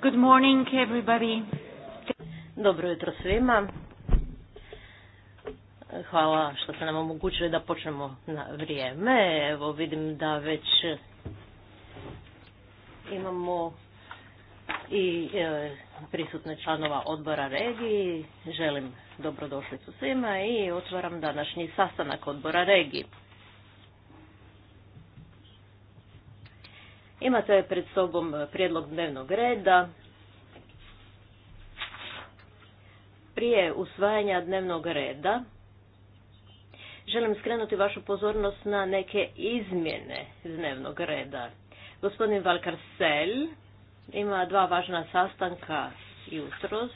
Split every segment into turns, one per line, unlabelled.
Good morning everybody. Dobro jutro svima. Hvala što ste nam omogućili da počnemo na vrijeme. Evo vidim da već imamo i e, prisutne članova odbora regiji. Želim dobrodošlicu svima i otvaram današnji sastanak odbora regiji. Imate pred sobom prijedlog dnevnog reda. Prije usvajanja dnevnog reda želim skrenuti vašu pozornost na neke izmjene dnevnog reda. Gospodin Valkarsel ima dva važna sastanka jutros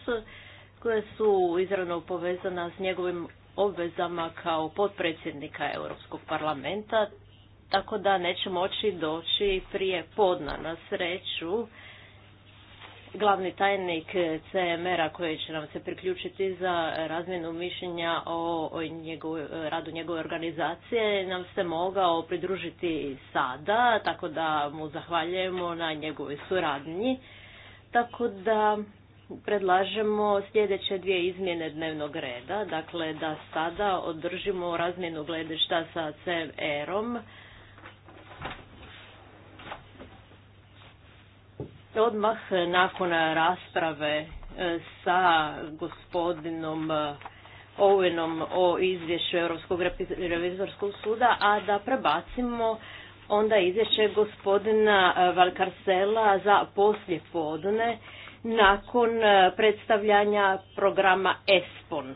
koje su izravno povezana s njegovim obvezama kao potpredsjednika Europskog parlamenta tako da neće moći doći prije podna na sreću. Glavni tajnik CMR-a koji će nam se priključiti za razmjenu mišljenja o, radu njegove organizacije nam se mogao pridružiti sada, tako da mu zahvaljujemo na njegovoj suradnji. Tako da predlažemo sljedeće dvije izmjene dnevnog reda, dakle da sada održimo razmjenu gledišta sa CMR-om Odmah nakon rasprave e, sa gospodinom e, Owenom o izvješću Europskog revizorskog suda, a da prebacimo onda izvješće gospodina e, Valkarsela za poslje podne nakon predstavljanja programa ESPON.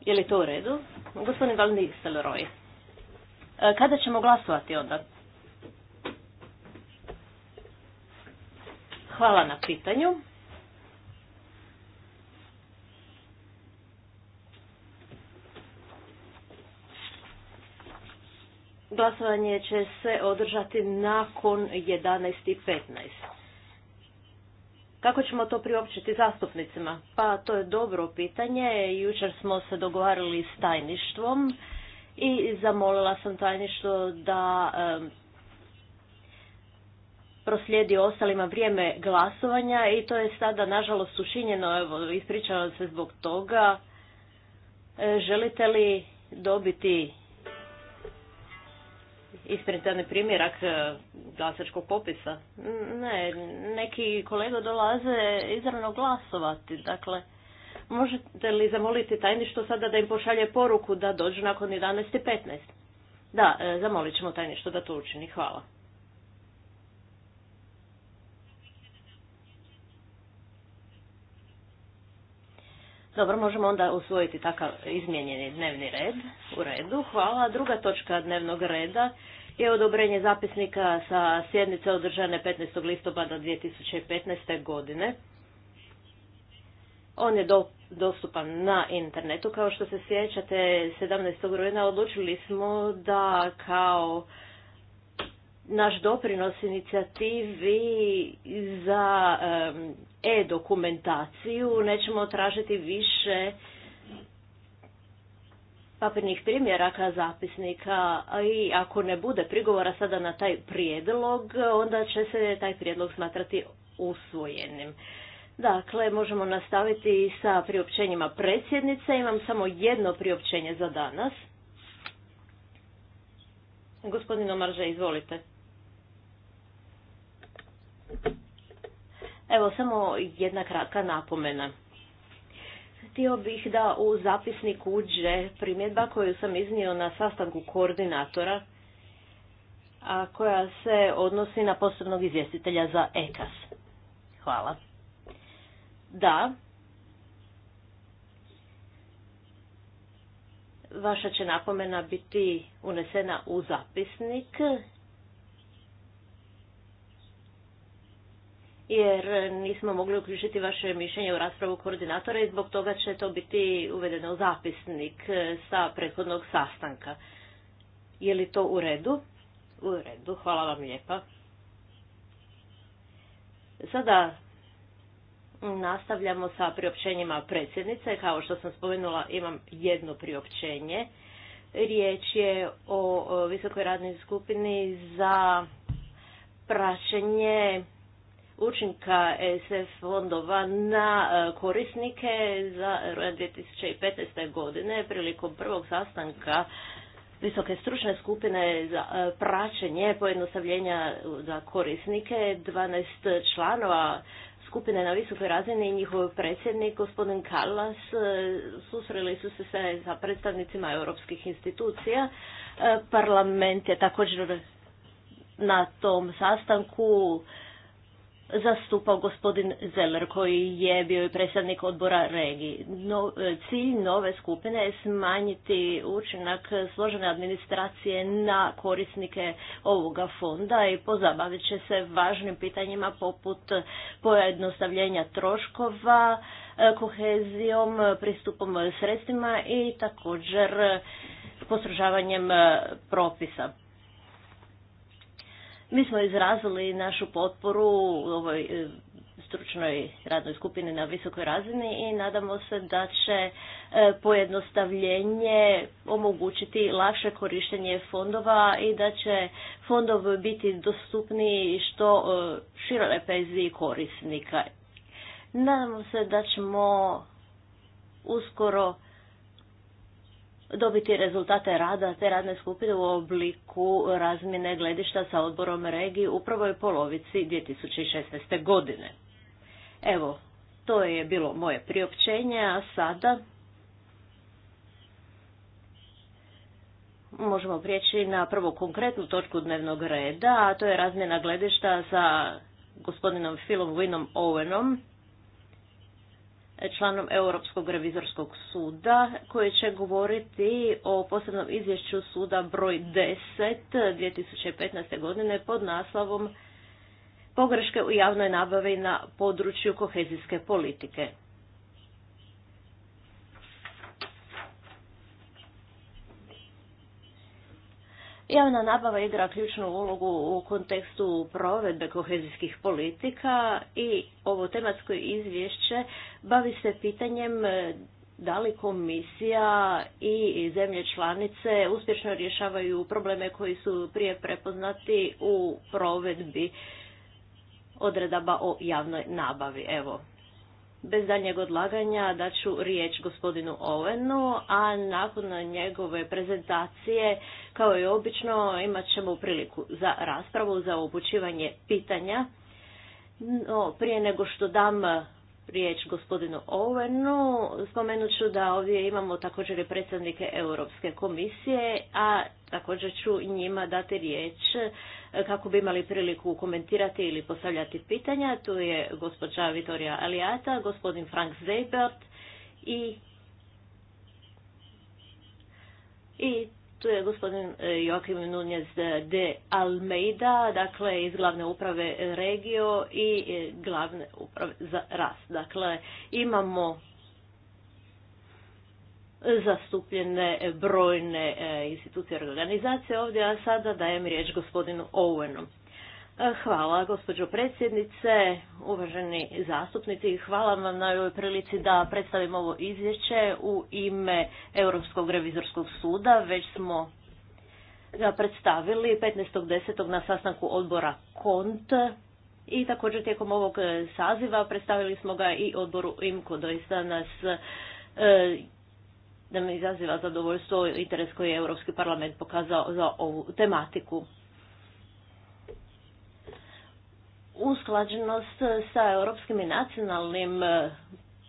Je li to u redu? Gospodin Van Leroy. Kada ćemo glasovati onda? Hvala na pitanju. Glasovanje će se održati nakon 11.15. Kako ćemo to priopćiti zastupnicima? Pa to je dobro pitanje. Jučer smo se dogovarali s tajništvom i zamolila sam tajništvo da proslijedi ostalima vrijeme glasovanja i to je sada nažalost učinjeno, evo ispričavam se zbog toga. E, želite li dobiti isprintani primjerak e, glasačkog popisa? Ne, neki kolega dolaze izravno glasovati, dakle možete li zamoliti tajništvo sada da im pošalje poruku da dođu nakon 11.15? Da, e, zamolit ćemo tajništvo da to učini. Hvala. Dobro, možemo onda usvojiti takav izmijenjeni dnevni red. U redu, hvala. Druga točka dnevnog reda je odobrenje zapisnika sa sjednice održane 15. listopada 2015. godine. On je dostupan na internetu. Kao što se sjećate, 17. rujna odlučili smo da kao naš doprinos inicijativi za e-dokumentaciju. Nećemo tražiti više papirnih primjeraka zapisnika i ako ne bude prigovora sada na taj prijedlog, onda će se taj prijedlog smatrati usvojenim. Dakle, možemo nastaviti sa priopćenjima predsjednice. Imam samo jedno priopćenje za danas. Gospodin Marže, izvolite. Evo, samo jedna kratka napomena. Htio bih da u zapisnik uđe primjedba koju sam iznio na sastanku koordinatora, a koja se odnosi na posebnog izvjestitelja za EKAS. Hvala. Da. Vaša će napomena biti unesena u zapisnik jer nismo mogli uključiti vaše mišljenje u raspravu koordinatora i zbog toga će to biti uvedeno u zapisnik e, sa prethodnog sastanka. Je li to u redu? U redu, hvala vam lijepa. Sada nastavljamo sa priopćenjima predsjednice. Kao što sam spomenula, imam jedno priopćenje. Riječ je o visokoj radnoj skupini za praćenje učinka e SF fondova na e, korisnike za 2015. godine prilikom prvog sastanka visoke stručne skupine za e, praćenje pojednostavljenja za korisnike 12 članova skupine na visokoj razini i njihov predsjednik, gospodin Karlas susreli su se sa predstavnicima europskih institucija. Parlament je također na tom sastanku zastupao gospodin Zeller koji je bio i predstavnik odbora regiji. No, e, cilj nove skupine je smanjiti učinak složene administracije na korisnike ovoga fonda i pozabavit će se važnim pitanjima poput pojednostavljenja troškova, e, kohezijom, pristupom sredstvima i također e, postrožavanjem propisa. Mi smo izrazili našu potporu ovoj e, stručnoj radnoj skupini na visokoj razini i nadamo se da će e, pojednostavljenje omogućiti lakše korištenje fondova i da će fondovi biti dostupniji što e, široj pezi korisnika. Nadamo se da ćemo uskoro dobiti rezultate rada te radne skupine u obliku razmjene gledišta sa odborom regiji u prvoj polovici 2016. godine. Evo, to je bilo moje priopćenje, a sada možemo prijeći na prvu konkretnu točku dnevnog reda, a to je razmjena gledišta sa gospodinom Philom Winom Owenom, članom Europskog revizorskog suda koji će govoriti o posebnom izvješću suda broj 10 2015. godine pod naslovom Pogreške u javnoj nabavi na području kohezijske politike. Javna nabava igra ključnu ulogu u kontekstu provedbe kohezijskih politika i ovo tematsko izvješće bavi se pitanjem e, da li komisija i zemlje članice uspješno rješavaju probleme koji su prije prepoznati u provedbi odredaba o javnoj nabavi. Evo, Bez daljnjeg odlaganja daću riječ gospodinu Ovenu, a nakon njegove prezentacije, kao i obično, imat ćemo priliku za raspravu, za upućivanje pitanja. No, prije nego što dam riječ gospodinu Owenu, spomenut ću da ovdje imamo također i predstavnike Europske komisije, a također ću njima dati riječ kako bi imali priliku komentirati ili postavljati pitanja. Tu je gospođa Vitorija Alijata, gospodin Frank Zeibert i, i tu je gospodin e, Joakim Nunez de Almeida, dakle iz glavne uprave regio i e, glavne uprave za rast. Dakle, imamo zastupljene brojne e, institucije i organizacije ovdje, a sada dajem riječ gospodinu Owenu. E, hvala, gospođo predsjednice, uvaženi zastupnici. Hvala vam na ovoj prilici da predstavim ovo izvješće u ime Europskog revizorskog suda. Već smo ga predstavili 15.10. na sastanku odbora KONT i također tijekom ovog saziva predstavili smo ga i odboru IMCO. Doista nas e, da me izaziva zadovoljstvo interes koji je Europski parlament pokazao za ovu tematiku. Usklađenost sa europskim i nacionalnim e,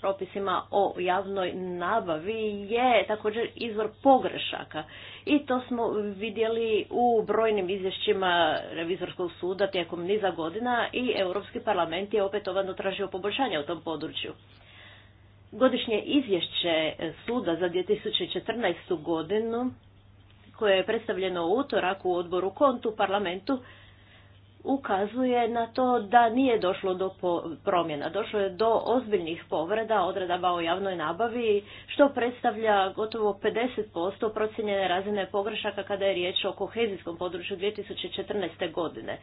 propisima o javnoj nabavi je također izvor pogrešaka i to smo vidjeli u brojnim izvješćima revizorskog suda tijekom niza godina i Europski parlament je opetovano tražio poboljšanje u tom području godišnje izvješće suda za 2014. godinu koje je predstavljeno u utorak u odboru kontu parlamentu ukazuje na to da nije došlo do promjena. Došlo je do ozbiljnih povreda odredaba o javnoj nabavi, što predstavlja gotovo 50% procjenjene razine pogrešaka kada je riječ o kohezijskom području 2014. godine.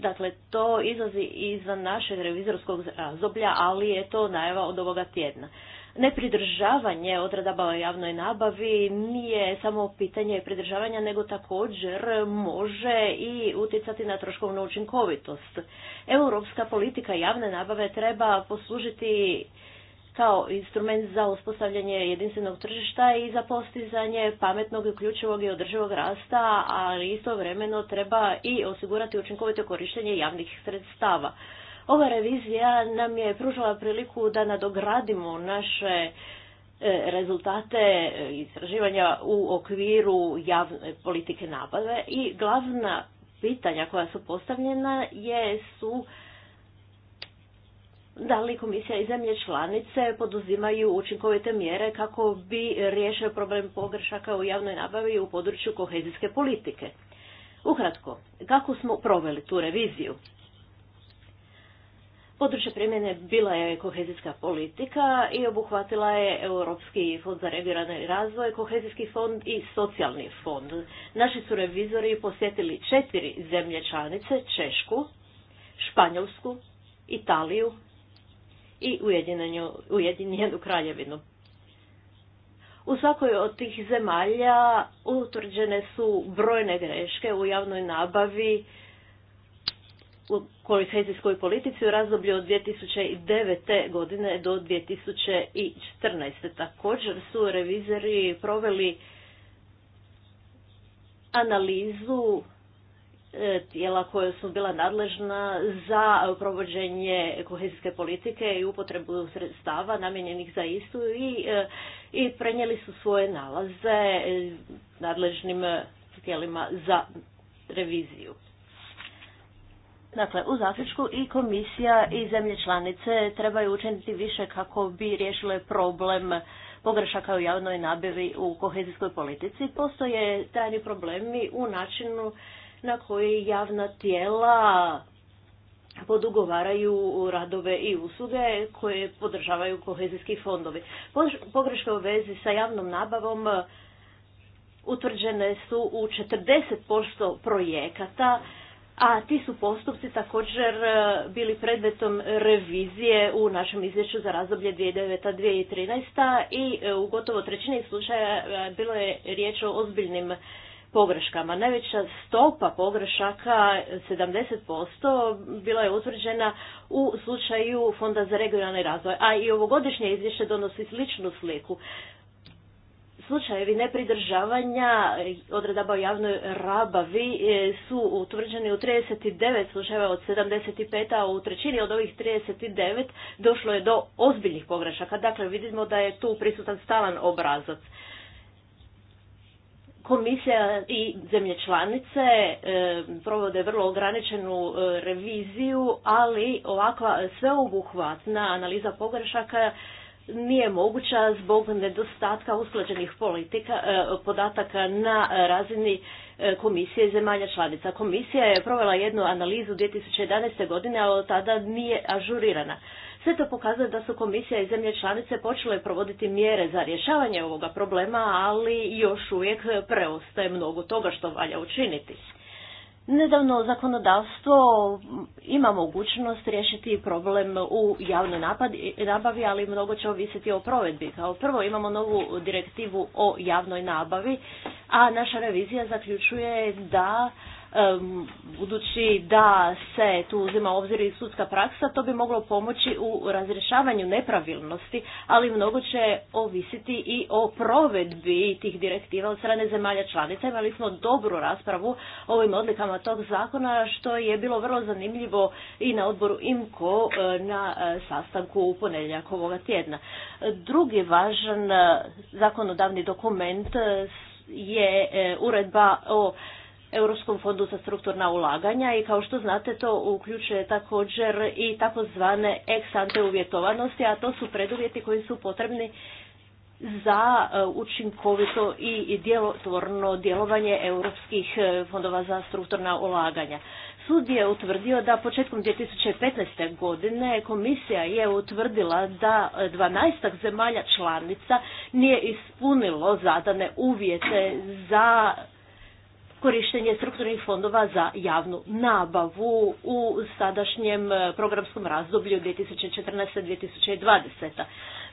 Dakle, to izlazi izvan našeg revizorskog razdoblja, ali je to najava od ovoga tjedna. Nepridržavanje odredaba o javnoj nabavi nije samo pitanje pridržavanja, nego također može i utjecati na troškovnu učinkovitost. Europska politika javne nabave treba poslužiti kao instrument za uspostavljanje jedinstvenog tržišta i za postizanje pametnog, uključivog i održivog rasta, ali istovremeno treba i osigurati učinkovito korištenje javnih sredstava. Ova revizija nam je pružila priliku da nadogradimo naše e, rezultate istraživanja u okviru javne politike nabave i glavna pitanja koja su postavljena je su da li komisija i zemlje članice poduzimaju učinkovite mjere kako bi riješio problem pogrešaka u javnoj nabavi u području kohezijske politike. Ukratko, kako smo proveli tu reviziju? Područje primjene bila je kohezijska politika i obuhvatila je Europski fond za regionalni razvoj, kohezijski fond i socijalni fond. Naši su revizori posjetili četiri zemlje članice, Češku, Španjolsku, Italiju, i Ujedinjenu kraljevinu. U svakoj od tih zemalja utvrđene su brojne greške u javnoj nabavi u kohezijskoj politici u razdoblju od 2009. godine do 2014. Također su revizori proveli analizu E, tijela koja su bila nadležna za provođenje kohezijske politike i upotrebu sredstava namijenjenih za istu i, e, i prenijeli su svoje nalaze e, nadležnim tijelima za reviziju. Dakle, u zaključku i komisija i zemlje članice trebaju učiniti više kako bi riješile problem pogrešaka u javnoj nabavi u kohezijskoj politici. Postoje trajni problemi u načinu na koji javna tijela podugovaraju radove i usluge koje podržavaju kohezijski fondovi. Pogreške u vezi sa javnom nabavom utvrđene su u 40% projekata, a ti su postupci također e, bili predmetom revizije u našem izvješću za razdoblje 2009-2013 i e, u gotovo trećini slučaja e, bilo je riječ o ozbiljnim pogreškama. Najveća stopa pogrešaka, 70%, bila je utvrđena u slučaju Fonda za regionalni razvoj, a i ovogodišnje izvješće donosi sličnu sliku. Slučajevi nepridržavanja odredaba o javnoj rabavi e, su utvrđeni u 39 slučajeva od 75, a u trećini od ovih 39 došlo je do ozbiljnih pogrešaka. Dakle, vidimo da je tu prisutan stalan obrazac. Komisija i zemlje članice e, provode vrlo ograničenu e, reviziju, ali ovakva sveobuhvatna analiza pogrešaka nije moguća zbog nedostatka usklađenih politika, e, podataka na razini komisije zemalja članica. Komisija je provela jednu analizu 2011. godine, ali od tada nije ažurirana. Sve to pokazuje da su komisija i zemlje članice počele provoditi mjere za rješavanje ovoga problema, ali još uvijek preostaje mnogo toga što valja učiniti. Nedavno zakonodavstvo ima mogućnost riješiti problem u javnoj nabavi, ali mnogo će ovisiti o provedbi. Kao prvo imamo novu direktivu o javnoj nabavi, a naša revizija zaključuje da budući da se tu uzima obzir i sudska praksa, to bi moglo pomoći u razrješavanju nepravilnosti, ali mnogo će ovisiti i o provedbi tih direktiva od strane zemalja članica. Imali smo dobru raspravu o ovim odlikama tog zakona, što je bilo vrlo zanimljivo i na odboru IMKO e, na e, sastanku u ponedjeljak ovoga tjedna. Drugi važan e, zakonodavni dokument je uredba o Europskom fondu za strukturna ulaganja i kao što znate to uključuje također i takozvane ex ante uvjetovanosti, a to su preduvjeti koji su potrebni za e, učinkovito i djelotvorno djelovanje europskih e, fondova za strukturna ulaganja. Sud je utvrdio da početkom 2015. godine komisija je utvrdila da 12 zemalja članica nije ispunilo zadane uvjete za korištenje strukturnih fondova za javnu nabavu u sadašnjem e, programskom razdoblju 2014-2020.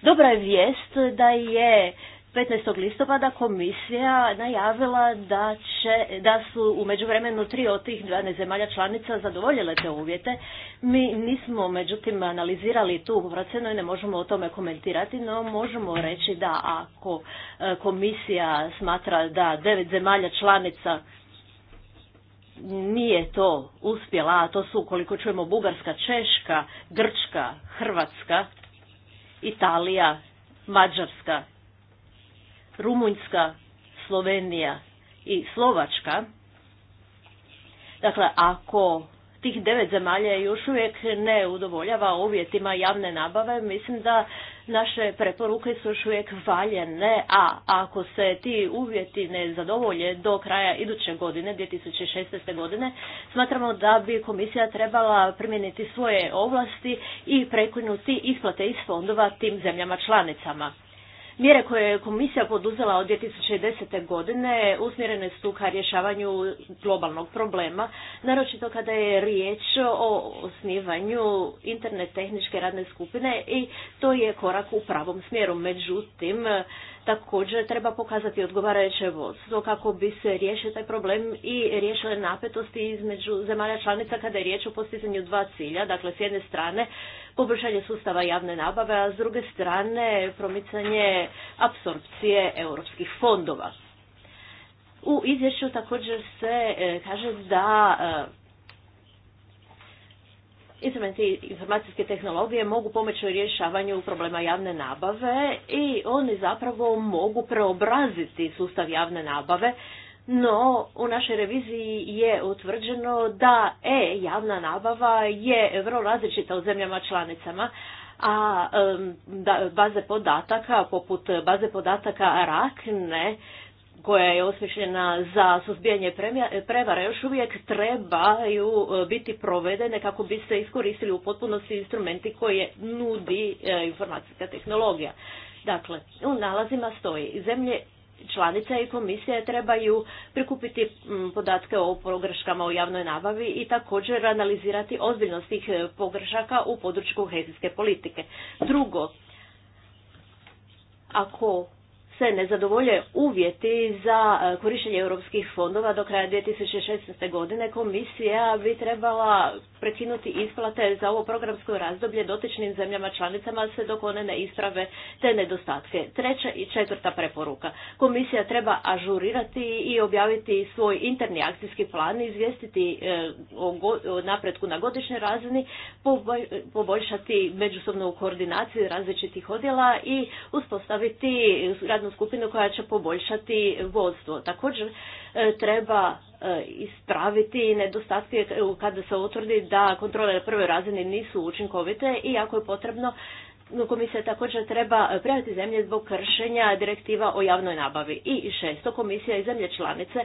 Dobra je vijest da je 15. listopada komisija najavila da, će, da su u međuvremenu tri od tih 12 zemalja članica zadovoljile te uvjete. Mi nismo međutim analizirali tu procenu i ne možemo o tome komentirati, no možemo reći da ako e, komisija smatra da devet zemalja članica nije to uspjela, a to su koliko čujemo Bugarska, Češka, Grčka, Hrvatska, Italija, Mađarska Rumunjska, Slovenija i Slovačka. Dakle, ako tih devet zemalja još uvijek ne udovoljava uvjetima javne nabave, mislim da naše preporuke su još uvijek valjene, a ako se ti uvjeti ne zadovolje do kraja iduće godine, 2016. godine, smatramo da bi komisija trebala primijeniti svoje ovlasti i prekinuti isplate iz fondova tim zemljama članicama. Mjere koje je komisija poduzela od 2010. godine usmjerene su ka rješavanju globalnog problema, naročito kada je riječ o osnivanju internet tehničke radne skupine i to je korak u pravom smjeru. Međutim, Također treba pokazati odgovarajuće vodstvo kako bi se riješio taj problem i riješile napetosti između zemalja članica kada je riječ o postizanju dva cilja. Dakle, s jedne strane poboljšanje sustava javne nabave, a s druge strane promicanje apsorpcije europskih fondova. U izvješću također se e, kaže da e, Instrumenti informacijske tehnologije mogu pomoći u rješavanju problema javne nabave i oni zapravo mogu preobraziti sustav javne nabave, no u našoj reviziji je utvrđeno da e javna nabava je vrlo različita u zemljama članicama, a baze podataka poput baze podataka RAKNE koja je osmišljena za suzbijanje prevara još uvijek trebaju e, biti provedene kako bi se iskoristili u potpunosti instrumenti koje nudi e, informacijska tehnologija. Dakle, u nalazima stoji zemlje članice i komisije trebaju prikupiti podatke o pogreškama u javnoj nabavi i također analizirati ozbiljnost tih e, pogrešaka u području kohezijske politike. Drugo, ako se ne zadovolje uvjeti za e, korištenje europskih fondova do kraja 2016. godine, komisija bi trebala prekinuti isplate za ovo programsko razdoblje dotičnim zemljama članicama sve dok one ne isprave te nedostatke. Treća i četvrta preporuka. Komisija treba ažurirati i objaviti svoj interni akcijski plan, izvijestiti e, o napretku na godišnjoj razini, poboljšati međusobnu koordinaciju različitih odjela i uspostaviti radnu skupinu koja će poboljšati vodstvo. Također e, treba E, ispraviti nedostatke e, kada se utvrdi da kontrole na prvoj razini nisu učinkovite i ako je potrebno Komisija također treba prijaviti zemlje zbog kršenja direktiva o javnoj nabavi. I šesto, komisija i zemlje članice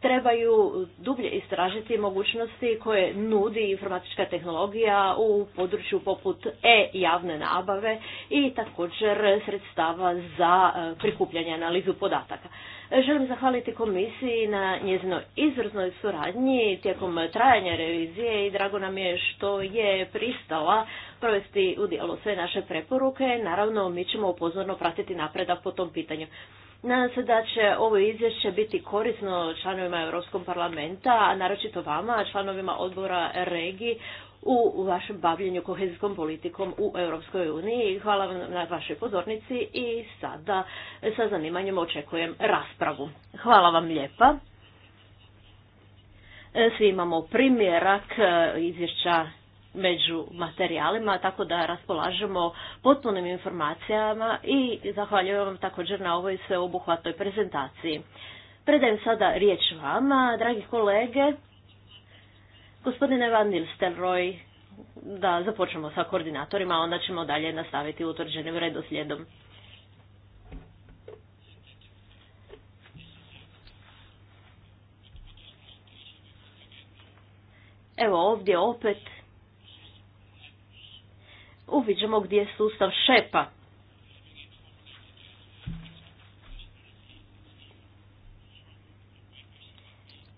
trebaju dublje istražiti mogućnosti koje nudi informatička tehnologija u području poput e-javne nabave i također sredstava za e, prikupljanje analizu podataka. Želim zahvaliti komisiji na njezinoj izvrsnoj suradnji tijekom trajanja revizije i drago nam je što je pristala provesti u dijelu sve naše preporuke. Naravno, mi ćemo upozorno pratiti napredak po tom pitanju. Nadam se da će ovo izvješće biti korisno članovima Europskog parlamenta, a naročito vama, članovima odbora regiji u vašem bavljenju kohezijskom politikom u Europskoj uniji. Hvala vam na vašoj pozornici i sada sa zanimanjem očekujem raspravu. Hvala vam lijepa. E, svi imamo primjerak e, izvješća među materijalima, tako da raspolažemo potpunim informacijama i zahvaljujem vam također na ovoj sveobuhvatnoj prezentaciji. Predajem sada riječ vama, dragi kolege. Gospodine Van Nistelrooy, da započnemo sa koordinatorima, onda ćemo dalje nastaviti utvrđenim redoslijedom. Evo ovdje opet uviđamo gdje je sustav šepa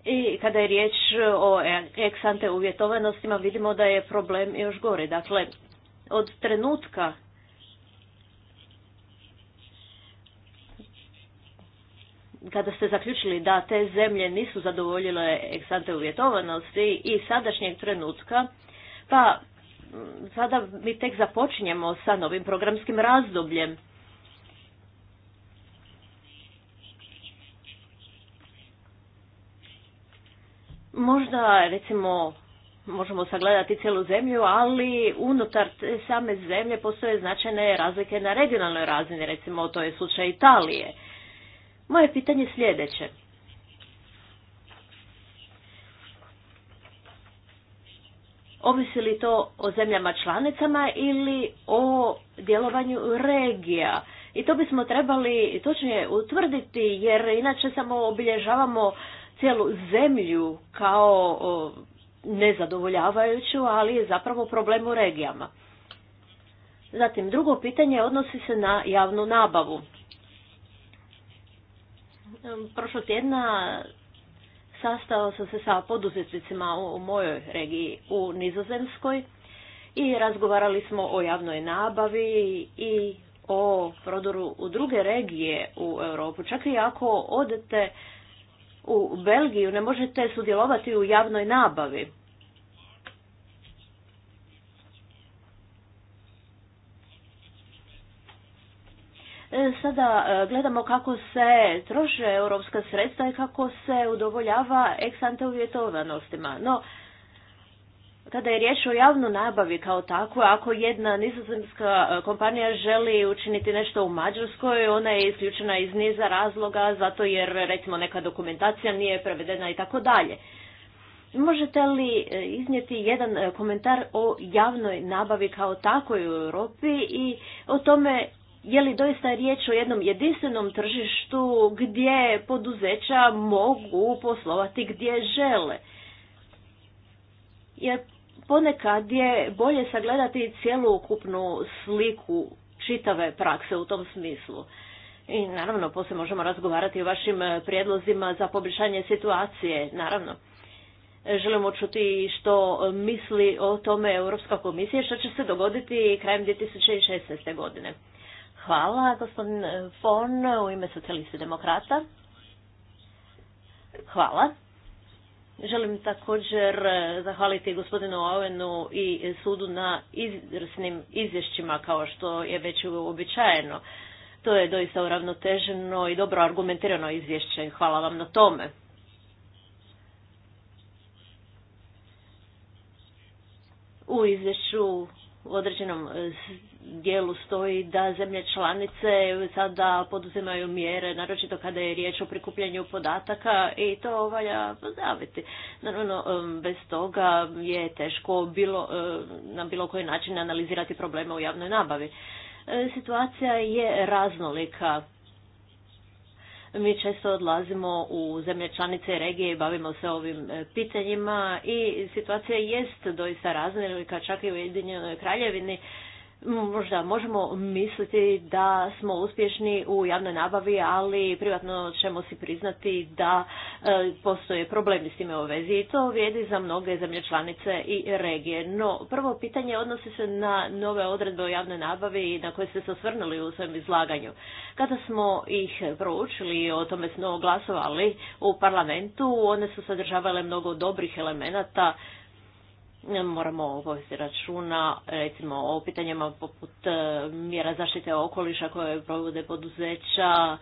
I kada je riječ o eksante uvjetovanostima vidimo da je problem još gori. Dakle, od trenutka kada ste zaključili da te zemlje nisu zadovoljile eksante uvjetovanosti i sadašnjeg trenutka, pa sada mi tek započinjemo sa novim programskim razdobljem. Možda, recimo, možemo sagledati cijelu zemlju, ali unutar same zemlje postoje značajne razlike na regionalnoj razini, recimo to je slučaj Italije. Moje pitanje je sljedeće. Ovisi li to o zemljama članicama ili o djelovanju regija? I to bismo trebali točnije utvrditi jer inače samo obilježavamo cijelu zemlju kao nezadovoljavajuću, ali je zapravo problem u regijama. Zatim, drugo pitanje odnosi se na javnu nabavu. Ehm, prošlog tjedna sastao sam se sa poduzetnicima u mojoj regiji u Nizozemskoj i razgovarali smo o javnoj nabavi i o prodoru u druge regije u Europu. Čak i ako odete u Belgiju ne možete sudjelovati u javnoj nabavi. E, sada e, gledamo kako se troše europska sredstva i kako se udovoljava eksante ante uvjetovanostima. No, kada je riječ o javnoj nabavi kao takvoj. Ako jedna nizozemska e, kompanija želi učiniti nešto u Mađarskoj, ona je isključena iz niza razloga, zato jer recimo neka dokumentacija nije prevedena i tako dalje. Možete li e, iznijeti jedan e, komentar o javnoj nabavi kao takvoj u Europi i o tome je li doista riječ o jednom jedinstvenom tržištu gdje poduzeća mogu poslovati gdje žele? Jer ponekad je bolje sagledati ukupnu sliku čitave prakse u tom smislu. I naravno, poslije možemo razgovarati o vašim prijedlozima za poboljšanje situacije, naravno. Želimo čuti što misli o tome Europska komisija, što će se dogoditi krajem 2016. godine. Hvala, gospodin Fon, u ime socijalista demokrata. Hvala. Želim također e, zahvaliti gospodinu Owenu i sudu na izvrsnim izvješćima kao što je već uobičajeno. To je doista uravnoteženo i dobro argumentirano izvješće. Hvala vam na tome. U izvješću u određenom dijelu stoji da zemlje članice sada poduzimaju mjere, naročito kada je riječ o prikupljanju podataka i to valja pozdraviti. Naravno, bez toga je teško bilo, na bilo koji način analizirati probleme u javnoj nabavi. E, situacija je raznolika. Mi često odlazimo u zemlje članice regije i bavimo se ovim e, pitanjima i situacija jest doista raznolika, čak i u Jedinjenoj kraljevini možda možemo misliti da smo uspješni u javnoj nabavi, ali privatno ćemo si priznati da e, postoje problemi s time u vezi i to vrijedi za mnoge zemlje članice i regije. No, prvo pitanje odnosi se na nove odredbe o javnoj nabavi na koje ste se osvrnuli u svojem izlaganju. Kada smo ih proučili i o tome smo glasovali u parlamentu, one su sadržavale mnogo dobrih elemenata moramo povesti računa recimo o pitanjima poput e, mjera zaštite okoliša koje provode poduzeća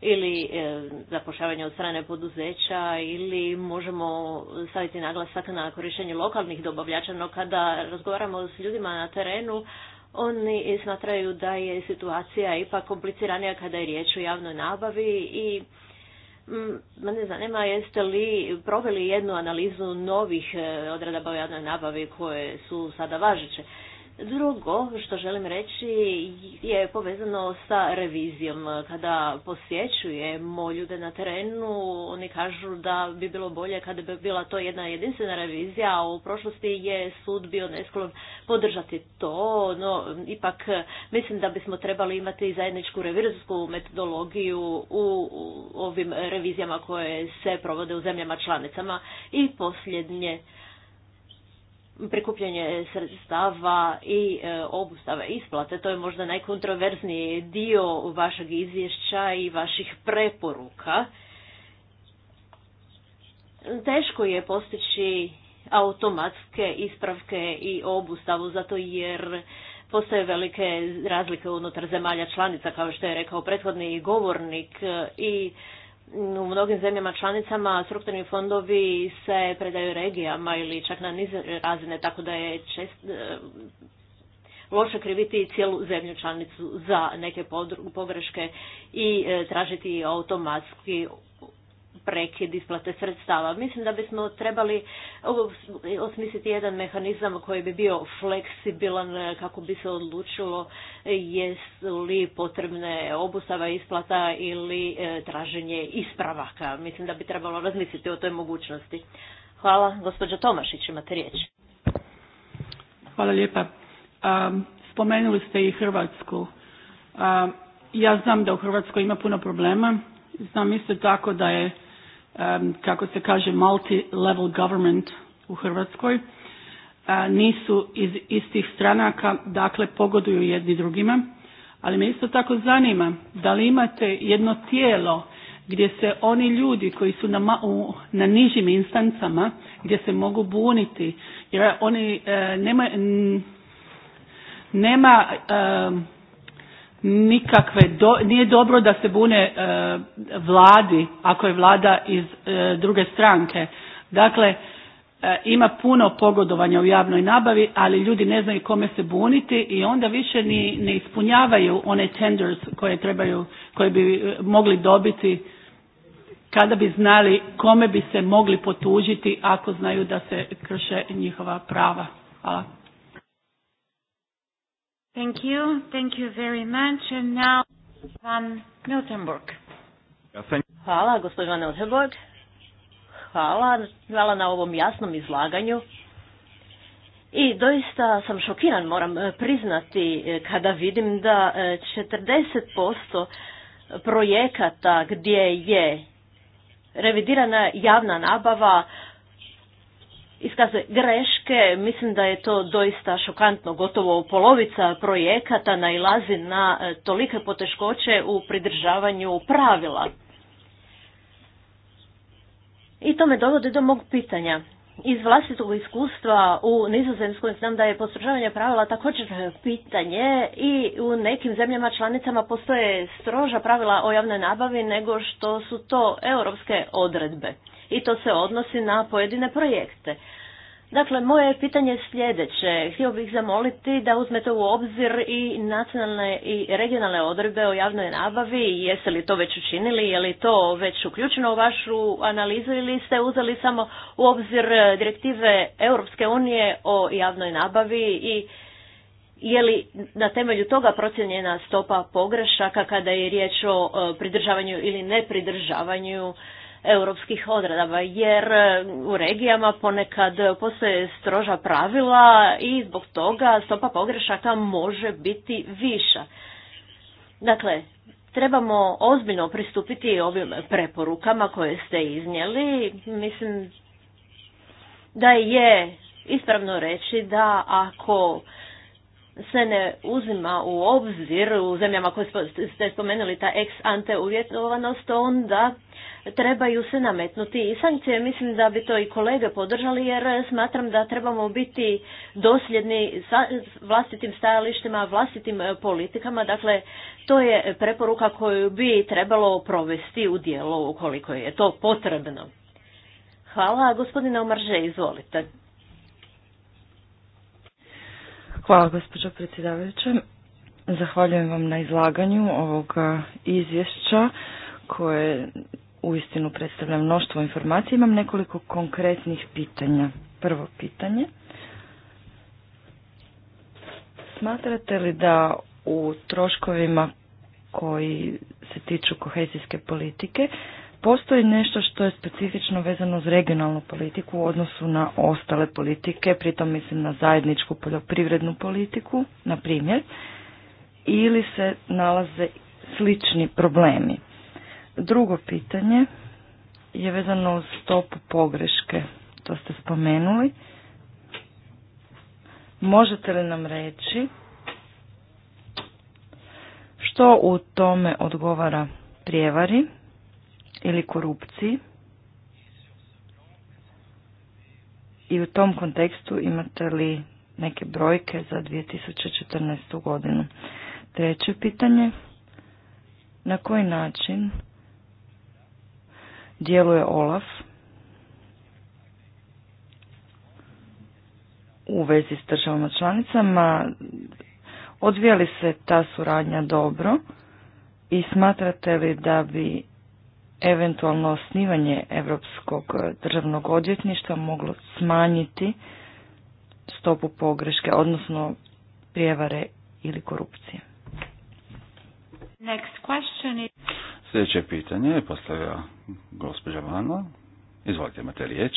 ili e, zapošljavanje od strane poduzeća ili možemo staviti naglasak na korištenje lokalnih dobavljača, no kada razgovaramo s ljudima na terenu oni smatraju da je situacija ipak kompliciranija kada je riječ o javnoj nabavi i Mm, Mene zanima jeste li proveli jednu analizu novih eh, odredaba o javnoj nabavi koje su sada važeće. Drugo što želim reći je povezano sa revizijom. Kada posjećujemo ljude na terenu, oni kažu da bi bilo bolje kada bi bila to jedna jedinstvena revizija, a u prošlosti je sud bio nesklon podržati to, no ipak mislim da bismo trebali imati zajedničku revizijsku metodologiju u ovim revizijama koje se provode u zemljama članicama. I posljednje, prikupljanje sredstava i e, obustave isplate. To je možda najkontroverzniji dio vašeg izvješća i vaših preporuka. Teško je postići automatske ispravke i obustavu zato jer postoje velike razlike unutar zemalja članica kao što je rekao prethodni govornik e, i u mnogim zemljama članicama strukturni fondovi se predaju regijama ili čak na niz razine, tako da je čest, e, loše kriviti cijelu zemlju članicu za neke pogreške i e, tražiti automatski prekid isplate sredstava. Mislim da bismo trebali osmisliti jedan mehanizam koji bi bio fleksibilan e, kako bi se odlučilo jesu li potrebne obustava isplata ili e, traženje ispravaka. Mislim da bi trebalo razmisliti o toj mogućnosti. Hvala. Gospođa Tomašić, imate riječ.
Hvala lijepa. spomenuli ste i Hrvatsku. ja znam da u Hrvatskoj ima puno problema. Znam isto tako da je Um, kako se kaže multi-level government u Hrvatskoj, uh, nisu iz istih stranaka, dakle pogoduju jedni drugima. Ali me isto tako zanima da li imate jedno tijelo gdje se oni ljudi koji su na, na nižim instancama, gdje se mogu buniti, jer oni e, nema, nema um, nikakve nije dobro da se bune e, vladi ako je vlada iz e, druge stranke dakle e, ima puno pogodovanja u javnoj nabavi ali ljudi ne znaju kome se buniti i onda više ni ne ispunjavaju one tenders koje trebaju koje bi mogli dobiti kada bi znali kome bi se mogli potužiti ako znaju da se krše njihova prava hvala
Thank you. Thank you very much. And now Van Miltenburg. Hvala, gospodin Van Miltenburg. Hvala, hvala na ovom jasnom izlaganju. I doista sam šokiran, moram e, priznati, e, kada vidim da 40% e, projekata gdje je revidirana javna nabava iskaze greške. Mislim da je to doista šokantno. Gotovo polovica projekata nailazi na e, tolike poteškoće u pridržavanju pravila. I to me dovodi do mog pitanja. Iz vlastitog iskustva u Nizozemskoj znam da je postrožavanje pravila također pitanje i u nekim zemljama članicama postoje stroža pravila o javnoj nabavi nego što su to europske odredbe i to se odnosi na pojedine projekte. Dakle, moje pitanje je sljedeće. Htio bih zamoliti da uzmete u obzir i nacionalne i regionalne odredbe o javnoj nabavi. Jeste li to već učinili? Je li to već uključeno u vašu analizu ili ste uzeli samo u obzir direktive Europske unije o javnoj nabavi i je li na temelju toga procijenjena stopa pogrešaka kada je riječ o e, pridržavanju ili nepridržavanju europskih odredaba, jer e, u regijama ponekad postoje stroža pravila i zbog toga stopa pogrešaka može biti viša. Dakle, trebamo ozbiljno pristupiti ovim preporukama koje ste iznijeli. Mislim da je ispravno reći da ako se ne uzima u obzir u zemljama koje ste spomenuli ta ex ante uvjetovanost, onda trebaju se nametnuti i sankcije. Mislim da bi to i kolege podržali jer smatram da trebamo biti dosljedni sa vlastitim stajalištima, vlastitim e, politikama. Dakle, to je preporuka koju bi trebalo provesti u dijelu ukoliko je to potrebno. Hvala. Gospodine Omarže, izvolite.
Hvala gospođo predsjedavajuće Zahvaljujem vam na izlaganju ovog izvješća koje uistinu predstavljam mnoštvo informacija. Imam nekoliko konkretnih pitanja. Prvo pitanje. Smatrate li da u troškovima koji se tiču kohezijske politike postoji nešto što je specifično vezano uz regionalnu politiku u odnosu na ostale politike, pritom mislim na zajedničku poljoprivrednu politiku, na primjer, ili se nalaze slični problemi? Drugo pitanje je vezano uz stopu pogreške. To ste spomenuli. Možete li nam reći što u tome odgovara prijevari ili korupciji? I u tom kontekstu imate li neke brojke za 2014. godinu? Treće pitanje, na koji način djeluje Olaf u vezi s državama članicama. Odvija li se ta suradnja dobro i smatrate li da bi eventualno osnivanje Europskog državnog odvjetništva moglo smanjiti stopu pogreške, odnosno prijevare
ili korupcije? Sljedeće pitanje je postavio Gospođa Vanla izvolite, imate riječ.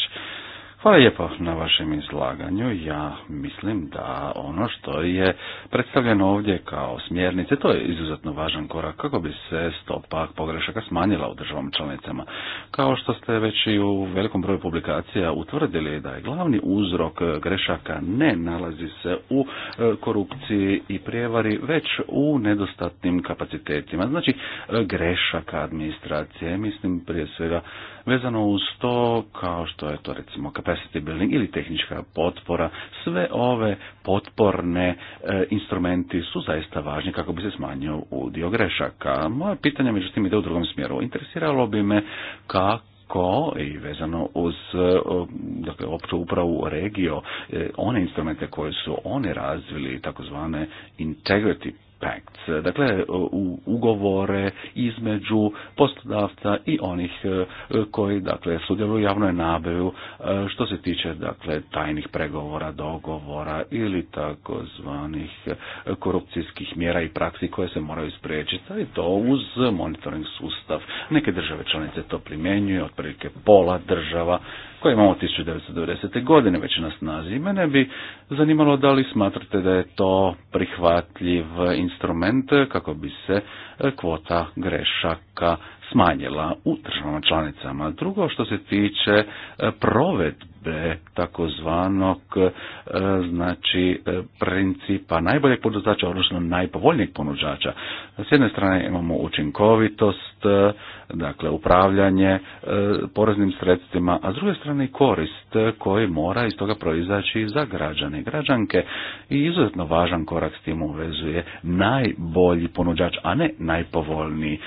Hvala lijepo na vašem izlaganju. Ja mislim da ono što je predstavljeno ovdje kao smjernice, to je izuzetno važan korak kako bi se stopa pogrešaka smanjila u državom članicama. Kao što ste već i u velikom broju publikacija utvrdili da je glavni uzrok grešaka ne nalazi se u e, korupciji i prijevari, već u nedostatnim kapacitetima. Znači e, grešaka administracije, mislim prije svega Vezano uz to, kao što je to recimo capacity building ili tehnička potpora, sve ove potporne e, instrumenti su zaista važni kako bi se smanjio dio grešaka. Moje pitanje međutim ide u drugom smjeru. Interesiralo bi me kako i vezano uz e, dakle, opću upravu regio, e, one instrumente koje su oni razvili, takozvane integrity dakle u ugovore između poslodavca i onih e, koji dakle sudjeluju u javnoj nabavi e, što se tiče dakle tajnih pregovora, dogovora ili takozvanih e, korupcijskih mjera i praksi koje se moraju spriječiti, I to uz monitoring sustav. Neke države članice to primjenjuju, otprilike pola država koje imamo od 1990. godine već na snazi. Mene bi zanimalo da li smatrate da je to prihvatljiv instrument kako bi se e, kvota grešaka smanjila u državama članicama. Drugo što se tiče e, provedbe takozvanog e, znači e, principa najboljeg ponuđača, odnosno najpovoljnijeg ponuđača. S jedne strane imamo učinkovitost, dakle upravljanje poreznim sredstvima, a s druge strane korist koji mora iz toga proizaći za građane i građanke. I izuzetno važan korak s tim uvezuje najbolji ponuđač, a ne najpovoljniji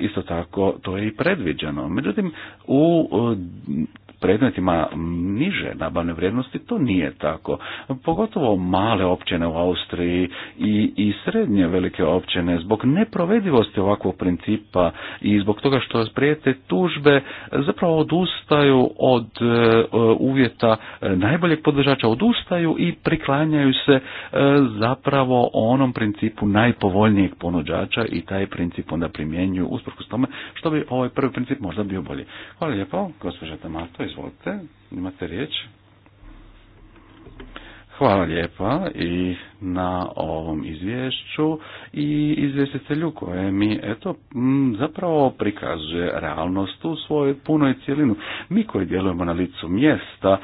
isto tako to je i predviđeno. Međutim, u predmetima niže nabavne vrijednosti to nije tako. Pogotovo male općine u Austriji i, i srednje velike općine zbog neprovedivosti ovakvog principa i zbog toga što prijete tužbe zapravo odustaju od e, uvjeta najboljeg podržača, odustaju i priklanjaju se e, zapravo onom principu najpovoljnijeg ponuđača i taj princip onda primjenjuju usprkos tome što bi ovaj prvi princip možda bio bolji. Hvala lijepo, gospođa Tamato, Izvolite, imate riječ. Hvala lijepa i na ovom izvješću i izvjestitelju koje mi eto zapravo prikazuje realnost u svojoj punoj cjelinu. Mi koji djelujemo na licu mjesta e,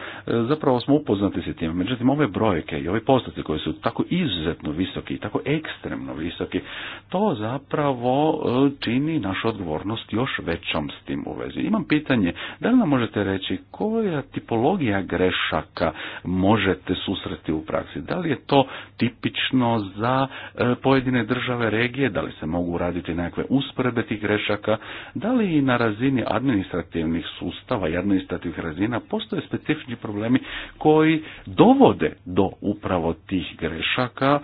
zapravo smo upoznati s tim. Međutim, ove brojke i ove postati koji su tako izuzetno visoki i tako ekstremno visoki, to zapravo e, čini našu odgovornost još većom s tim u vezi. Imam pitanje, da li nam možete reći koja tipologija grešaka možete susreti u praksi? Da li je to tipično za e, pojedine države regije, da li se mogu raditi nekakve usporebe tih grešaka, da li i na razini administrativnih sustava i administrativnih razina postoje specifični problemi koji dovode do upravo tih grešaka,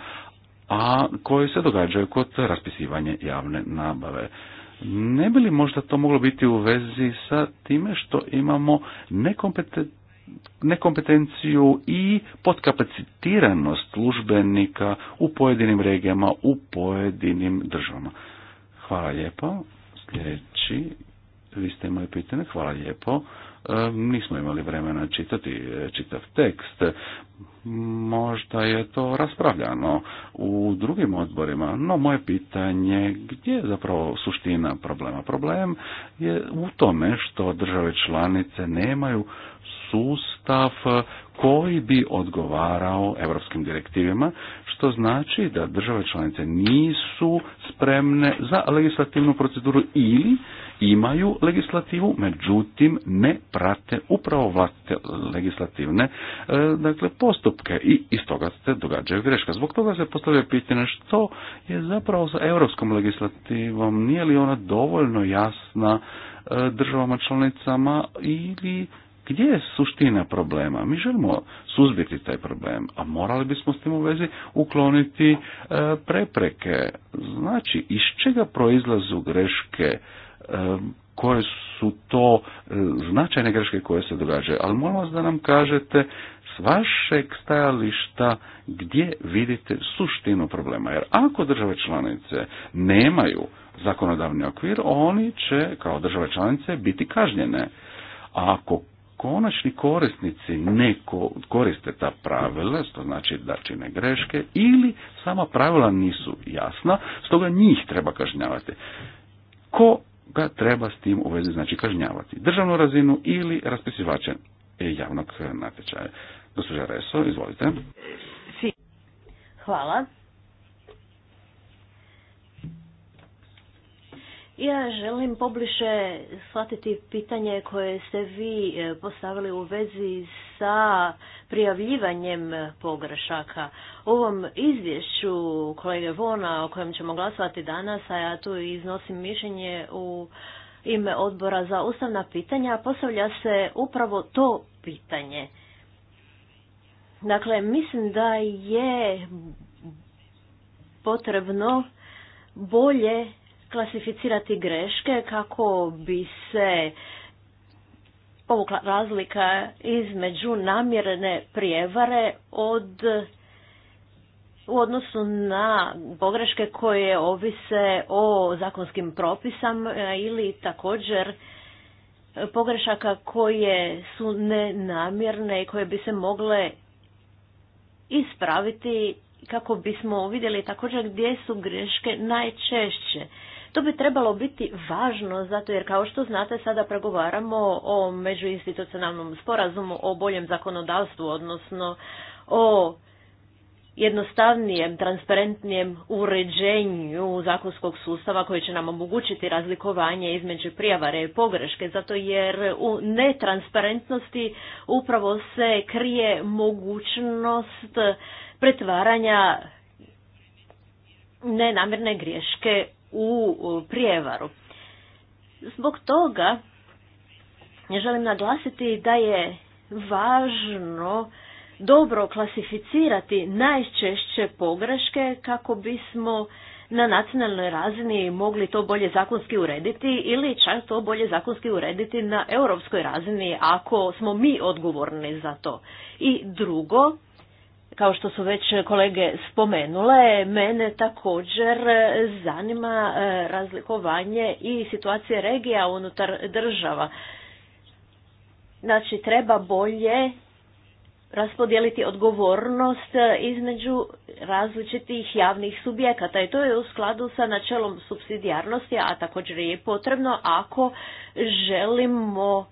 a koji se događaju kod raspisivanja javne nabave. Ne bi li možda to moglo biti u vezi sa time što imamo nekompetent nekompetenciju i podkapacitiranost službenika u pojedinim regijama, u pojedinim državama. Hvala lijepo. Sljedeći, vi ste imali pitanje, hvala lijepo. E, nismo imali vremena čitati e, čitav tekst. Možda je to raspravljano u drugim odborima, no moje pitanje gdje je zapravo suština problema? Problem je u tome što države članice nemaju sustav koji bi odgovarao europskim direktivima, što znači da države članice nisu spremne za legislativnu proceduru ili imaju legislativu, međutim ne prate upravo vlastite legislativne e, dakle, postupke i iz toga se događaju greška. Zbog toga se postavlja pitanje što je zapravo sa europskom legislativom, nije li ona dovoljno jasna e, državama članicama ili gdje je suština problema? Mi želimo suzbiti taj problem, a morali bismo s tim u vezi ukloniti e, prepreke. Znači, iz čega proizlazu greške, e, koje su to e, značajne greške koje se događaju. Ali molim vas da nam kažete s vašeg stajališta gdje vidite suštinu problema. Jer ako države članice nemaju zakonodavni okvir, oni će kao države članice biti kažnjene. A ako konačni korisnici ne koriste ta pravila, što znači da čine greške, ili sama pravila nisu jasna, stoga njih treba kažnjavati. Ko ga treba s tim u vezi znači kažnjavati? Državnu razinu ili raspisivače javnog natječaja? Gospođa Reso, izvolite.
Hvala. Ja želim pobliže shvatiti pitanje koje ste vi e, postavili u vezi sa prijavljivanjem pogrešaka. U ovom izvješću kolege Vona o kojem ćemo glasovati danas, a ja tu iznosim mišljenje u ime odbora za ustavna pitanja, postavlja se upravo to pitanje. Dakle, mislim da je potrebno bolje klasificirati greške kako bi se povukla razlika između namjerene prijevare od u odnosu na pogreške koje ovise o zakonskim propisama e, ili također pogrešaka koje su nenamjerne i koje bi se mogle ispraviti kako bismo vidjeli također gdje su greške najčešće. To bi trebalo biti važno, zato jer kao što znate sada pregovaramo o međuinstitucionalnom sporazumu o boljem zakonodavstvu, odnosno o jednostavnijem, transparentnijem uređenju zakonskog sustava koji će nam omogućiti razlikovanje između prijavare i pogreške, zato jer u netransparentnosti upravo se krije mogućnost pretvaranja nenamirne greške u prijevaru. Zbog toga želim naglasiti da je važno dobro klasificirati najčešće pogreške kako bismo na nacionalnoj razini mogli to bolje zakonski urediti ili čak to bolje zakonski urediti na europskoj razini ako smo mi odgovorni za to. I drugo, kao što su već kolege spomenule, mene također zanima e, razlikovanje i situacije regija unutar država. Znači, treba bolje raspodijeliti odgovornost između različitih javnih subjekata i to je u skladu sa načelom subsidijarnosti, a također je potrebno ako želimo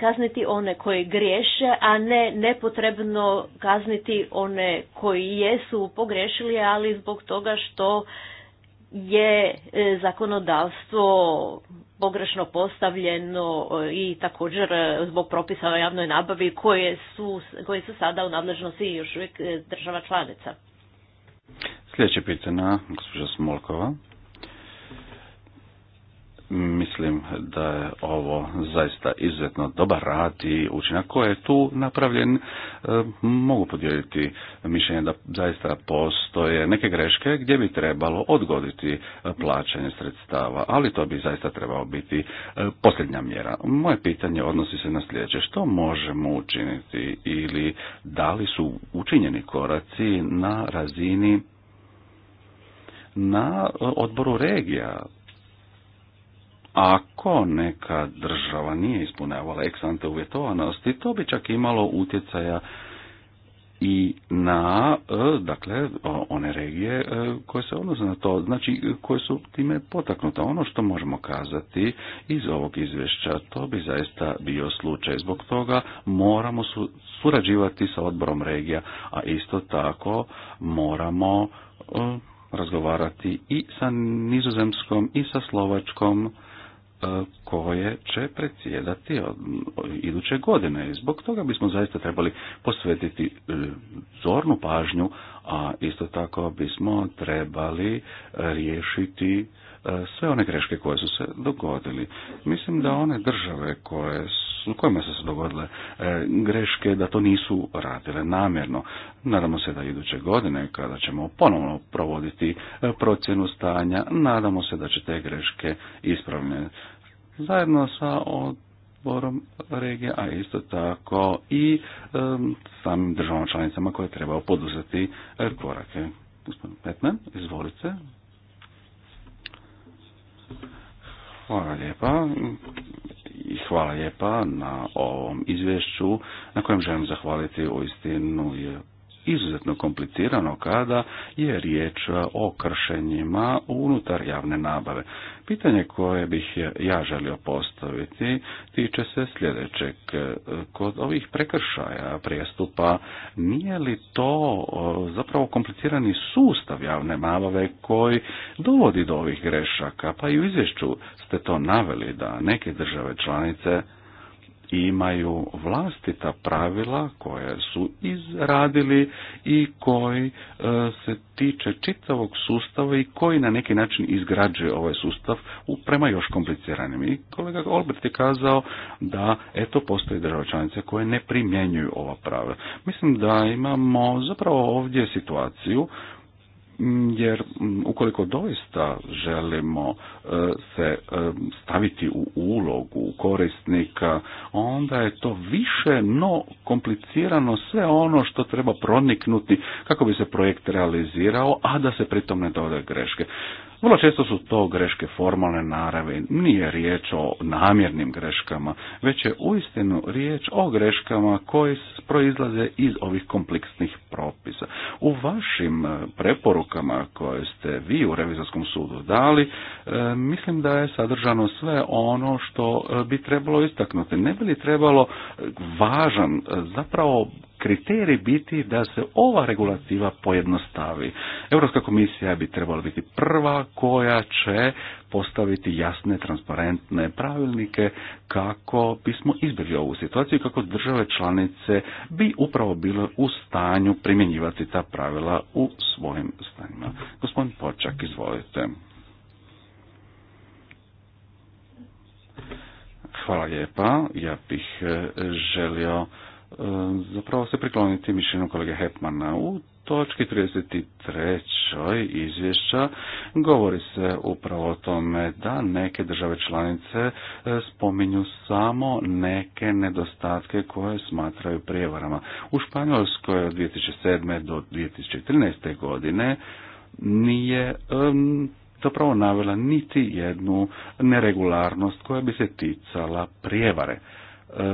kazniti one koji griješe, a ne nepotrebno kazniti one koji jesu pogrešili, ali zbog toga što je e, zakonodavstvo pogrešno postavljeno e, i također e, zbog propisa o javnoj nabavi koje su, su sada u nadležnosti još uvijek država članica.
Sljedeće pitanje, gospođa Smolkova. Mislim da je ovo zaista izuzetno dobar rad i učinak koji je tu napravljen. E, mogu podijeliti mišljenje da zaista postoje neke greške gdje bi trebalo odgoditi plaćanje sredstava, ali to bi zaista trebao biti e, posljednja mjera. Moje pitanje odnosi se na sljedeće. Što možemo učiniti ili da li su učinjeni koraci na razini na odboru regija ako neka država nije ispunjavala eksante uvjetovanosti, to bi čak imalo utjecaja i na e, dakle one regije e, koje se odnose na to, znači koje su time potaknute. Ono što možemo kazati iz ovog izvješća, to bi zaista bio slučaj. Zbog toga moramo surađivati sa odborom regija, a isto tako moramo e, razgovarati i sa nizozemskom i sa slovačkom E, koje će predsjedati iduće godine. zbog toga bismo zaista trebali posvetiti e, zornu pažnju, a isto tako bismo trebali riješiti e, sve one greške koje su se dogodili. Mislim da one države koje su, kojima su se dogodile greške, da to nisu radile namjerno. Nadamo se da iduće godine, kada ćemo ponovno provoditi procjenu stanja, nadamo se da će te greške ispravljene zajedno sa odborom regije, a isto tako i samim državama članicama koje treba poduzeti eh, korake. Gospodin Petman, izvolite. Hvala lijepa i hvala lijepa na ovom izvješću na kojem želim zahvaliti u istinu je izuzetno komplicirano kada je riječ o kršenjima unutar javne nabave. Pitanje koje bih ja želio postaviti tiče se sljedećeg. Kod ovih prekršaja prijestupa nije li to zapravo komplicirani sustav javne nabave koji dovodi do ovih grešaka? Pa i u izvješću ste to naveli da neke države članice imaju vlastita pravila koje su izradili i koji e, se tiče čitavog sustava i koji na neki način izgrađuje ovaj sustav uprema prema još kompliciranim. I kolega Olbert je kazao da eto postoje države članice koje ne primjenjuju ova pravila. Mislim da imamo zapravo ovdje situaciju jer mm, ukoliko doista želimo e, se e, staviti u ulogu korisnika, onda je to više no komplicirano sve ono što treba proniknuti kako bi se projekt realizirao, a da se pritom ne dodaju greške. Vrlo često su to greške formalne naravi, nije riječ o namjernim greškama, već je uistinu riječ o greškama koje proizlaze iz ovih kompleksnih propisa. U vašim e, preporukama koje ste vi u Revizorskom sudu dali, e, mislim da je sadržano sve ono što e, bi trebalo istaknuti. Ne bi li trebalo važan, zapravo kriterij biti da se ova regulativa pojednostavi. Europska komisija bi trebala biti prva koja će postaviti jasne, transparentne pravilnike kako bismo izbjegli ovu situaciju i kako države članice bi upravo bile u stanju primjenjivati ta pravila u svojim stanjima. Gospodin Počak, izvolite. Hvala lijepa. Ja bih e, želio Ehm, zapravo se prikloniti mišljenju kolege Hepmana. U točki 33. izvješća govori se upravo o tome da neke države članice eh, spominju samo neke nedostatke koje smatraju prijevarama. U Španjolskoj od 2007. do 2013. godine nije ehm, zapravo navela niti jednu neregularnost koja bi se ticala prijevare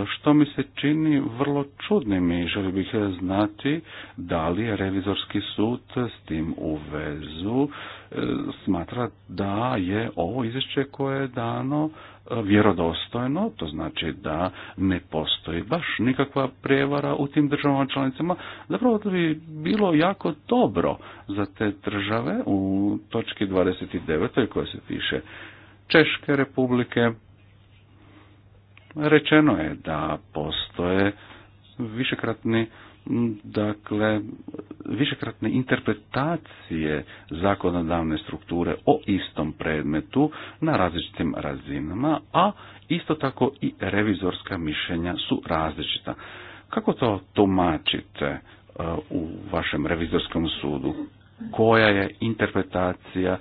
što mi se čini vrlo čudnim i želio bih znati da li je revizorski sud s tim u vezu e, smatra da je ovo izvješće koje je dano e, vjerodostojno, to znači da ne postoji baš nikakva prijevara u tim državama članicama. Zapravo to bi bilo jako dobro za te države u točki 29. koje se tiše Češke republike, rečeno je da postoje višekratni dakle višekratne interpretacije zakonodavne strukture o istom predmetu na različitim razinama, a isto tako i revizorska mišljenja su različita. Kako to tumačite e, u vašem revizorskom sudu? Koja je interpretacija e,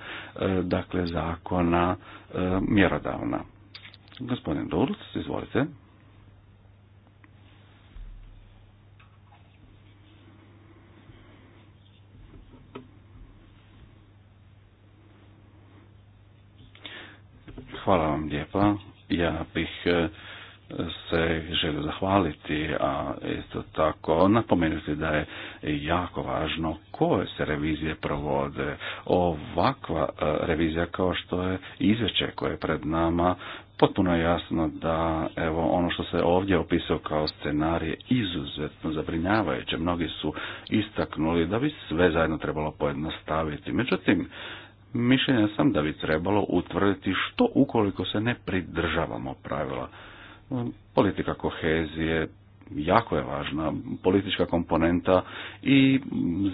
dakle zakona e, mjerodavna? Gospodin Durc, izvolite. Hvala vam lijepa. Ja bih eh, se želi zahvaliti, a isto tako napomenuti da je jako važno koje se revizije provode. Ovakva e, revizija kao što je izveće koje je pred nama potpuno je jasno da evo ono što se ovdje opisao kao scenarij izuzetno zabrinjavajuće. Mnogi su istaknuli da bi sve zajedno trebalo pojednostaviti. Međutim, mišljenja sam da bi trebalo utvrditi što ukoliko se ne pridržavamo pravila politika kohezije jako je važna, politička komponenta i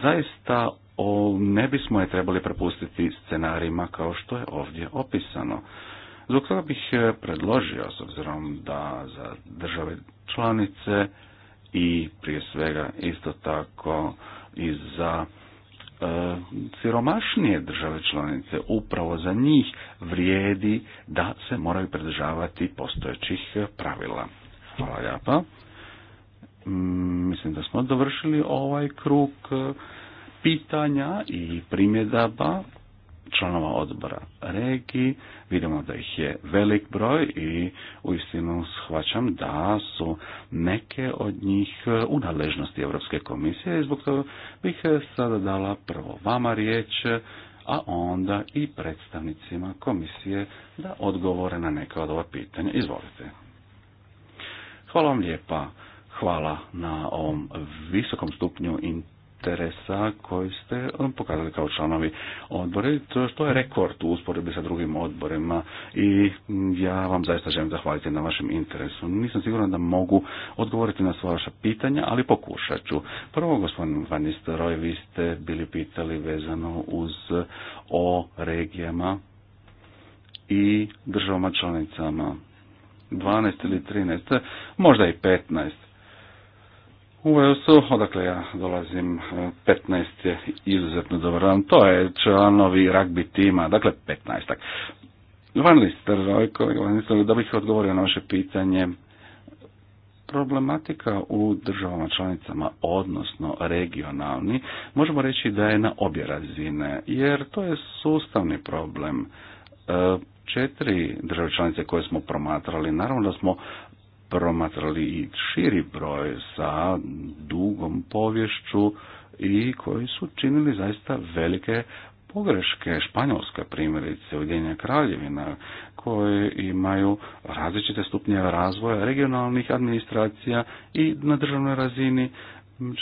zaista o, ne bismo je trebali prepustiti scenarijima kao što je ovdje opisano. Zbog toga bih predložio, s obzirom da za države članice i prije svega isto tako i za E, siromašnije države članice upravo za njih vrijedi da se moraju pridržavati postojećih pravila. Hvala lijepa. Mm, mislim da smo dovršili ovaj krug e, pitanja i primjedaba članova odbora regiji. Vidimo da ih je velik broj i uistinu shvaćam da su neke od njih e, u nadležnosti Europske komisije i zbog toga bih e, sada dala prvo vama riječ, a onda i predstavnicima komisije da odgovore na neka od ova pitanja. Izvolite. Hvala vam lijepa. Hvala na ovom visokom stupnju interesa koji ste pokazali kao članovi odbora, to što je rekord u usporedbi sa drugim odborima i ja vam zaista želim zahvaliti na vašem interesu. Nisam siguran da mogu odgovoriti na sva vaša pitanja, ali pokušat ću. Prvo, gospodin vanistero, vi ste bili pitali vezano uz o regijama i državama članicama. 12 ili 13, možda i 15 u odakle ja dolazim, 15 je izuzetno dobro. To je članovi rugby tima, dakle 15. Van Lister, da bih odgovorio na vaše pitanje, problematika u državama članicama, odnosno regionalni, možemo reći da je na obje razine, jer to je sustavni problem. E, četiri države članice koje smo promatrali, naravno da smo promatrali i širi broj sa dugom povješću i koji su činili zaista velike pogreške, Španjolska primjerice, Ujedinjenja kraljevina, koje imaju različite stupnjeve razvoja regionalnih administracija i na državnoj razini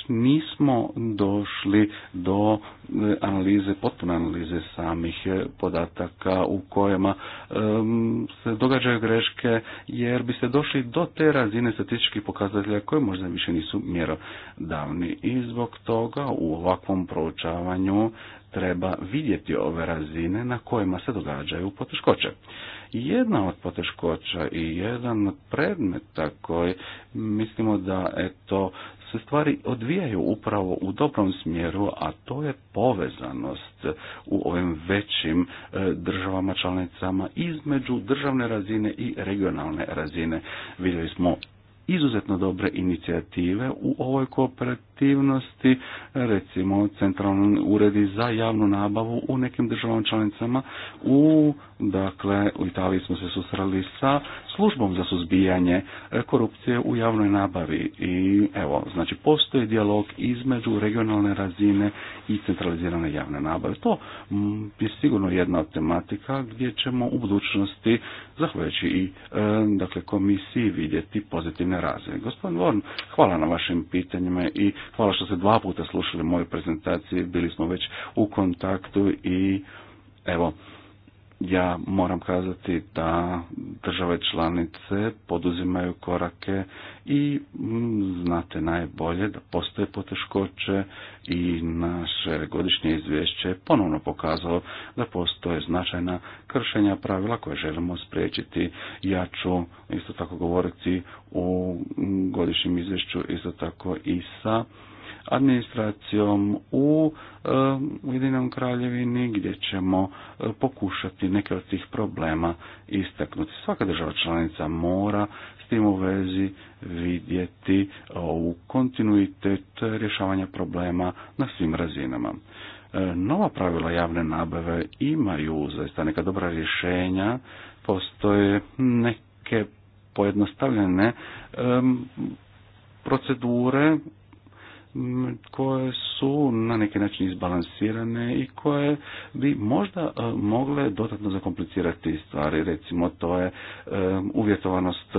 nismo došli do e, analize, potpune analize samih e, podataka u kojima se događaju greške, jer bi se došli do te razine statističkih pokazatelja koje možda više nisu mjerodavni. I zbog toga u ovakvom proučavanju treba vidjeti ove razine na kojima se događaju poteškoće. Jedna od poteškoća i jedan od predmeta koji mislimo da eto se stvari odvijaju upravo u dobrom smjeru, a to je povezanost u ovim većim e, državama članicama između državne razine i regionalne razine. Vidjeli smo izuzetno dobre inicijative u ovoj kooperativi aktivnosti, recimo centralni uredi za javnu nabavu u nekim državama članicama. U, dakle, u Italiji smo se susreli sa službom za suzbijanje e, korupcije u javnoj nabavi i evo, znači postoji dijalog između regionalne razine i centralizirane javne nabave. To mm, je sigurno jedna od tematika gdje ćemo u budućnosti zahvaljujući i e, dakle komisiji vidjeti pozitivne razine. Gospodin Vorn, hvala na vašim pitanjima i Hvala što ste dva puta slušali moju prezentaciju, bili smo već u kontaktu i evo, ja moram kazati da države članice poduzimaju korake i mm, znate najbolje da postoje poteškoće i naše godišnje izvješće je ponovno pokazalo da postoje značajna kršenja pravila koje želimo spriječiti. Ja ću isto tako govoriti u mm, godišnjem izvješću isto tako i sa administracijom u eh, Ujedinom kraljevini gdje ćemo eh, pokušati neke od tih problema istaknuti. Svaka država članica mora s tim u vezi vidjeti eh, u kontinuitet rješavanja problema na svim razinama. Nova pravila javne nabave imaju zaista neka dobra rješenja, postoje neke pojednostavljene procedure koje su na neki način izbalansirane i koje bi možda e, mogle dodatno zakomplicirati stvari. Recimo to je e, uvjetovanost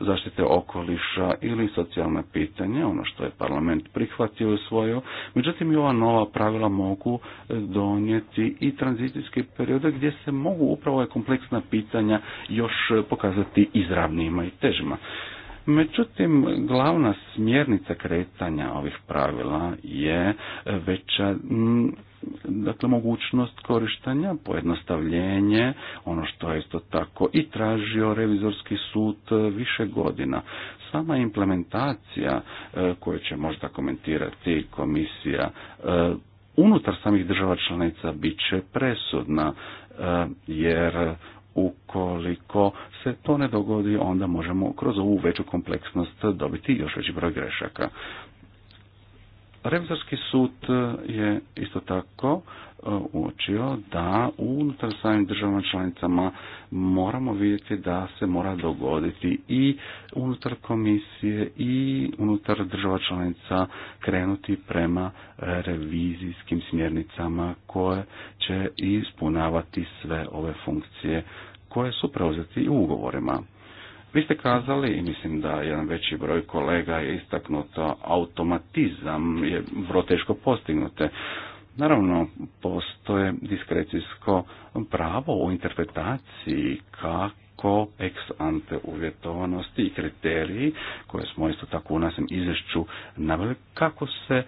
zaštite okoliša ili socijalna pitanje, ono što je parlament prihvatio svoju, Međutim i ova nova pravila mogu e, donijeti i tranzicijske periode gdje se mogu upravo ove kompleksna pitanja još pokazati izravnijima i težima. Međutim, glavna smjernica kretanja ovih pravila je veća dakle mogućnost korištenja, pojednostavljenje, ono što je isto tako i tražio revizorski sud više godina. Sama implementacija e, koju će možda komentirati komisija e, unutar samih država članica bit će presudna e, jer ukoliko se to ne dogodi, onda možemo kroz ovu veću kompleksnost dobiti još veći broj grešaka. Revizorski sud je isto tako e, uočio da unutar samim državama članicama moramo vidjeti da se mora dogoditi i unutar komisije i unutar država članica krenuti prema revizijskim smjernicama koje će ispunavati sve ove funkcije koje su preuzeti u ugovorima. Vi ste kazali, i mislim da jedan veći broj kolega je istaknuto, automatizam je vrlo teško postignute. Naravno, postoje diskrecijsko pravo u interpretaciji kako ex ante uvjetovanosti i kriteriji koje smo isto tako u našem izvješću naveli kako se e,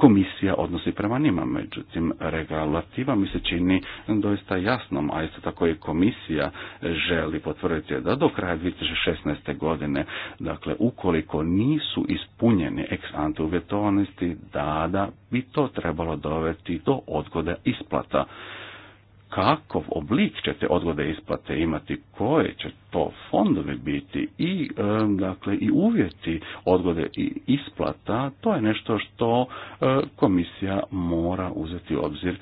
komisija odnosi prema njima. Međutim, regulativa mi se čini doista jasnom, a isto tako i komisija želi potvrditi da do kraja 2016. godine, dakle, ukoliko nisu ispunjeni ex ante uvjetovanosti, da bi to trebalo dovesti do odgode isplata. Kakov oblik te odgode isplate imati, koje će to fondovi biti i e, dakle i uvjeti odgode i isplata, to je nešto što e, komisija mora uzeti u obzir,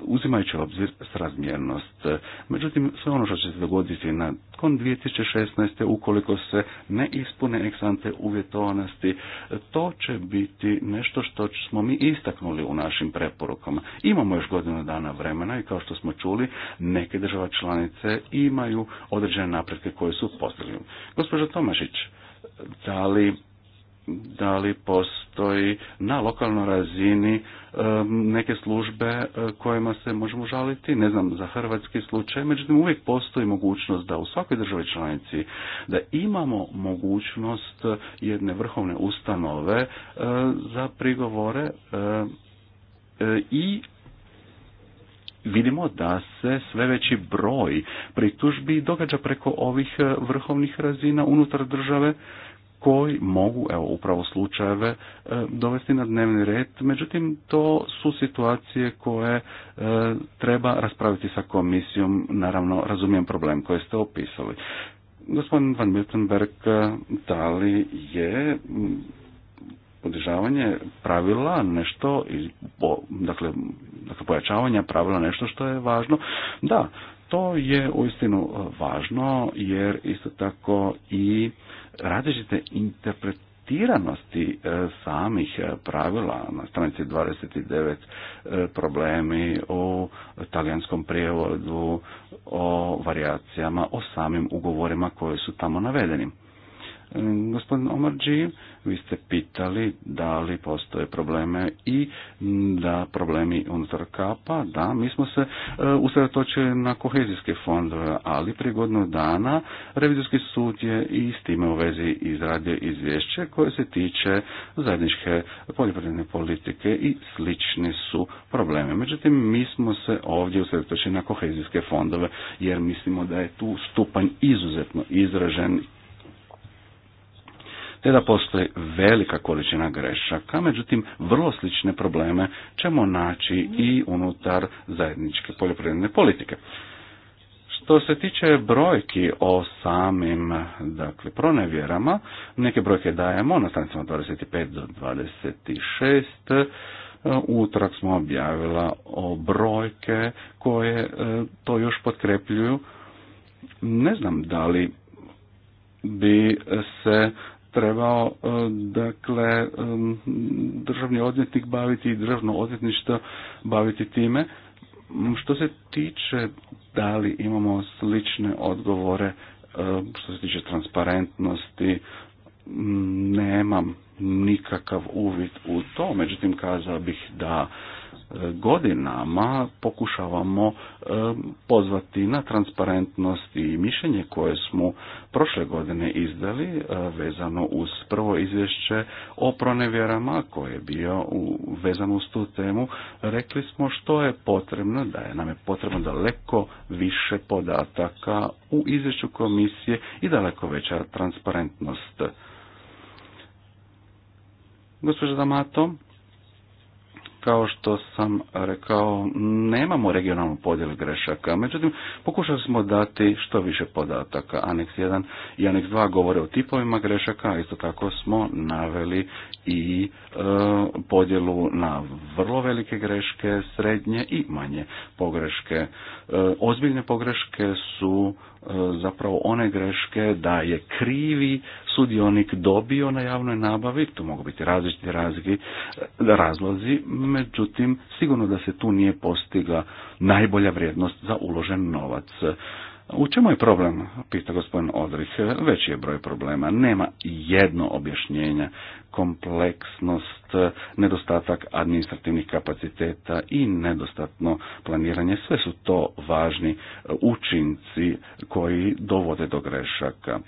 uzimajući obzir srazmjernost. Međutim, sve ono što će se dogoditi nakon 2016. ukoliko se ne ispune eksante uvjetovanosti, to će biti nešto što smo mi istaknuli u našim preporukama. Imamo još godinu dana vremena i kao što smo čuli, neke država članice imaju određene određene napretke koje su postavljene. Gospođo Tomašić, da li da li postoji na lokalnoj razini e, neke službe e, kojima se možemo žaliti, ne znam za hrvatski slučaj, međutim uvijek postoji mogućnost da u svakoj državi članici da imamo mogućnost jedne vrhovne ustanove e, za prigovore i vidimo da se sve veći broj pritužbi događa preko ovih e, vrhovnih razina unutar države koji mogu, evo upravo slučajeve, e, dovesti na dnevni red. Međutim, to su situacije koje e, treba raspraviti sa komisijom. Naravno, razumijem problem koji ste opisali. Gospodin Van Miltenberg, da li je održavanje pravila nešto, dakle, dakle pojačavanja pravila nešto što je važno. Da, to je uistinu e, važno jer isto tako i različite interpretiranosti e, samih e, pravila na stranici 29 problemi o talijanskom prijevodu, o varijacijama, o samim ugovorima koji su tamo navedeni. Gospodin Omarđi, vi ste pitali da li postoje probleme i da problemi unutar kapa, da, mi smo se e, usredotočili na kohezijske fondove, ali prije godinu dana revizorski sud je i s time u vezi izradio izvješće koje se tiče zajedničke poljoprivredne politike i slični su probleme. Međutim, mi smo se ovdje usredotočili na kohezijske fondove jer mislimo da je tu stupanj izuzetno izražen te da postoji velika količina grešaka, međutim vrlo slične probleme ćemo naći i unutar zajedničke poljoprivredne politike. Što se tiče brojki o samim dakle, pronevjerama, neke brojke dajemo na stranicama 25 do 26, Utrak smo objavila o brojke koje e, to još potkrepljuju. Ne znam da li bi se trebao e, dakle državni odvjetnik baviti i državno odvjetništvo baviti time. Što se tiče da li imamo slične odgovore e, što se tiče transparentnosti, nemam nikakav uvid u to, međutim kazao bih da godinama pokušavamo e, pozvati na transparentnost i mišljenje koje smo prošle godine izdali e, vezano uz prvo izvješće o pronevjerama koje je bio vezano uz tu temu. Rekli smo što je potrebno, da je nam je potrebno daleko više podataka u izvješću komisije i daleko veća transparentnost. Gospođa Damato, kao što sam rekao, nemamo regionalnu podjelu grešaka, međutim, pokušali smo dati što više podataka. Aneks 1 i aneks 2 govore o tipovima grešaka, a isto tako smo naveli i e, podjelu na vrlo velike greške, srednje i manje pogreške. E, ozbiljne pogreške su E, zapravo one greške da je krivi sudionik dobio na javnoj nabavi, tu mogu biti različiti razgi, e, razlozi, međutim sigurno da se tu nije postigla najbolja vrijednost za uložen novac. U čemu je problem? Pita gospodin Odrih. Veći je broj problema. Nema jedno objašnjenje. Kompleksnost, nedostatak administrativnih kapaciteta i nedostatno planiranje. Sve su to važni učinci koji dovode do grešaka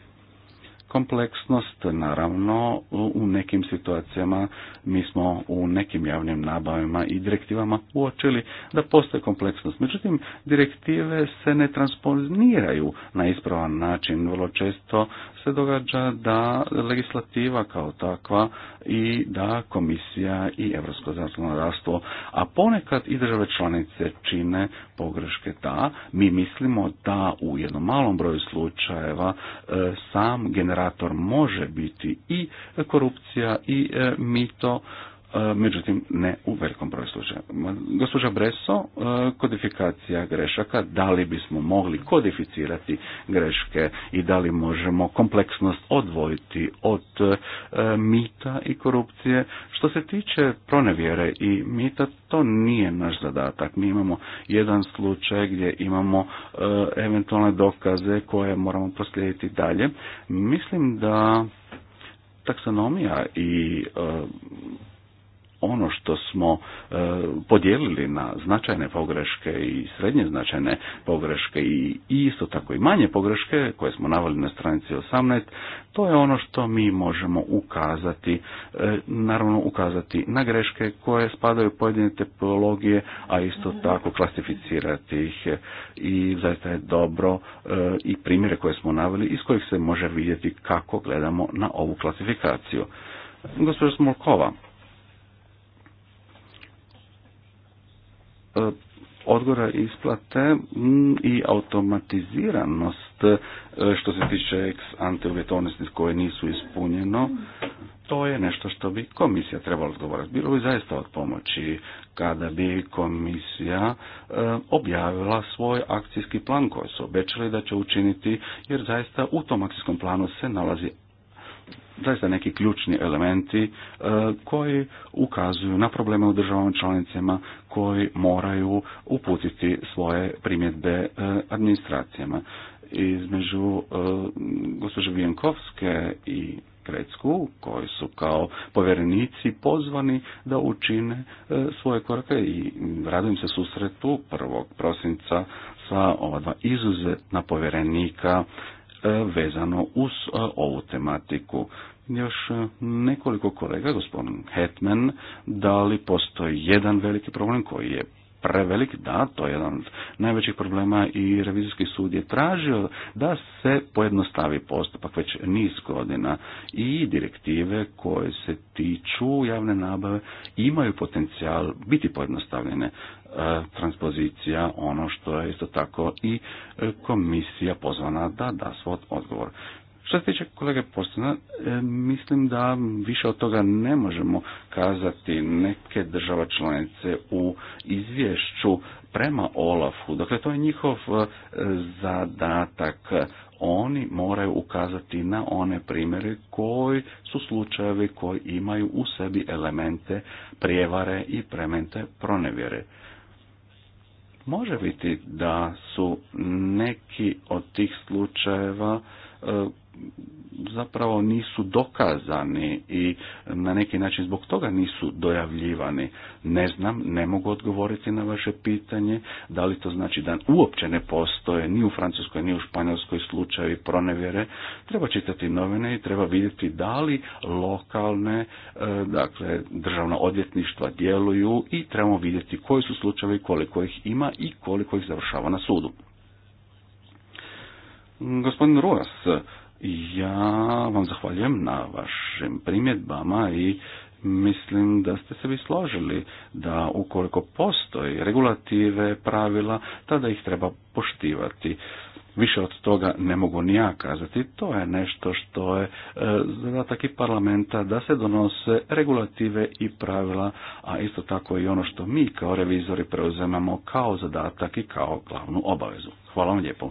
kompleksnost, naravno u nekim situacijama mi smo u nekim javnim nabavima i direktivama uočili da postoje kompleksnost. Međutim, direktive se ne transponiraju na ispravan način. Vrlo često se događa da legislativa kao takva i da komisija i Europsko zakonodavstvo, a ponekad i države članice čine pogreške da mi mislimo da u jednom malom broju slučajeva e, sam general indikator može biti i korupcija i e, mito E, međutim ne u velikom broju slučaja. Gospođa Breso, e, kodifikacija grešaka, da li bismo mogli kodificirati greške i da li možemo kompleksnost odvojiti od e, mita i korupcije. Što se tiče pronevjere i mita, to nije naš zadatak. Mi imamo jedan slučaj gdje imamo eventualne dokaze koje moramo proslijediti dalje. Mislim da taksonomija i ono što smo e, podijelili na značajne pogreške i srednje značajne pogreške i isto tako i manje pogreške koje smo navali na stranici 18, to je ono što mi možemo ukazati, e, naravno ukazati na greške koje spadaju u pojedine tipologije, a isto mhm. tako klasificirati ih i zaista je dobro e, i primjere koje smo naveli iz kojih se može vidjeti kako gledamo na ovu klasifikaciju. Gospođa Smolkova, E, odgora isplate i automatiziranost e, što se tiče ex ante uvjetovnosti koje nisu ispunjeno, to je nešto što bi komisija trebala odgovarati. Bilo bi zaista od pomoći kada bi komisija e, objavila svoj akcijski plan koji su obećali da će učiniti, jer zaista u tom akcijskom planu se nalazi zaista neki ključni elementi e, koji ukazuju na probleme u državama članicama koji moraju uputiti svoje primjedbe e, administracijama. Između e, gospođe Vijenkovske i Kretsku, koji su kao povjerenici pozvani da učine svoje korake i radujem se susretu 1. prosinca sa ova dva izuzetna povjerenika vezano uz e, ovu tematiku. Još e, nekoliko kolega, gospodin Hetman, da li postoji jedan veliki problem koji je prevelik, da, to je jedan od najvećih problema i revizijski sud je tražio da se pojednostavi postupak već niz godina i direktive koje se tiču javne nabave imaju potencijal biti pojednostavljene e, transpozicija, ono što je isto tako i e, komisija pozvana da da svoj odgovor. Što se tiče kolege Postana, e, mislim da više od toga ne možemo kazati neke država članice u izvješću prema Olafu. Dakle, to je njihov e, zadatak. Oni moraju ukazati na one primjere koji su slučajevi koji imaju u sebi elemente prijevare i premente pronevjere. Može biti da su neki od tih slučajeva zapravo nisu dokazani i na neki način zbog toga nisu dojavljivani. Ne znam, ne mogu odgovoriti na vaše pitanje, da li to znači da uopće ne postoje ni u Francuskoj, ni u Španjolskoj slučajevi pronevjere. Treba čitati novine i treba vidjeti da li lokalne, e, dakle, državna odvjetništva djeluju i trebamo vidjeti koji su slučajevi, koliko ih ima i koliko ih završava na sudu. Gospodin Ruas, ja vam zahvaljujem na vašim primjedbama i mislim da ste se vi složili da ukoliko postoji regulative, pravila, tada ih treba poštivati. Više od toga ne mogu ni ja kazati, to je nešto što je e, zadatak i parlamenta da se donose regulative i pravila, a isto tako i ono što mi kao revizori preuzemamo kao zadatak i kao glavnu obavezu. Hvala vam lijepo.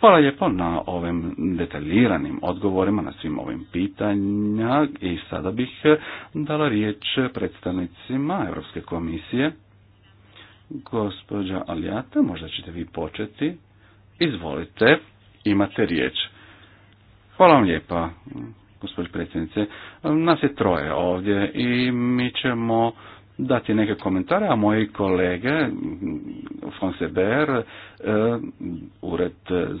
Hvala lijepo na ovim detaljiranim odgovorima na svim ovim pitanja i sada bih eh, dala riječ predstavnicima Europske komisije. Gospođa Alijata, možda ćete vi početi. Izvolite, imate riječ. Hvala vam lijepa, gospođo predsjednice. Nas je troje ovdje i mi ćemo dati neke komentare, a moji kolege, mm, Fonse Ber, e, ured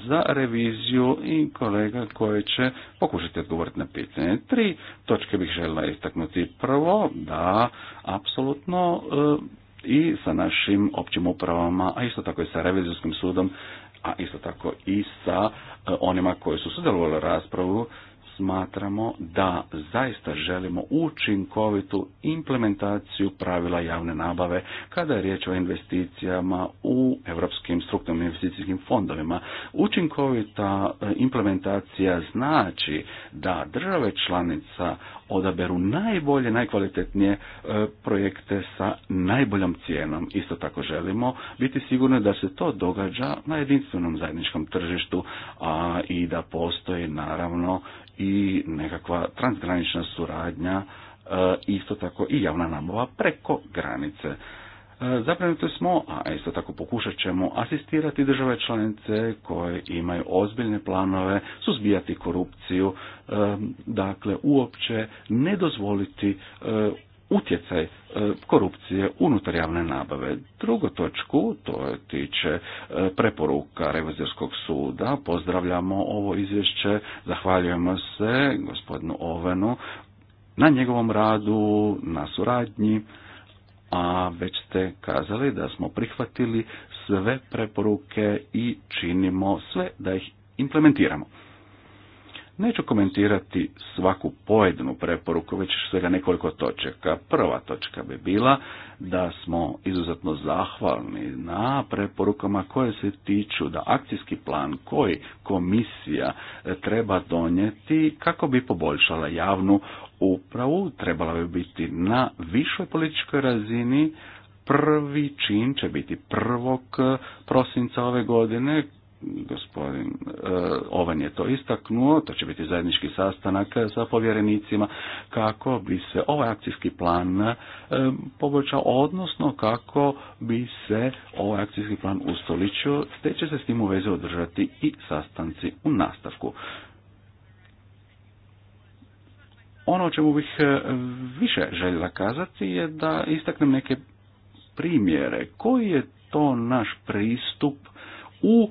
za reviziju i kolega koji će pokušati odgovoriti na pitanje. Tri točke bih željela istaknuti. Prvo, da, apsolutno e, i sa našim općim upravama, a isto tako i sa revizijskim sudom, a isto tako i sa e, onima koji su sudjelovali raspravu smatramo da zaista želimo učinkovitu implementaciju pravila javne nabave kada je riječ o investicijama u europskim strukturnim investicijskim fondovima. Učinkovita e, implementacija znači da države članica odaberu najbolje, najkvalitetnije e, projekte sa najboljom cijenom. Isto tako želimo biti sigurni da se to događa na jedinstvenom zajedničkom tržištu a i da postoji naravno i nekakva transgranična suradnja, e, isto tako i javna nabava preko granice. E, zabrinuti smo, a isto tako pokušat ćemo asistirati države članice koje imaju ozbiljne planove, suzbijati korupciju, e, dakle uopće ne dozvoliti utjecaj e, korupcije unutar javne nabave. Drugu točku, to je tiče e, preporuka Revizorskog suda, pozdravljamo ovo izvješće, zahvaljujemo se gospodinu Ovenu na njegovom radu, na suradnji, a već ste kazali da smo prihvatili sve preporuke i činimo sve da ih implementiramo. Neću komentirati svaku pojedinu preporuku, već svega nekoliko točaka. Prva točka bi bila da smo izuzetno zahvalni na preporukama koje se tiču da akcijski plan koji komisija e, treba donijeti kako bi poboljšala javnu upravu trebala bi biti na višoj političkoj razini prvi čin će biti prvog e, prosinca ove godine gospodin e, Ovan je to istaknuo, to će biti zajednički sastanak sa povjerenicima kako bi se ovaj akcijski plan e, poboljšao, odnosno kako bi se ovaj akcijski plan ustoličio, te će se s tim u vezi održati i sastanci u nastavku. Ono o čemu bih e, više željela kazati je da istaknem neke primjere. Koji je to naš pristup u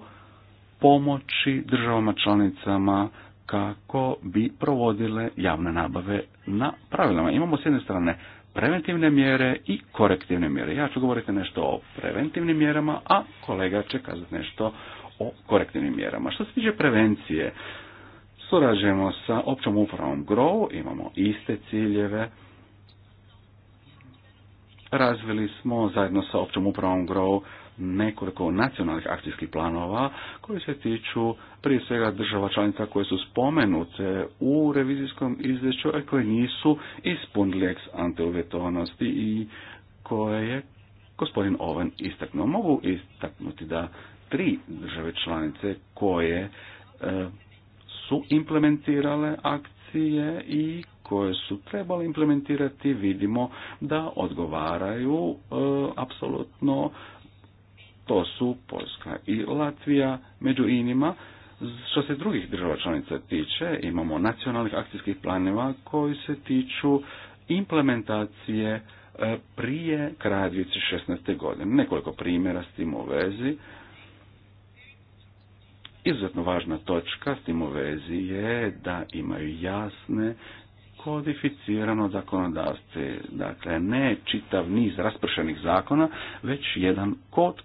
pomoći državama članicama kako bi provodile javne nabave na pravilama. Imamo s jedne strane preventivne mjere i korektivne mjere. Ja ću govoriti nešto o preventivnim mjerama, a kolega će kazati nešto o korektivnim mjerama. Što se tiče prevencije, surađujemo sa općom upravom GROW, imamo iste ciljeve, razvili smo zajedno sa općom upravom GROW nekoliko nacionalnih akcijskih planova koji se tiču prije svega država članica koje su spomenute u revizijskom izvješću, a koje nisu ispunili ex ante uvjetovanosti i koje je gospodin Oven istaknuo. Mogu istaknuti da tri države članice koje e, su implementirale akcije i koje su trebali implementirati vidimo da odgovaraju e, apsolutno to su Poljska i Latvija među inima. Što se drugih država članica tiče, imamo nacionalnih akcijskih planova koji se tiču implementacije e, prije kraja 2016. godine. Nekoliko primjera s tim u vezi. Izuzetno važna točka s tim u vezi je da imaju jasne kodificirano zakonodavstvo. Dakle, ne čitav niz raspršenih zakona, već jedan kod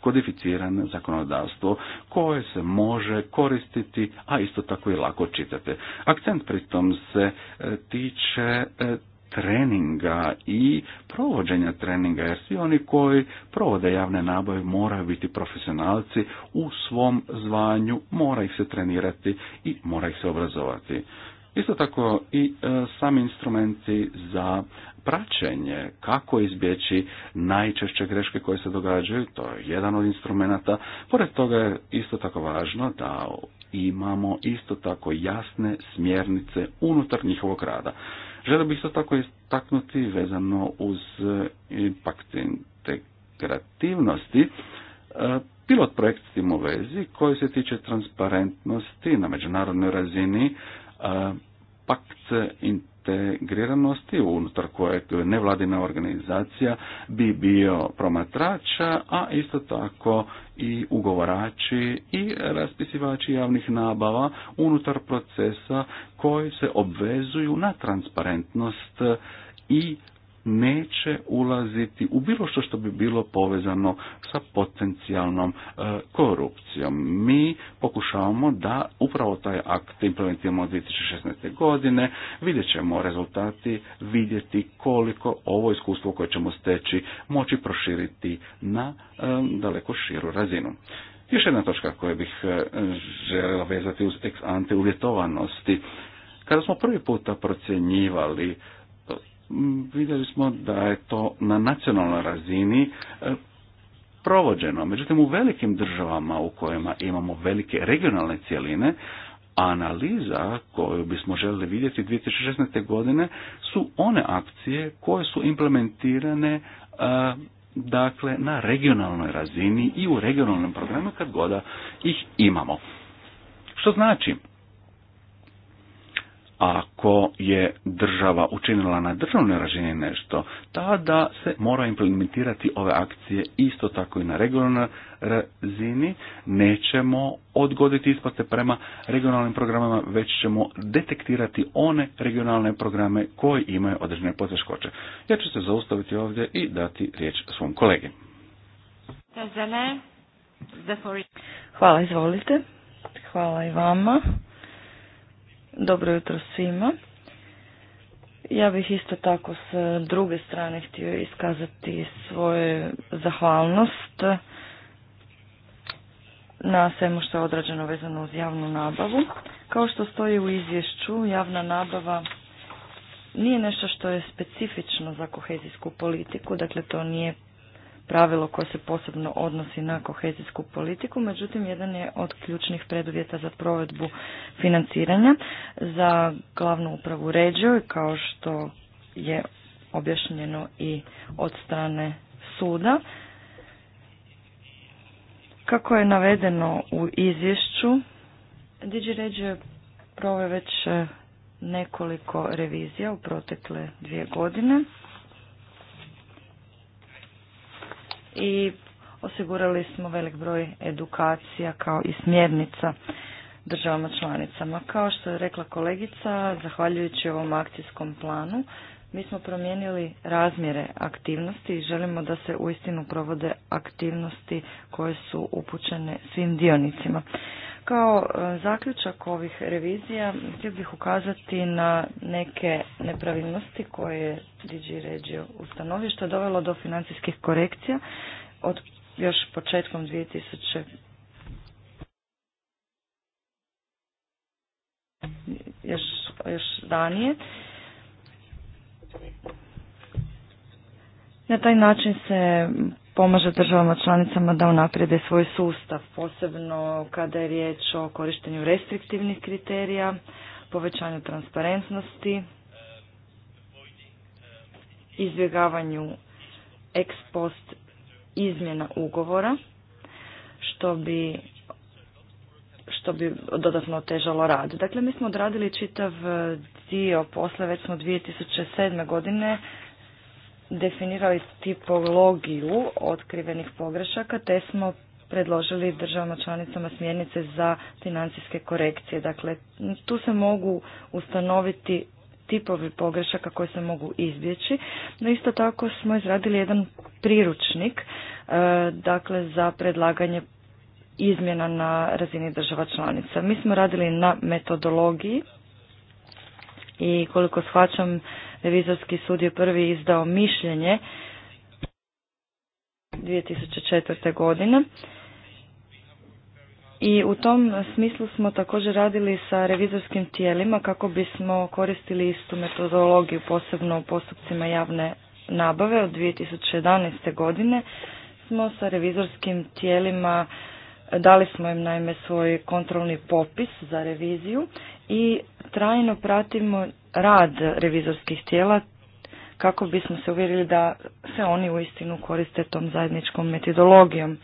kodificirano zakonodavstvo koje se može koristiti, a isto tako i lako čitate. Akcent pritom se e, tiče e, treninga i provođenja treninga, jer svi oni koji provode javne nabave moraju biti profesionalci u svom zvanju, mora ih se trenirati i mora ih se obrazovati. Isto tako i e, sami instrumenti za praćenje, kako izbjeći najčešće greške koje se događaju, to je jedan od instrumenta. Pored toga je isto tako važno da imamo isto tako jasne smjernice unutar njihovog rada. Želio bih isto tako istaknuti vezano uz e, impact integrativnosti, e, pilot projekt s u vezi koji se tiče transparentnosti na međunarodnoj razini, E, pakt integriranosti unutar kojeg nevladina organizacija bi bio promatrača, a isto tako i ugovorači i raspisivači javnih nabava unutar procesa koji se obvezuju na transparentnost i neće ulaziti u bilo što što bi bilo povezano sa potencijalnom e, korupcijom. Mi pokušavamo da upravo taj akt implementiramo od 2016. godine, vidjet ćemo rezultati, vidjeti koliko ovo iskustvo koje ćemo steći moći proširiti na e, daleko širu razinu. Još jedna točka koju bih e, željela vezati uz ex ante uvjetovanosti. Kada smo prvi puta procjenjivali Mm, vidjeli smo da je to na nacionalnoj razini e, provođeno. Međutim, u velikim državama u kojima imamo velike regionalne cijeline analiza koju bismo željeli vidjeti 2016. godine su one akcije koje su implementirane e, dakle na regionalnoj razini i u regionalnom programu kad goda ih imamo. Što znači ako je država učinila na državnoj razini nešto, tada se mora implementirati ove akcije isto tako i na regionalnoj razini. Nećemo odgoditi isplate prema regionalnim programama, već ćemo detektirati one regionalne programe koji imaju određene poteškoće. Ja ću se zaustaviti ovdje i dati riječ svom kolegi. Hvala, izvolite. Hvala i
vama. Dobro jutro svima. Ja bih isto tako s druge strane htio iskazati svoju zahvalnost na svemu što je odrađeno vezano uz javnu nabavu. Kao što stoji u izvješću, javna nabava nije nešto što je specifično za kohezijsku politiku, dakle to nije pravilo koje se posebno odnosi na kohezijsku politiku, međutim jedan je od ključnih preduvjeta za provedbu financiranja za glavnu upravu ređu kao što je objašnjeno i od strane suda. Kako je navedeno u izvješću, DigiRegio je proveo već eh, nekoliko revizija u protekle dvije godine. i osigurali smo velik broj edukacija kao i smjernica državama članicama. Kao što je rekla kolegica, zahvaljujući ovom akcijskom planu, mi smo promijenili razmjere aktivnosti i želimo da se uistinu provode aktivnosti koje su upućene svim dionicima. Kao e, zaključak ovih revizija htio bih ukazati na neke nepravilnosti koje je DG Regio ustanovio što je dovelo do financijskih korekcija od još početkom 2000 još, još ranije Na taj način se pomaže državama članicama da unaprijede svoj sustav, posebno kada je riječ o korištenju restriktivnih kriterija, povećanju transparentnosti, izbjegavanju ex post izmjena ugovora, što bi što bi dodatno otežalo rad. Dakle, mi smo odradili čitav dio posle, već smo 2007. godine definirali tipologiju otkrivenih pogrešaka te smo predložili državama članicama smjernice za financijske korekcije. Dakle, tu se mogu ustanoviti tipovi pogrešaka koje se mogu izbjeći. No isto tako smo izradili jedan priručnik e, dakle za predlaganje izmjena na razini država članica. Mi smo radili na metodologiji i koliko shvaćam Revizorski sud je prvi izdao mišljenje 2004. godine. I u tom smislu smo također radili sa revizorskim tijelima kako bismo koristili istu metodologiju, posebno u postupcima javne nabave od 2011. godine. Smo sa revizorskim tijelima, dali smo im naime svoj kontrolni popis za reviziju i trajno pratimo rad revizorskih tijela kako bismo se uvjerili da se oni uistinu koriste tom zajedničkom metodologijom.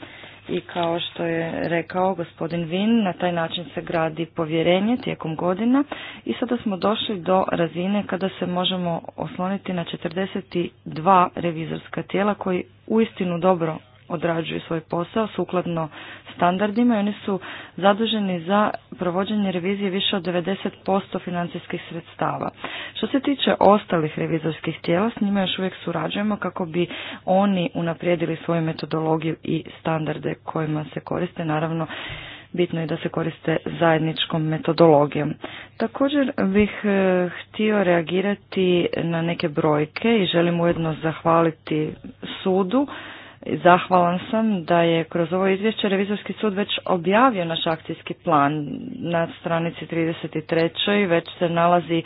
I kao što je rekao gospodin Vin, na taj način se gradi povjerenje tijekom godina i sada smo došli do razine kada se možemo osloniti na 42 revizorska tijela koji uistinu dobro odrađuju svoj posao sukladno standardima i oni su zaduženi za provođenje revizije više od 90% financijskih sredstava. Što se tiče ostalih revizorskih tijela, s njima još uvijek surađujemo kako bi oni unaprijedili svoju metodologiju i standarde kojima se koriste. Naravno, bitno je da se koriste zajedničkom metodologijom. Također bih eh, htio reagirati na neke brojke i želim ujedno zahvaliti sudu Zahvalan sam da je kroz ovo izvješće Revizorski sud već objavio naš akcijski plan na stranici 33. Već se nalazi e,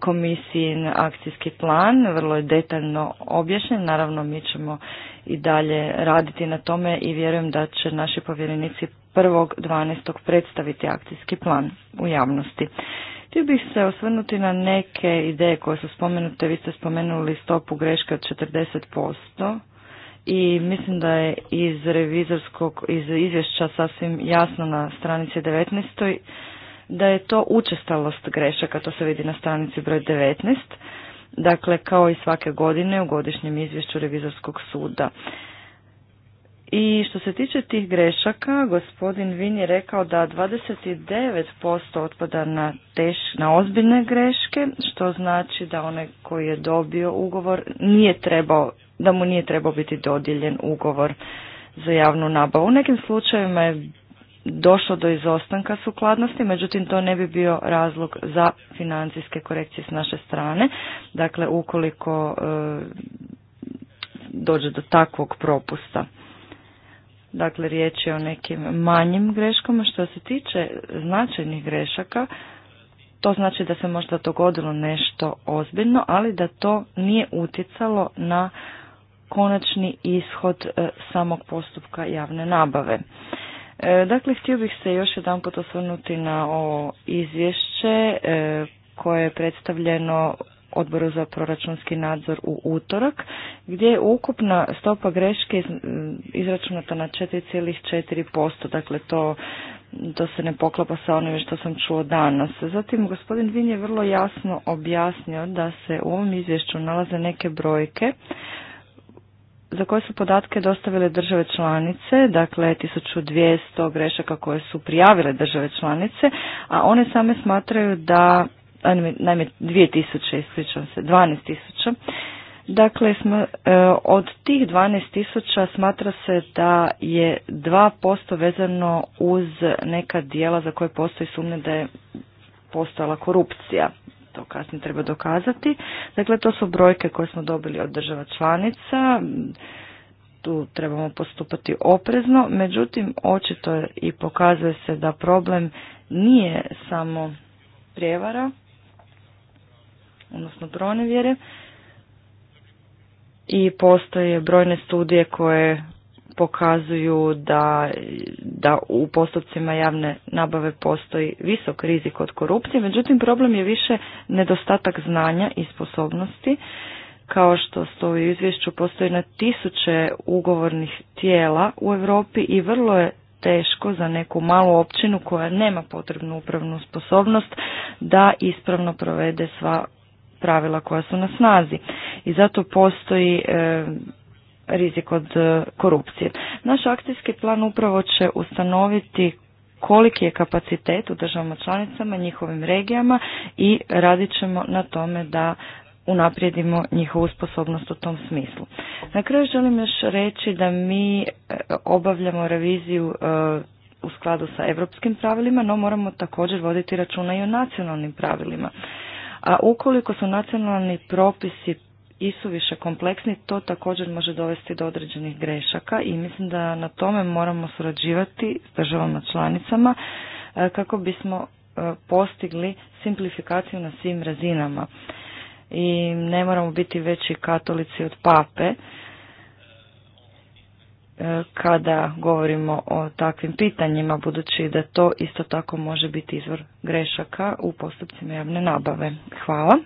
komisijin akcijski plan, vrlo je detaljno objašnjen. Naravno mi ćemo i dalje raditi na tome i vjerujem da će naši povjerenici 1.12. predstaviti akcijski plan u javnosti. Htio bih se osvrnuti na neke ideje koje su spomenute. Vi ste spomenuli stopu greške od 40% i mislim da je iz revizorskog iz izvješća sasvim jasno na stranici 19. da je to učestalost grešaka, to se vidi na stranici broj 19. Dakle, kao i svake godine u godišnjem izvješću revizorskog suda. I što se tiče tih grešaka, gospodin Vin je rekao da 29% otpada na, teš, na ozbiljne greške, što znači da onaj koji je dobio ugovor nije trebao da mu nije trebao biti dodijeljen ugovor za javnu nabavu. U nekim slučajevima je došlo do izostanka sukladnosti, međutim to ne bi bio razlog za financijske korekcije s naše strane. Dakle, ukoliko e, dođe do takvog propusta. Dakle, riječ je o nekim manjim greškama. Što se tiče značajnih grešaka, to znači da se možda dogodilo nešto ozbiljno, ali da to nije utjecalo na konačni ishod e, samog postupka javne nabave. E, dakle, htio bih se još jedanput osvrnuti na ovo izvješće e, koje je predstavljeno Odboru za proračunski nadzor u utorak, gdje je ukupna stopa greške izračunata na 4,4%, dakle to, to se ne poklapa sa onim što sam čuo danas. Zatim, gospodin Vin je vrlo jasno objasnio da se u ovom izvješću nalaze neke brojke za koje su podatke dostavile države članice, dakle 1200 grešaka koje su prijavile države članice, a one same smatraju da, naime 2000, ispričavam se, 12000, Dakle, e, od tih 12.000 smatra se da je 2% vezano uz neka dijela za koje postoji sumnja da je postojala korupcija to kasnije treba dokazati. Dakle, to su brojke koje smo dobili od država članica, tu trebamo postupati oprezno, međutim, očito i pokazuje se da problem nije samo prijevara, odnosno vjere, i postoje brojne studije koje pokazuju da, da u postupcima javne nabave postoji visok rizik od korupcije, međutim problem je više nedostatak znanja i sposobnosti. Kao što stoji u izvješću, postoji na tisuće ugovornih tijela u Europi i vrlo je teško za neku malu općinu koja nema potrebnu upravnu sposobnost da ispravno provede sva pravila koja su na snazi. I zato postoji e, rizik od e, korupcije. Naš akcijski plan upravo će ustanoviti koliki je kapacitet u državama članicama, njihovim regijama i radit ćemo na tome da unaprijedimo njihovu sposobnost u tom smislu. Na kraju želim još reći da mi e, obavljamo reviziju e, u skladu sa europskim pravilima, no moramo također voditi računa i o nacionalnim pravilima. A ukoliko su nacionalni propisi su više kompleksni, to također može dovesti do određenih grešaka i mislim da na tome moramo surađivati s državama članicama e, kako bismo e, postigli simplifikaciju na svim razinama. I ne moramo biti veći katolici od pape e, kada govorimo o takvim pitanjima, budući da to isto tako može biti izvor grešaka u postupcima javne nabave. Hvala.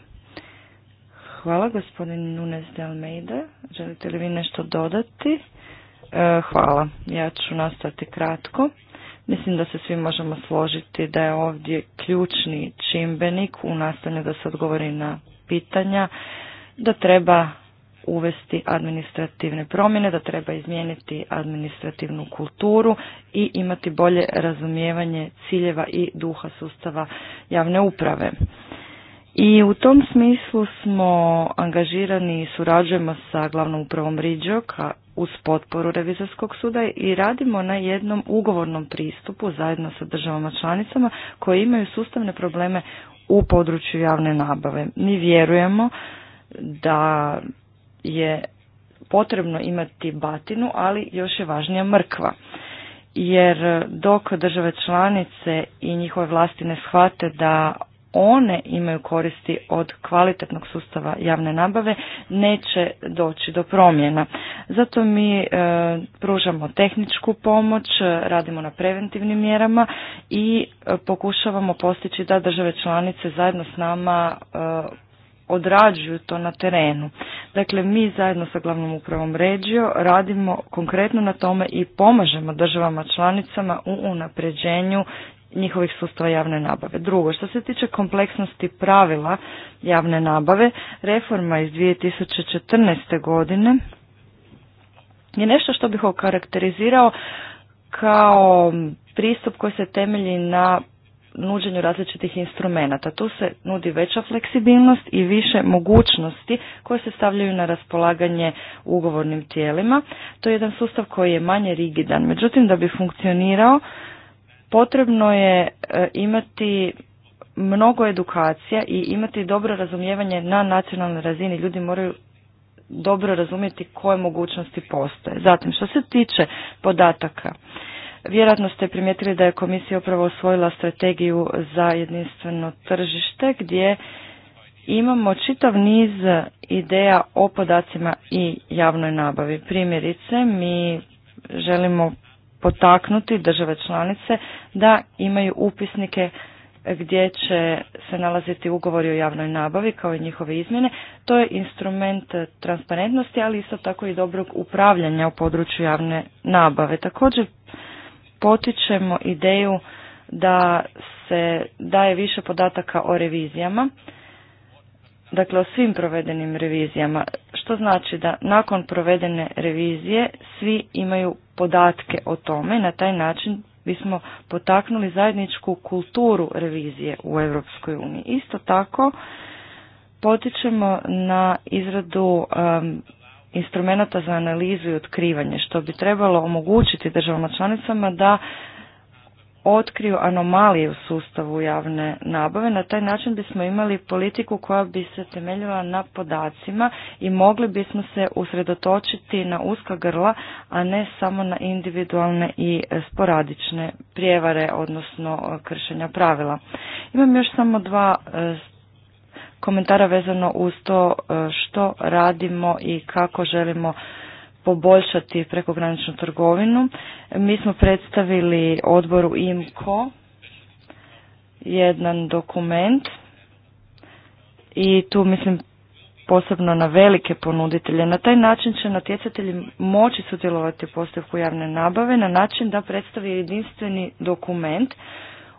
Hvala, gospodin Nunes de Almeida. Želite li vi nešto dodati? E, hvala, ja ću nastaviti kratko. Mislim da se svi možemo složiti da je ovdje ključni čimbenik u nastavnju da se odgovori na pitanja, da treba uvesti administrativne promjene, da treba izmijeniti administrativnu kulturu i imati bolje razumijevanje ciljeva i duha sustava javne uprave. I u tom smislu smo angažirani i surađujemo sa glavnom upravom Riđoka uz potporu Revizorskog suda i radimo na jednom ugovornom pristupu zajedno sa državama članicama koje imaju sustavne probleme u području javne nabave. Mi vjerujemo da je potrebno imati batinu, ali još je važnija mrkva. Jer dok države članice i njihove vlasti ne shvate da one imaju koristi od kvalitetnog sustava javne nabave neće doći do promjena. Zato mi e, pružamo tehničku pomoć, radimo na preventivnim mjerama i e, pokušavamo postići da države članice zajedno s nama e, odrađuju to na terenu. Dakle, mi zajedno sa glavnom upravom Regio radimo konkretno na tome i pomažemo državama članicama u unapređenju njihovih sustava javne nabave. Drugo, što se tiče kompleksnosti pravila javne nabave, reforma iz 2014. godine je nešto što bih okarakterizirao kao pristup koji se temelji na nuđenju različitih instrumenata. Tu se nudi veća fleksibilnost i više mogućnosti koje se stavljaju na raspolaganje ugovornim tijelima. To je jedan sustav koji je manje rigidan. Međutim, da bi funkcionirao, potrebno je e, imati mnogo edukacija i imati dobro razumijevanje na nacionalnoj razini. Ljudi moraju dobro razumjeti koje mogućnosti postoje. Zatim, što se tiče podataka, vjerojatno ste primijetili da je komisija upravo osvojila strategiju za jedinstveno tržište gdje imamo čitav niz ideja o podacima i javnoj nabavi. Primjerice, mi želimo potaknuti države članice da imaju upisnike gdje će se nalaziti ugovori o javnoj nabavi kao i njihove izmjene. To je instrument transparentnosti, ali isto tako i dobrog upravljanja u području javne nabave. Također potičemo ideju da se daje više podataka o revizijama, dakle o svim provedenim revizijama što znači da nakon provedene revizije svi imaju podatke o tome, na taj način bismo potaknuli zajedničku kulturu revizije u Europskoj uniji. Isto tako potičemo na izradu um, instrumenata za analizu i otkrivanje, što bi trebalo omogućiti državama članicama da otkriju anomalije u sustavu javne nabave. Na taj način bismo imali politiku koja bi se temeljila na podacima i mogli bismo se usredotočiti na uska grla, a ne samo na individualne i sporadične prijevare, odnosno e, kršenja pravila. Imam još samo dva e, komentara vezano uz to e, što radimo i kako želimo poboljšati prekograničnu trgovinu. Mi smo predstavili odboru IMCO jedan dokument i tu mislim posebno na velike ponuditelje. Na taj način će natjecatelji moći sudjelovati u javne nabave na način da predstavi jedinstveni dokument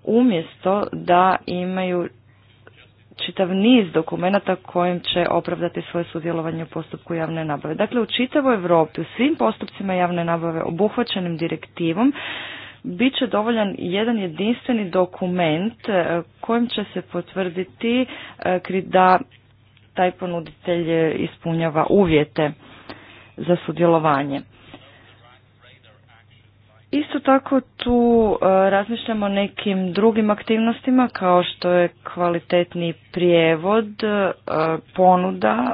umjesto da imaju čitav niz dokumenata kojim će opravdati svoje sudjelovanje u postupku javne nabave. Dakle, u čitavoj Europi u svim postupcima javne nabave obuhvaćenim direktivom bit će dovoljan jedan jedinstveni dokument e, kojim će se potvrditi e, da taj ponuditelj e, ispunjava uvjete za sudjelovanje. Isto tako tu e, razmišljamo o nekim drugim aktivnostima kao što je kvalitetni prijevod, e, ponuda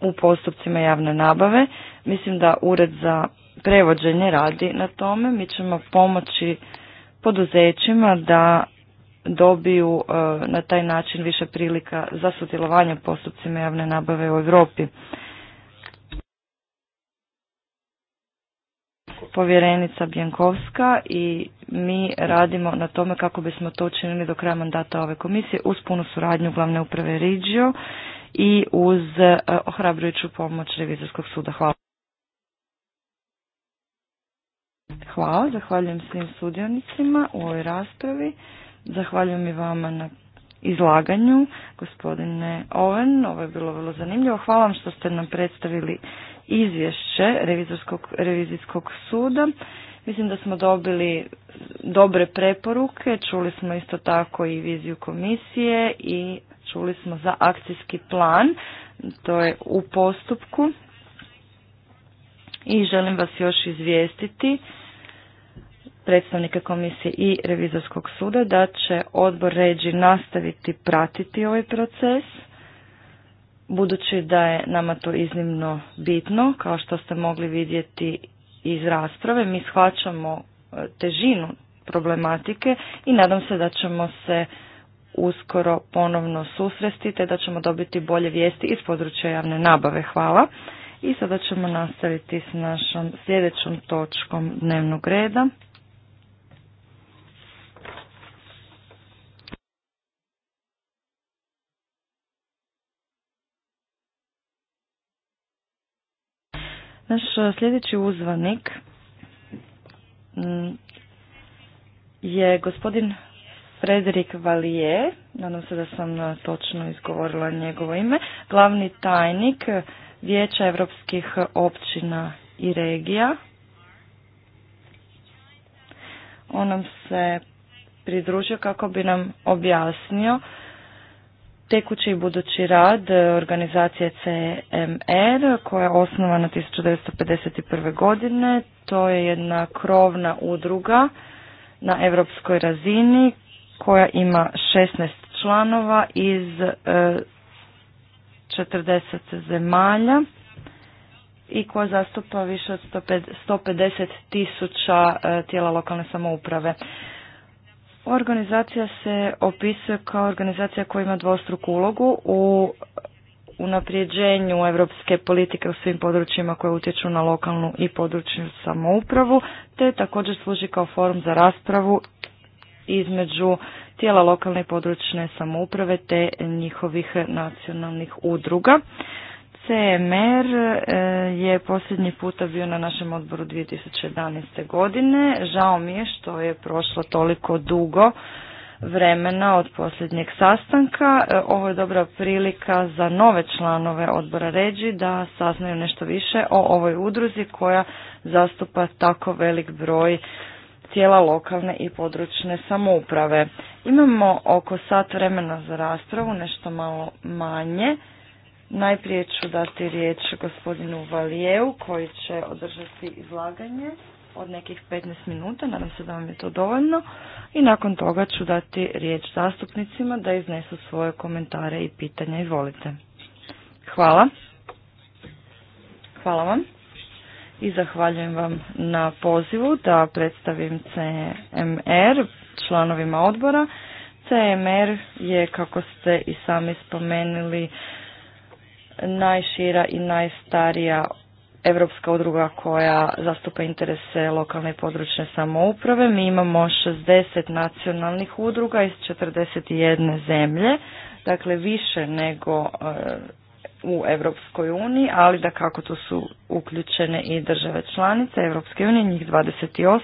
u postupcima javne nabave. Mislim da Ured za prevođenje radi na tome. Mi ćemo pomoći poduzećima da dobiju e, na taj način više prilika za sudjelovanje u postupcima javne nabave u Europi. povjerenica Bjankovska i mi radimo na tome kako bismo to učinili do kraja mandata ove komisije uz punu suradnju glavne uprave Riđio i uz e, ohrabrujuću pomoć Revizorskog suda. Hvala. Hvala, zahvaljujem svim sudionicima u ovoj raspravi. Zahvaljujem i vama na izlaganju, gospodine Oven. Ovo je bilo vrlo zanimljivo. Hvala vam što ste nam predstavili izvješće revizijskog suda. Mislim da smo dobili dobre preporuke, čuli smo isto tako i viziju komisije i čuli smo za akcijski plan, to je u postupku. I želim vas još izvijestiti predstavnike komisije i revizorskog suda da će odbor ređi nastaviti pratiti ovaj proces budući da je nama to iznimno bitno, kao što ste mogli vidjeti iz rasprave, mi shvaćamo e, težinu problematike i nadam se da ćemo se uskoro ponovno susresti te da ćemo dobiti bolje vijesti iz područja javne nabave. Hvala. I sada ćemo nastaviti s našom sljedećom točkom dnevnog reda. Naš e, sljedeći uzvanik mm, je gospodin Frederik Valije, nadam se da sam e, točno izgovorila njegovo ime, glavni tajnik Vijeća evropskih općina i regija. On nam se pridružio kako bi nam objasnio tekući i budući rad e, organizacije CMR koja je osnovana 1951. godine. To je jedna krovna udruga na evropskoj razini koja ima 16 članova iz 40 e, zemalja i koja zastupa više od 150 tisuća e, tijela lokalne samouprave. Organizacija se opisuje kao organizacija koja ima dvostruku ulogu u naprijeđenju europske politike u svim područjima koje utječu na lokalnu i područnu samoupravu, te također služi kao forum za raspravu između tijela lokalne i područne samouprave te njihovih nacionalnih udruga. CMR e, je posljednji puta bio na našem odboru 2011. godine. Žao mi je što je prošlo toliko dugo vremena od posljednjeg sastanka. E, ovo je dobra prilika za nove članove odbora Ređi da saznaju nešto više o ovoj udruzi koja zastupa tako velik broj tijela lokalne i područne samouprave. Imamo oko sat vremena za raspravu, nešto malo manje. Najprije ću dati riječ gospodinu Valijevu koji će održati izlaganje od nekih 15 minuta, nadam se da vam je to dovoljno. I nakon toga ću dati riječ zastupnicima da iznesu svoje komentare i pitanja. Izvolite. Hvala. Hvala vam. I zahvaljujem vam na pozivu da predstavim CMR članovima odbora. CMR je, kako ste i sami spomenuli, najšira i najstarija Europska udruga koja zastupa interese lokalne i područne samouprave. Mi imamo 60 nacionalnih udruga iz 41 zemlje, dakle više nego e, u Europskoj uniji, ali da kako tu su uključene i države članice Europske unije, njih 28.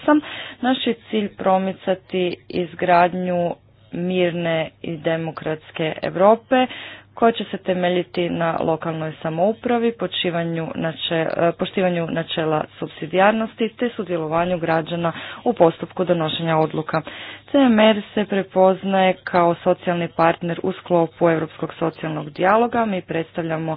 Naš je cilj promicati izgradnju mirne i demokratske Europe koja će se temeljiti na lokalnoj samoupravi, e, poštivanju načela subsidijarnosti te sudjelovanju građana u postupku donošenja odluka. CMR se prepoznaje kao socijalni partner u sklopu Europskog socijalnog dijaloga. Mi predstavljamo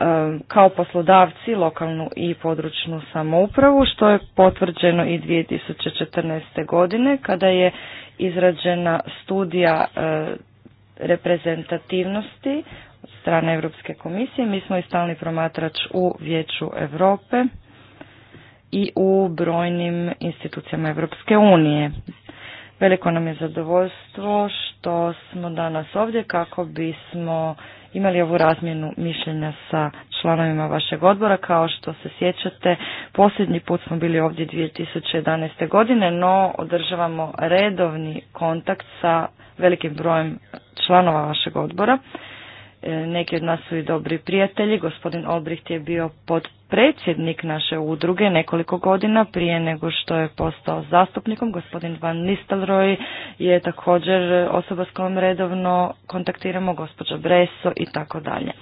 Um, kao poslodavci lokalnu i područnu samoupravu, što je potvrđeno i 2014. godine kada je izrađena studija uh, reprezentativnosti od strane Europske komisije. Mi smo i stalni promatrač u Vijeću Europe i u brojnim institucijama Europske unije. Veliko nam je zadovoljstvo što smo danas ovdje kako bismo imali ovu razmjenu mišljenja sa članovima vašeg odbora. Kao što se sjećate, posljednji put smo bili ovdje 2011. godine, no održavamo redovni kontakt sa velikim brojem članova vašeg odbora. E, neki od nas su i dobri prijatelji. Gospodin Olbricht je bio podpredsjednik naše udruge nekoliko godina prije nego što je postao zastupnikom. Gospodin Van Nistelrooy je također osoba s kojom redovno kontaktiramo, gospođa Breso i tako dalje.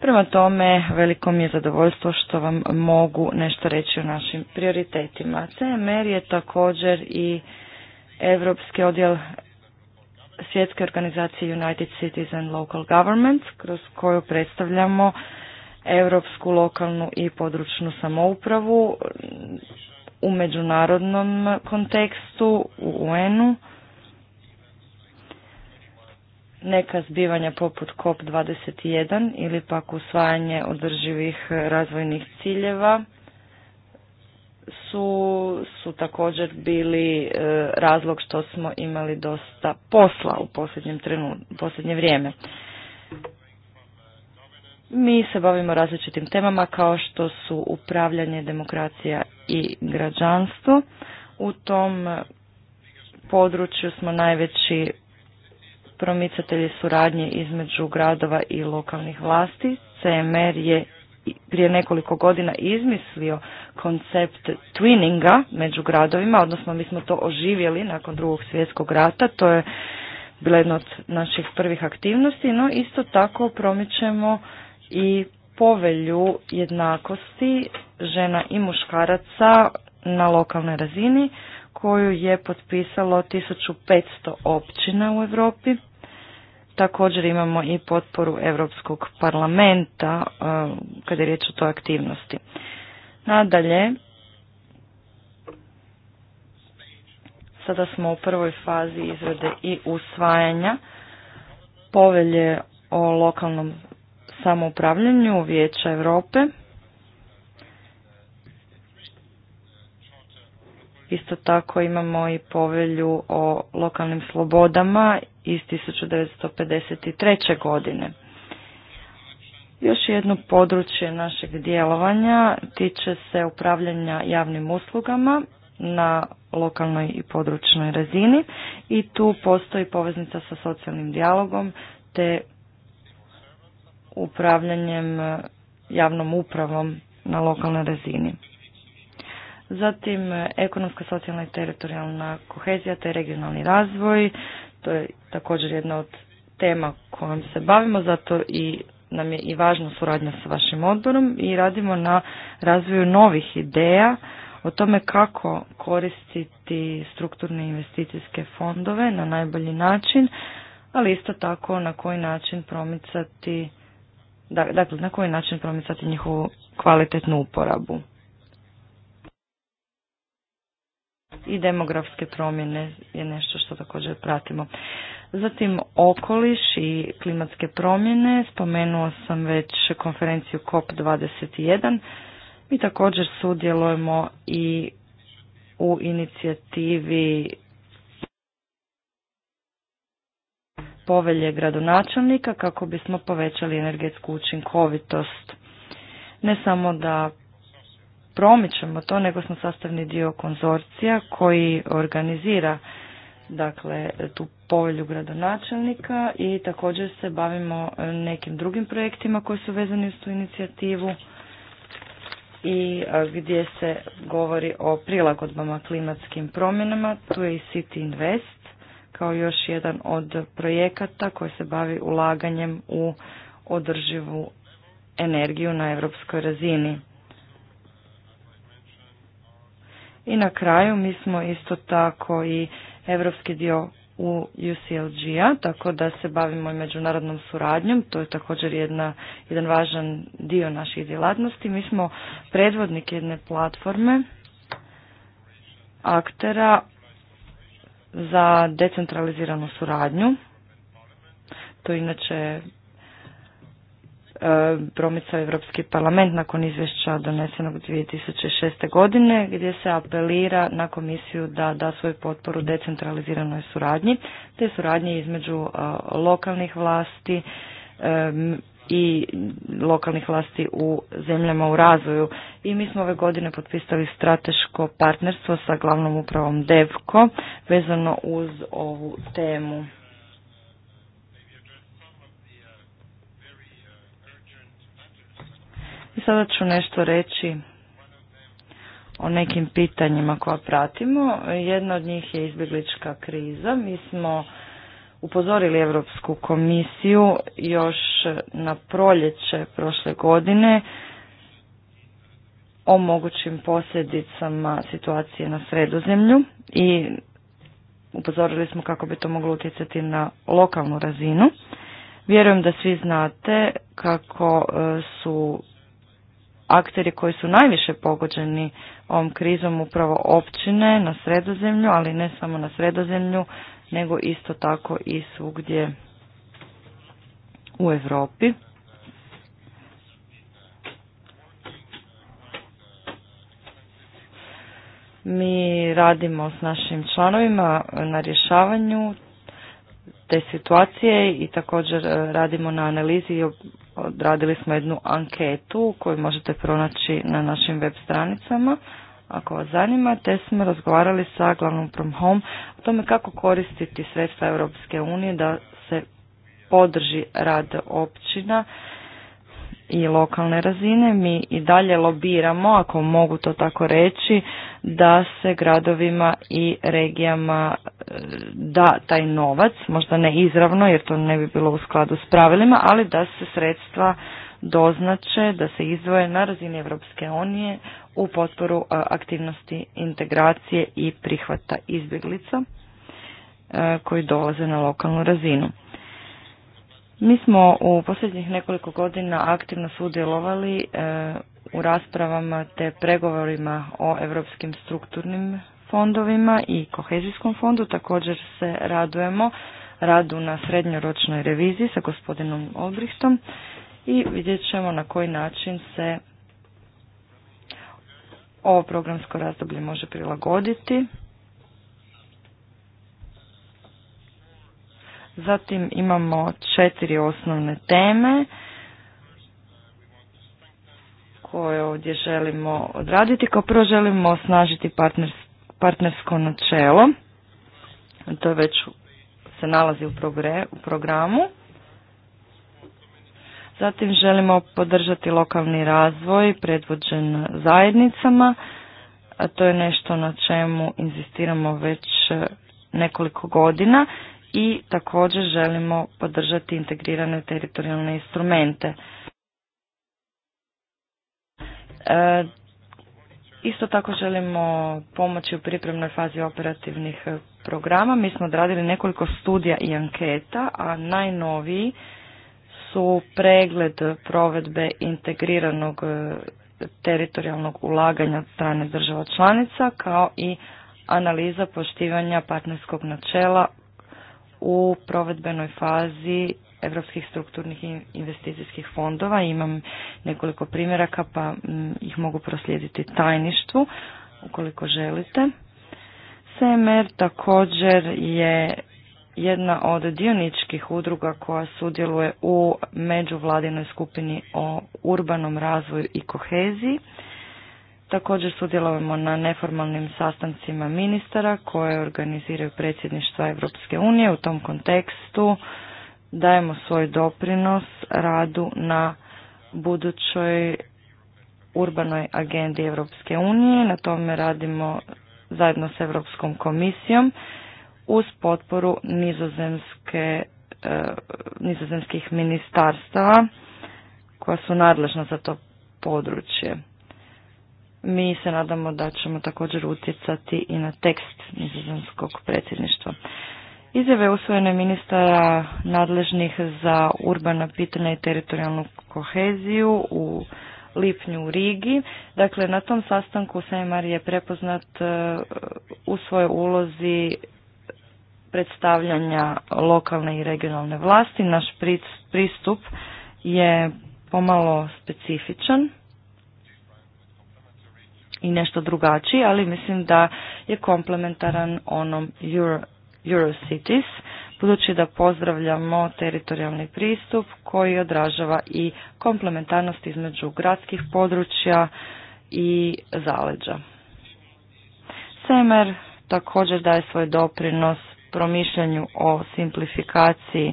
Prema tome, veliko mi je zadovoljstvo što vam mogu nešto reći o našim prioritetima. CMR je također i Europski odjel svjetske organizacije United Cities and Local Governments kroz koju predstavljamo europsku lokalnu i područnu samoupravu u međunarodnom kontekstu u UN-u. Neka zbivanja poput COP21 ili pak usvajanje održivih razvojnih ciljeva su, su također bili e, razlog što smo imali dosta posla u posljednjem trenu, posljednje vrijeme. Mi se bavimo različitim temama kao što su upravljanje, demokracija i građanstvo. U tom području smo najveći promicatelji suradnje između gradova i lokalnih vlasti. CMR je prije nekoliko godina izmislio koncept twininga među gradovima, odnosno mi smo to oživjeli nakon drugog svjetskog rata, to je bila jedna od naših prvih aktivnosti, no isto tako promičemo i povelju jednakosti žena i muškaraca na lokalnoj razini koju je potpisalo 1500 općina u Europi. Također imamo i potporu Europskog parlamenta e, kada je riječ o toj aktivnosti. Nadalje, sada smo u prvoj fazi izrade i usvajanja povelje o lokalnom samoupravljanju Vijeća Europe. Isto tako imamo i povelju o lokalnim slobodama iz 1953. godine. Još jedno područje našeg djelovanja tiče se upravljanja javnim uslugama na lokalnoj i područnoj razini i tu postoji poveznica sa socijalnim dijalogom te upravljanjem eh, javnom upravom na lokalnoj razini. Zatim eh, ekonomska, socijalna i teritorijalna kohezija te regionalni razvoj, to je također jedna od tema kojom se bavimo, zato i nam je i važna suradnja sa vašim odborom i radimo na razvoju novih ideja o tome kako koristiti strukturne investicijske fondove na najbolji način, ali isto tako na koji način promicati dakle na koji način promicati njihovu kvalitetnu uporabu. i demografske promjene je nešto što također pratimo. Zatim okoliš i klimatske promjene, spomenuo sam već konferenciju COP21. Mi također sudjelujemo i u inicijativi povelje gradonačelnika kako bismo povećali energetsku učinkovitost. Ne samo da promičemo to, nego smo sastavni dio konzorcija koji organizira dakle tu povelju gradonačelnika i također se bavimo e, nekim drugim projektima koji su vezani uz tu inicijativu i e, gdje se govori o prilagodbama klimatskim promjenama. Tu je i City Invest kao još jedan od projekata koji se bavi ulaganjem u održivu energiju na europskoj razini. I na kraju mi smo isto tako i evropski dio u UCLG-a, tako da se bavimo i međunarodnom suradnjom, to je također jedna, jedan važan dio naših djelatnosti. Mi smo predvodnik jedne platforme aktera za decentraliziranu suradnju. To je inače E, promicao Europski parlament nakon izvješća donesenog 2006. godine gdje se apelira na komisiju da da svoju potporu decentraliziranoj suradnji te suradnji između e, lokalnih vlasti e, i lokalnih vlasti u zemljama u razvoju. I mi smo ove godine potpisali strateško partnerstvo sa glavnom upravom DEVKO vezano uz ovu temu. I sada ću nešto reći o nekim pitanjima koja pratimo. Jedna od njih je izbjeglička kriza. Mi smo upozorili Europsku komisiju još na proljeće prošle godine o mogućim posljedicama situacije na sredozemlju i upozorili smo kako bi to moglo utjecati na lokalnu razinu. Vjerujem da svi znate kako e, su akteri koji su najviše pogođeni ovom krizom upravo općine na sredozemlju, ali ne samo na sredozemlju, nego isto tako i svugdje u Europi. Mi radimo s našim članovima na rješavanju te situacije i također radimo na analizi odradili smo jednu anketu koju možete pronaći na našim web stranicama ako vas zanima, te smo razgovarali sa glavnom From Home o tome kako koristiti sredstva Europske unije da se podrži rad općina i lokalne razine. Mi i dalje lobiramo, ako mogu to tako reći, da se gradovima i regijama e, da taj novac, možda ne izravno jer to ne bi bilo u skladu s pravilima, ali da se sredstva doznače, da se izdvoje na razini Europske unije u potporu e, aktivnosti integracije i prihvata izbjeglica e, koji dolaze na lokalnu razinu. Mi smo u posljednjih nekoliko godina aktivno sudjelovali e, u raspravama te pregovorima o europskim strukturnim fondovima i kohezijskom fondu. Također se radujemo radu na srednjoročnoj reviziji sa gospodinom Obrihtom i vidjet ćemo na koji način se ovo programsko razdoblje može prilagoditi Zatim imamo četiri osnovne teme koje ovdje želimo odraditi. Kao prvo želimo osnažiti partnersko načelo. To već se nalazi u, u programu. Zatim želimo podržati lokalni razvoj predvođen zajednicama. A to je nešto na čemu inzistiramo već nekoliko godina i također želimo podržati integrirane teritorijalne instrumente. E, isto tako želimo pomoći u pripremnoj fazi operativnih programa. Mi smo odradili nekoliko studija i anketa, a najnoviji su pregled provedbe integriranog e, teritorijalnog ulaganja od strane država članica kao i analiza poštivanja partnerskog načela u provedbenoj fazi europskih strukturnih investicijskih fondova. Imam nekoliko primjeraka pa mm, ih mogu proslijediti tajništvu ukoliko želite. CMR također je jedna od dioničkih udruga koja sudjeluje u međuvladinoj skupini o urbanom razvoju i koheziji Također sudjelujemo na neformalnim sastancima ministara koje organiziraju predsjedništva Europske unije. U tom kontekstu dajemo svoj doprinos radu na budućoj urbanoj agendi Europske unije. Na tome radimo zajedno s Europskom komisijom uz potporu nizozemske, e, nizozemskih ministarstava koja su nadležna za to područje. Mi se nadamo da ćemo također utjecati i na tekst nizozemskog predsjedništva. Izjave usvojene ministara nadležnih za urbana pitanja i teritorijalnu koheziju u lipnju u Rigi. Dakle, na tom sastanku Sejmar je prepoznat e, u svojoj ulozi predstavljanja lokalne i regionalne vlasti. Naš pristup je pomalo specifičan i nešto drugačiji, ali mislim da je komplementaran onom Euro, Eurocities, budući da pozdravljamo teritorijalni pristup koji odražava i komplementarnost između gradskih područja i zaleđa. Semer također daje svoj doprinos promišljanju o simplifikaciji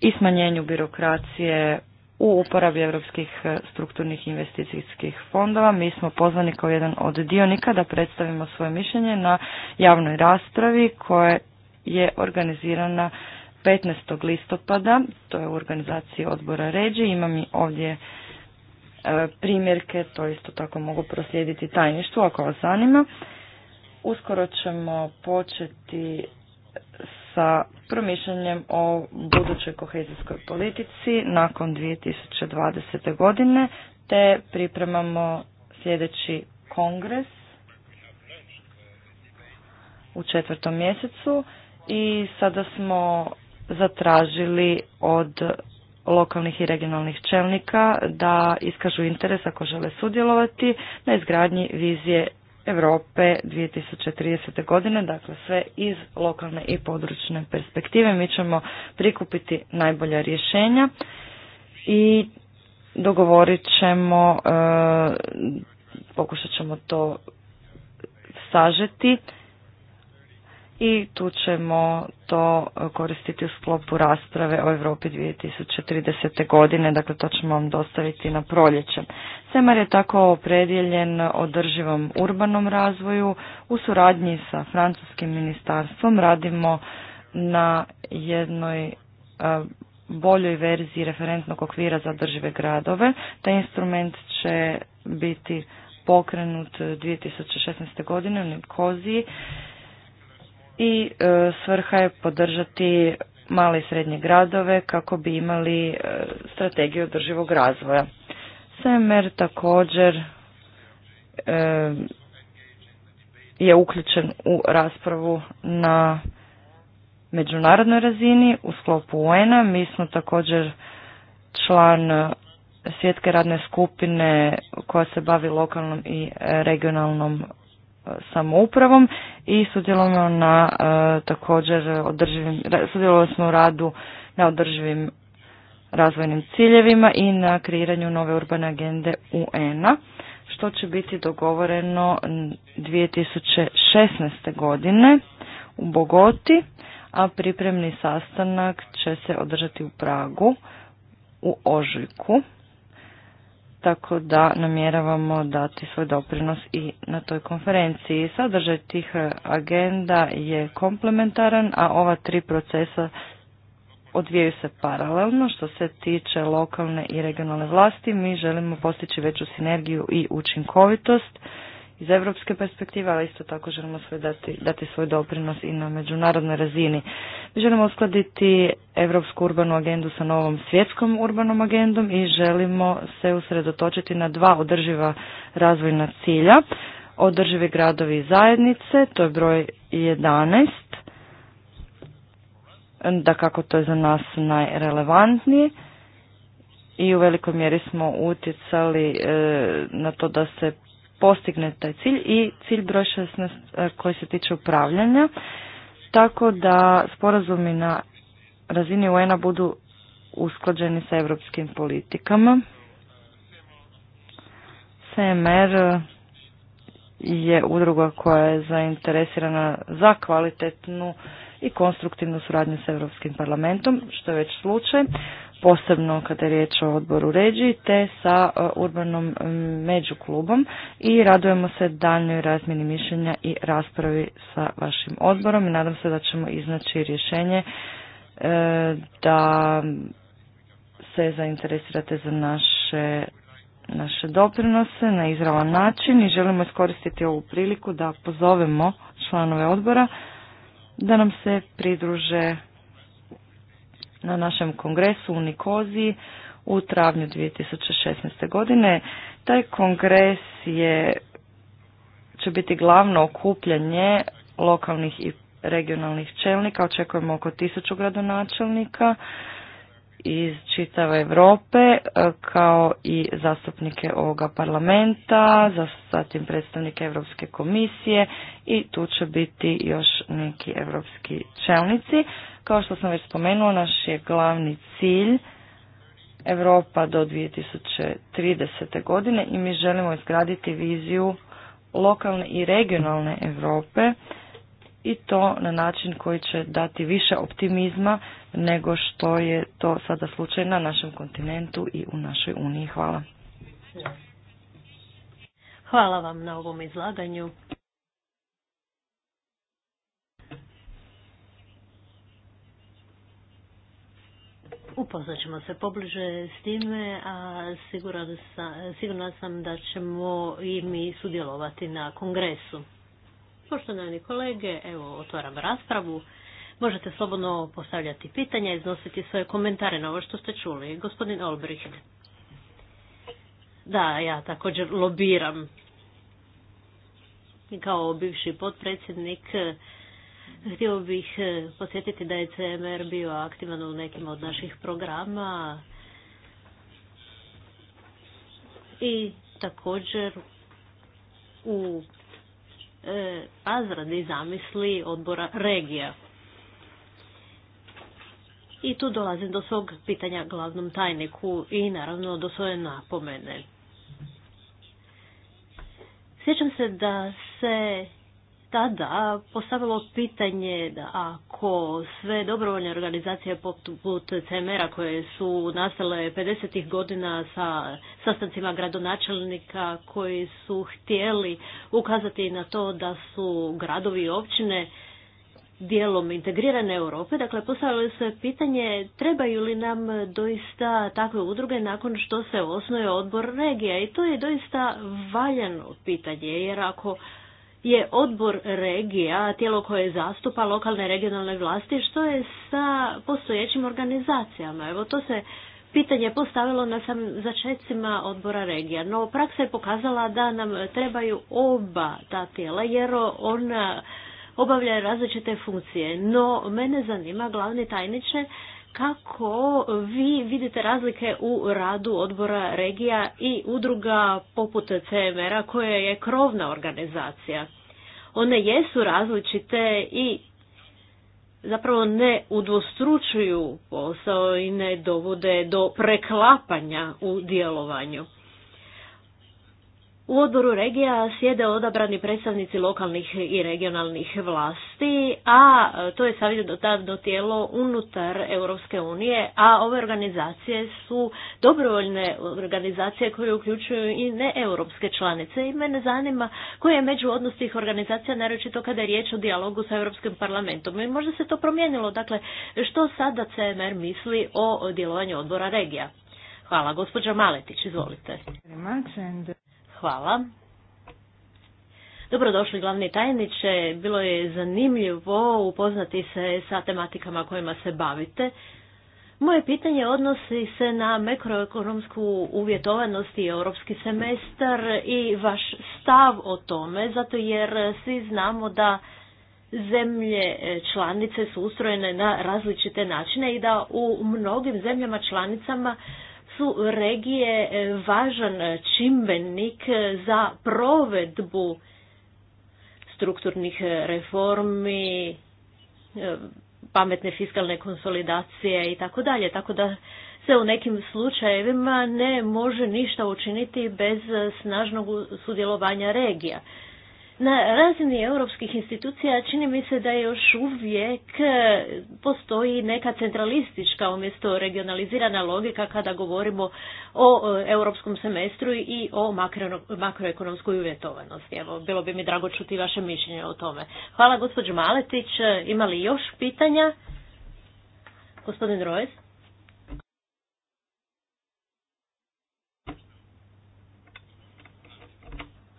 i smanjenju birokracije u uporabi europskih e, strukturnih investicijskih fondova. Mi smo pozvani kao jedan od dionika da predstavimo svoje mišljenje na javnoj raspravi koja je organizirana 15. listopada, to je u organizaciji odbora Ređi. Imam i ovdje e, primjerke, to isto tako mogu proslijediti tajništvu ako vas zanima. Uskoro ćemo početi sa promišljanjem o budućoj kohezijskoj politici nakon 2020. godine te pripremamo sljedeći kongres u četvrtom mjesecu i sada smo zatražili od lokalnih i regionalnih čelnika da iskažu interes ako žele sudjelovati na izgradnji vizije Europe 2030. godine, dakle sve iz lokalne i područne perspektive. Mi ćemo prikupiti najbolja rješenja i dogovorit ćemo, e, pokušat ćemo to sažeti i tu ćemo to koristiti u sklopu rasprave o Europi 2030. godine, dakle to ćemo vam dostaviti na proljeće. Semar je tako opredjeljen održivom urbanom razvoju. U suradnji sa francuskim ministarstvom radimo na jednoj e, boljoj verziji referentnog okvira za držive gradove. Taj instrument će biti pokrenut 2016. godine u Nikoziji i e, svrha je podržati male i srednje gradove kako bi imali e, strategiju održivog razvoja. SMR također e, je uključen u raspravu na međunarodnoj razini u sklopu UN-a. Mi smo također član svjetske radne skupine koja se bavi lokalnom i regionalnom samoupravom i sudjelujemo na e, također održivim, sudjelovali smo u radu na održivim razvojnim ciljevima i na kreiranju nove urbane agende UN-a, što će biti dogovoreno 2016. godine u Bogoti, a pripremni sastanak će se održati u Pragu u Ožujku tako da namjeravamo dati svoj doprinos i na toj konferenciji. Sadržaj tih e, agenda je komplementaran, a ova tri procesa odvijaju se paralelno. Što se tiče lokalne i regionalne vlasti, mi želimo postići veću sinergiju i učinkovitost iz evropske perspektive, ali isto tako želimo dati, dati svoj doprinos i na međunarodnoj razini. Mi želimo uskladiti europsku urbanu agendu sa novom svjetskom urbanom agendom i želimo se usredotočiti na dva održiva razvojna cilja. Održivi gradovi i zajednice, to je broj 11, da kako to je za nas najrelevantnije i u velikoj mjeri smo utjecali e, na to da se postigne taj cilj i cilj broj 16 e, koji se tiče upravljanja, tako da sporazumi na razini UN-a budu usklađeni sa europskim politikama. CMR je udruga koja je zainteresirana za kvalitetnu i konstruktivnu suradnju sa Europskim parlamentom, što je već slučaj posebno kada je riječ o odboru ređi, te sa e, urbanom međuklubom i radujemo se daljnjoj razmjeni mišljenja i raspravi sa vašim odborom i nadam se da ćemo iznaći rješenje e, da se zainteresirate za naše naše doprinose na izravan način i želimo iskoristiti ovu priliku da pozovemo članove odbora da nam se pridruže na našem kongresu u Nikozi u travnju 2016. godine. Taj kongres je, će biti glavno okupljanje lokalnih i regionalnih čelnika. Očekujemo oko tisuću gradonačelnika iz čitave Europe e, kao i zastupnike ovoga parlamenta, zatim predstavnike Europske komisije i tu će biti još neki europski čelnici. Kao što sam već spomenula, naš je glavni cilj Europa do 2030. godine i mi želimo izgraditi viziju lokalne i regionalne Europe i to na način koji će dati više optimizma nego što je to sada slučaj na našem kontinentu i u našoj Uniji. Hvala.
Hvala vam na ovom izlaganju. Upoznat ćemo se pobliže s time, a sigurna sam, da ćemo i mi sudjelovati na kongresu. Poštovani kolege, evo otvaram raspravu. Možete slobodno postavljati pitanja, iznositi svoje komentare na ovo što ste čuli. Gospodin Olbricht. Da, ja također lobiram. Kao bivši potpredsjednik Htio bih e, posjetiti da je CMR bio aktivan u nekim od naših programa i također u e, razradi zamisli odbora regija. I tu dolazim do svog pitanja glavnom tajniku i naravno do svoje napomene. Sjećam se da se tada postavilo pitanje da ako sve dobrovoljne organizacije poput CMR-a koje su nastale 50. godina sa sastancima gradonačelnika koji su htjeli ukazati na to da su gradovi i općine dijelom integrirane Europe, dakle postavilo se pitanje trebaju li nam doista takve udruge nakon što se osnuje odbor regija i to je doista valjano pitanje jer ako je odbor regija, tijelo koje zastupa lokalne i regionalne vlasti, što je sa postojećim organizacijama. Evo to se pitanje postavilo na sam začecima odbora regija, no praksa je pokazala da nam trebaju oba ta tijela jer ona obavlja različite funkcije. No mene zanima glavni tajniče kako vi vidite razlike u radu odbora regija i udruga poput CMR-a koja je krovna organizacija. One jesu različite i zapravo ne udvostručuju posao i ne dovode do preklapanja u djelovanju. U odboru regija sjede odabrani predstavnici lokalnih i regionalnih vlasti, a e, to je savjetodavno tijelo unutar Europske unije, a ove organizacije su dobrovoljne organizacije koje uključuju i neeuropske članice i mene zanima koje je među odnos tih organizacija, naročito kada je riječ o dijalogu sa Europskim parlamentom. I možda se to promijenilo, dakle što sada CMR misli o djelovanju odbora regija? Hvala, gospođa Maletić, izvolite. Hvala. Dobrodošli glavni tajniče, bilo je zanimljivo upoznati se sa tematikama kojima se bavite. Moje pitanje odnosi se na makroekonomsku uvjetovanost i europski semestar i vaš stav o tome, zato jer svi znamo da zemlje e, članice su ustrojene na različite načine i da u mnogim zemljama članicama su regije e, važan čimbenik e, za provedbu strukturnih e, reformi, pametne fiskalne konsolidacije i tako dalje. Tako da se u nekim slučajevima ne može ništa učiniti bez snažnog sudjelovanja regija. Na razini europskih institucija čini mi se da još uvijek e, postoji neka centralistička umjesto regionalizirana logika kada govorimo o e, europskom semestru i o makroekonomskoj uvjetovanosti. Evo, bilo bi mi drago čuti vaše mišljenje o tome. Hvala gospođo Maletić. E, ima li još pitanja? Gospodin Rojs.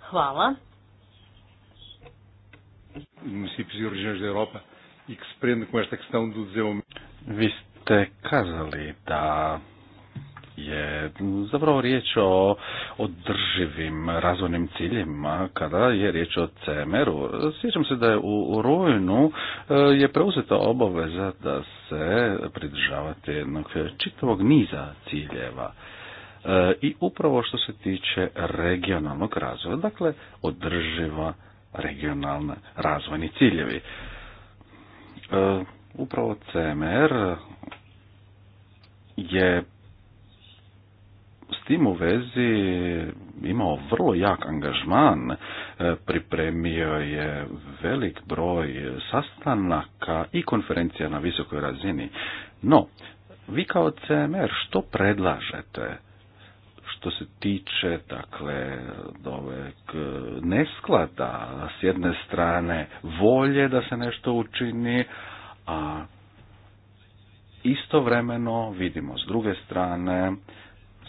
Hvala.
E e Vi ste kazali da je zapravo riječ o održivim razvojnim ciljima kada je riječ o CMR-u. Sjećam se da je u rujnu e, je preuzeta obaveza da se pridržavate jednog čitavog niza ciljeva i upravo što se tiče regionalnog razvoja, dakle održiva regionalne razvojni ciljevi. E, upravo CMR je s tim u vezi imao vrlo jak angažman, e, pripremio je velik broj sastanaka i konferencija na visokoj razini. No, vi kao CMR što predlažete? što se tiče dakle ove nesklada s jedne strane volje da se nešto učini, a istovremeno vidimo s druge strane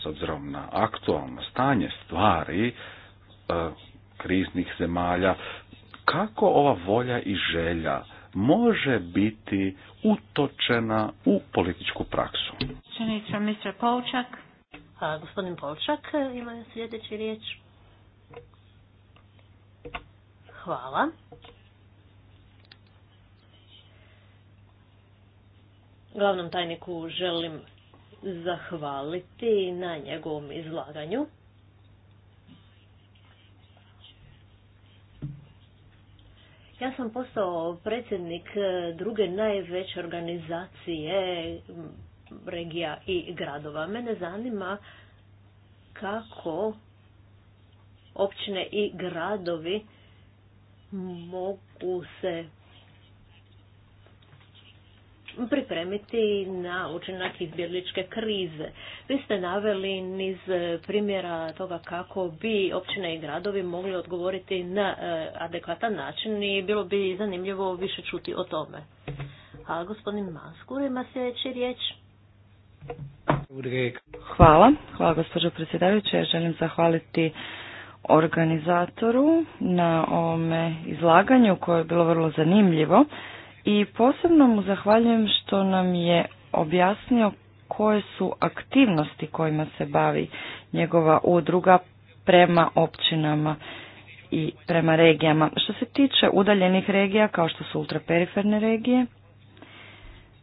s obzirom na aktualno stanje stvari e, kriznih zemalja kako ova volja i želja može biti utočena u političku praksu.
Mr. Polčak. Pa gospodin Polčak e, ima sljedeći riječ. Hvala. Glavnom tajniku želim zahvaliti na njegovom izlaganju. Ja sam postao predsjednik e, druge najveće organizacije regija i gradova. Mene zanima kako općine i gradovi mogu se pripremiti na učinak izbjegličke krize. Vi ste naveli niz primjera toga kako bi općine i gradovi mogli odgovoriti na e, adekvatan način i bilo bi zanimljivo više čuti o tome. A gospodin Maskur ima sljedeći riječ.
Hvala. Hvala gospođo predsjedavajuće. Ja želim zahvaliti organizatoru na ovome izlaganju koje je bilo vrlo zanimljivo i posebno mu zahvaljujem što nam je objasnio koje su aktivnosti kojima se bavi njegova udruga prema općinama i prema regijama. Što se tiče udaljenih regija kao što su ultraperiferne regije,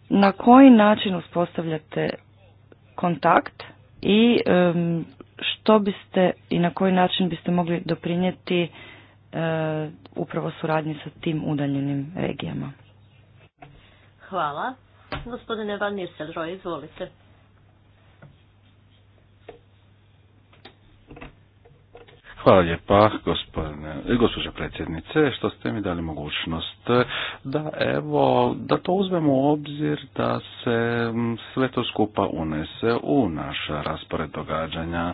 na koji način uspostavljate kontakt i što biste i na koji način biste mogli doprinijeti e, upravo suradnji sa tim udaljenim regijama.
Hvala. Gospodine Van Nistelrooy, izvolite.
Hvala lijepa, gospodine, e, gospođa predsjednice, što ste mi dali mogućnost e, da evo, da to uzmemo u obzir da se sve to skupa unese u naš raspored događanja e,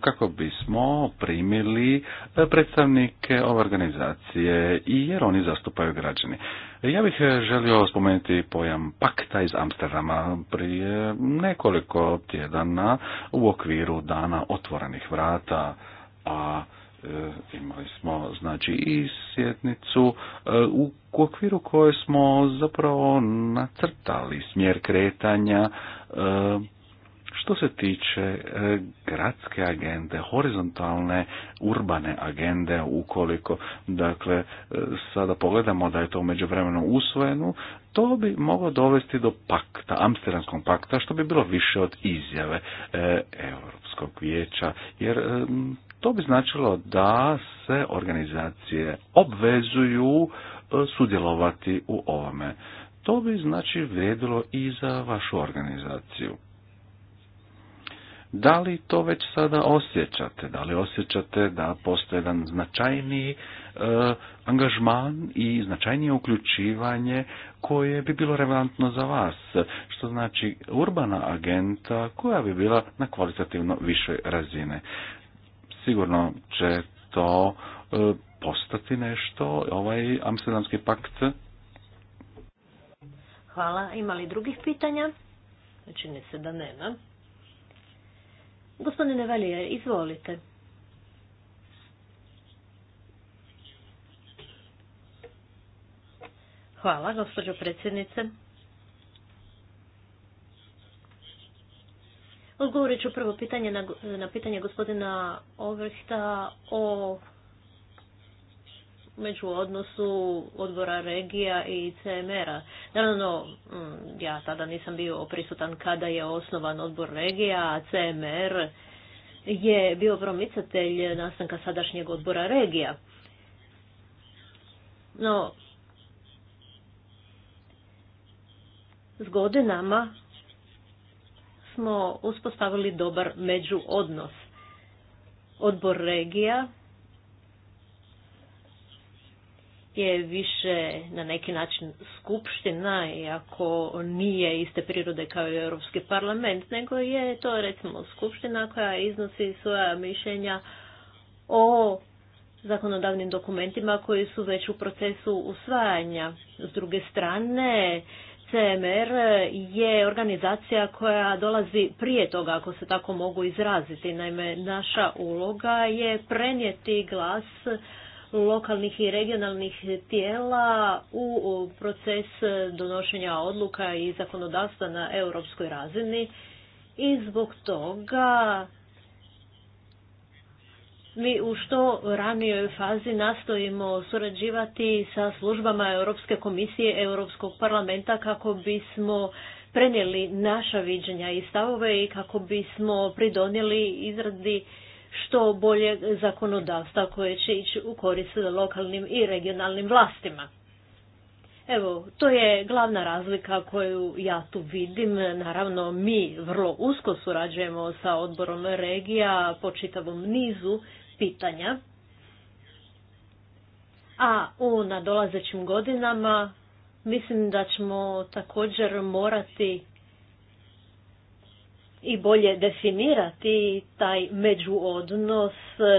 kako bismo primili predstavnike ove organizacije i jer oni zastupaju građani. Ja bih želio spomenuti pojam pakta iz Amsterdama prije nekoliko tjedana u okviru dana otvorenih vrata a e, imali smo znači i sjednicu e, u okviru koje smo zapravo nacrtali smjer kretanja e, što se tiče gradske agende, horizontalne urbane agende, ukoliko dakle sada pogledamo da je to umeđu vremenu usvojeno, to bi moglo dovesti do pakta, Amsterdamskog pakta, što bi bilo više od izjave Europskog vijeća, jer to bi značilo da se organizacije obvezuju e, sudjelovati u ovome. To bi znači vrijedilo i za vašu organizaciju. Da li to već sada osjećate? Da li osjećate da postoji jedan značajni e, angažman i značajnije uključivanje koje bi bilo relevantno za vas? Što znači urbana agenta koja bi bila na kvalitativno višoj razine sigurno će to e, postati nešto, ovaj Amsterdamski pakt.
Hvala. Ima li drugih pitanja? Čini znači, se da nema. Gospodine Valije, izvolite. Hvala, gospođo predsjednice. Odgovorit ću prvo pitanje na, na pitanje gospodina Ovrhta o među odnosu odbora regija i CMR-a. Naravno, mm, ja tada nisam bio prisutan kada je osnovan odbor regija, a CMR je bio promicatelj nastanka sadašnjeg odbora regija. No, s godinama smo uspostavili dobar međuodnos. Odbor regija je više na neki način skupština, iako nije iste prirode kao i Europski parlament, nego je to recimo skupština koja iznosi svoja mišljenja o zakonodavnim dokumentima koji su već u procesu usvajanja. S druge strane, CMR je organizacija koja dolazi prije toga, ako se tako mogu izraziti. Naime, naša uloga je prenijeti glas lokalnih i regionalnih tijela u proces donošenja odluka i zakonodavstva na europskoj razini i zbog toga mi u što ranijoj fazi nastojimo surađivati sa službama Europske komisije, Europskog parlamenta kako bismo prenijeli naša viđenja i stavove i kako bismo pridonijeli izradi što bolje zakonodavstva koje će ići u korist lokalnim i regionalnim vlastima. Evo, to je glavna razlika koju ja tu vidim. Naravno, mi vrlo usko surađujemo sa odborom regija po čitavom nizu pitanja. A u nadolazećim godinama mislim da ćemo također morati i bolje definirati taj međuodnos,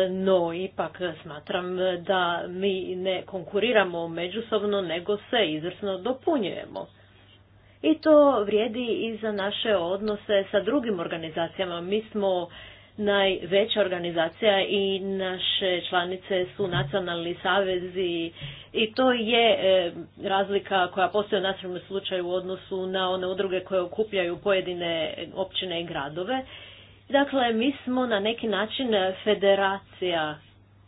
no ipak smatram da mi ne konkuriramo međusobno, nego se izvrsno dopunjujemo. I to vrijedi i za naše odnose sa drugim organizacijama. Mi smo najveća organizacija i naše članice su nacionalni savezi i to je e, razlika koja postoji u našem slučaju u odnosu na one udruge koje okupljaju pojedine općine i gradove. Dakle, mi smo na neki način federacija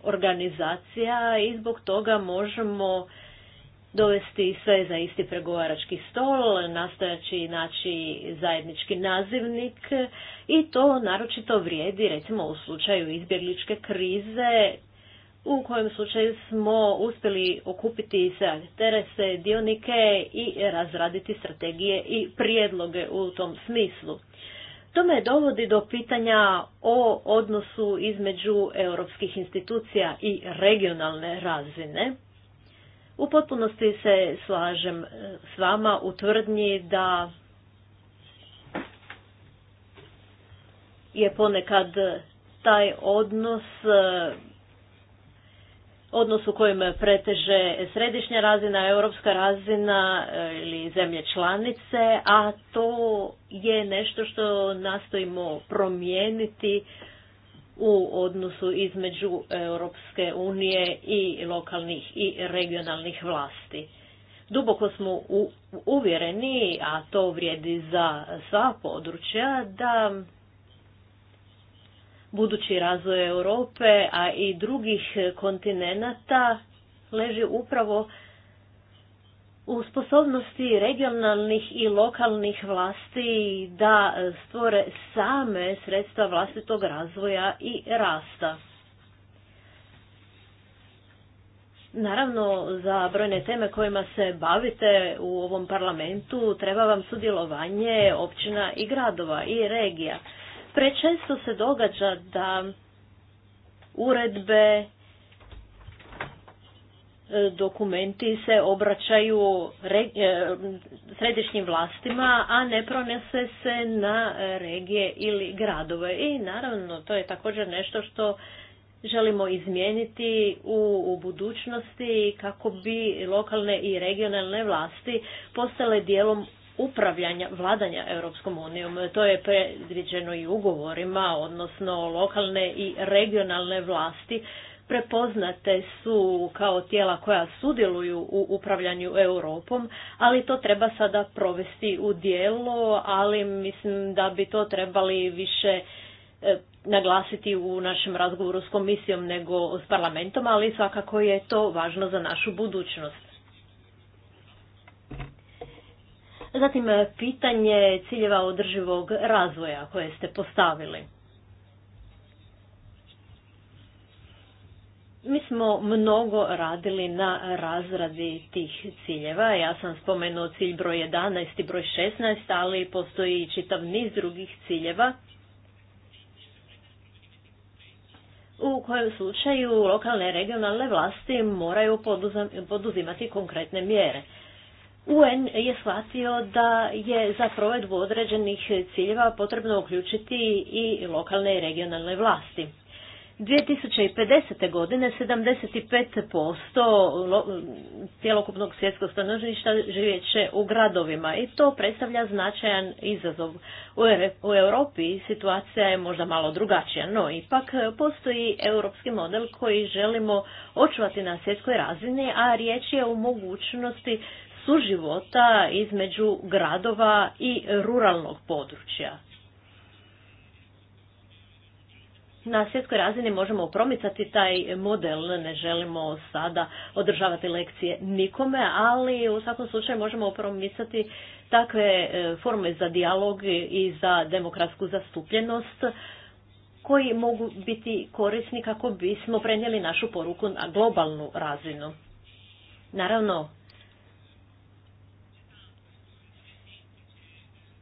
organizacija i zbog toga možemo dovesti sve za isti pregovarački stol, nastojaći naći zajednički nazivnik i to naročito vrijedi recimo u slučaju izbjegličke krize u kojem slučaju smo uspjeli okupiti se terese dionike i razraditi strategije i prijedloge u tom smislu. To me dovodi do pitanja o odnosu između europskih institucija i regionalne razine u potpunosti se slažem e, s vama u tvrdnji da je ponekad taj odnos e, odnos u kojem preteže središnja razina, europska razina e, ili zemlje članice, a to je nešto što nastojimo promijeniti u odnosu između Europske unije i lokalnih i regionalnih vlasti. Duboko smo uvjereni, a to vrijedi za sva područja, da budući razvoj Europe, a i drugih kontinenata leži upravo u sposobnosti regionalnih i lokalnih vlasti da stvore same sredstva vlastitog razvoja i rasta. Naravno, za brojne teme kojima se bavite u ovom parlamentu treba vam sudjelovanje općina i gradova i regija. Prečesto se događa da uredbe E, dokumenti se obraćaju e, središnjim vlastima, a ne pronese se na regije ili gradove. I naravno, to je također nešto što želimo izmijeniti u, budućnosti kako bi lokalne i regionalne vlasti postale dijelom upravljanja, vladanja Europskom unijom. To je predviđeno i ugovorima, odnosno lokalne i regionalne vlasti prepoznate su kao tijela koja sudjeluju u upravljanju Europom, ali to treba sada provesti u djelo, ali mislim da bi to trebali više e, naglasiti u našem razgovoru s komisijom nego s parlamentom, ali svakako je to važno za našu budućnost. Zatim e, pitanje ciljeva održivog razvoja koje ste postavili. Mi smo mnogo radili na razradi tih ciljeva. Ja sam spomenuo cilj broj 11 i broj 16, ali postoji i čitav niz drugih ciljeva. U kojem slučaju lokalne i regionalne vlasti moraju poduzimati konkretne mjere. UN je shvatio da je za provedbu određenih ciljeva potrebno uključiti i lokalne i regionalne vlasti. 2050. godine 75% cjelokupnog svjetskog stanovništva živjet će u gradovima i to predstavlja značajan izazov. U Europi situacija je možda malo drugačija, no ipak postoji europski model koji želimo očuvati na svjetskoj razini, a riječ je o mogućnosti suživota između gradova i ruralnog područja. na svjetskoj razini možemo promicati taj model, ne želimo sada održavati lekcije nikome, ali u svakom slučaju možemo promicati takve e, forme za dijalog i za demokratsku zastupljenost koji mogu biti korisni kako bismo prenijeli našu poruku na globalnu razinu. Naravno,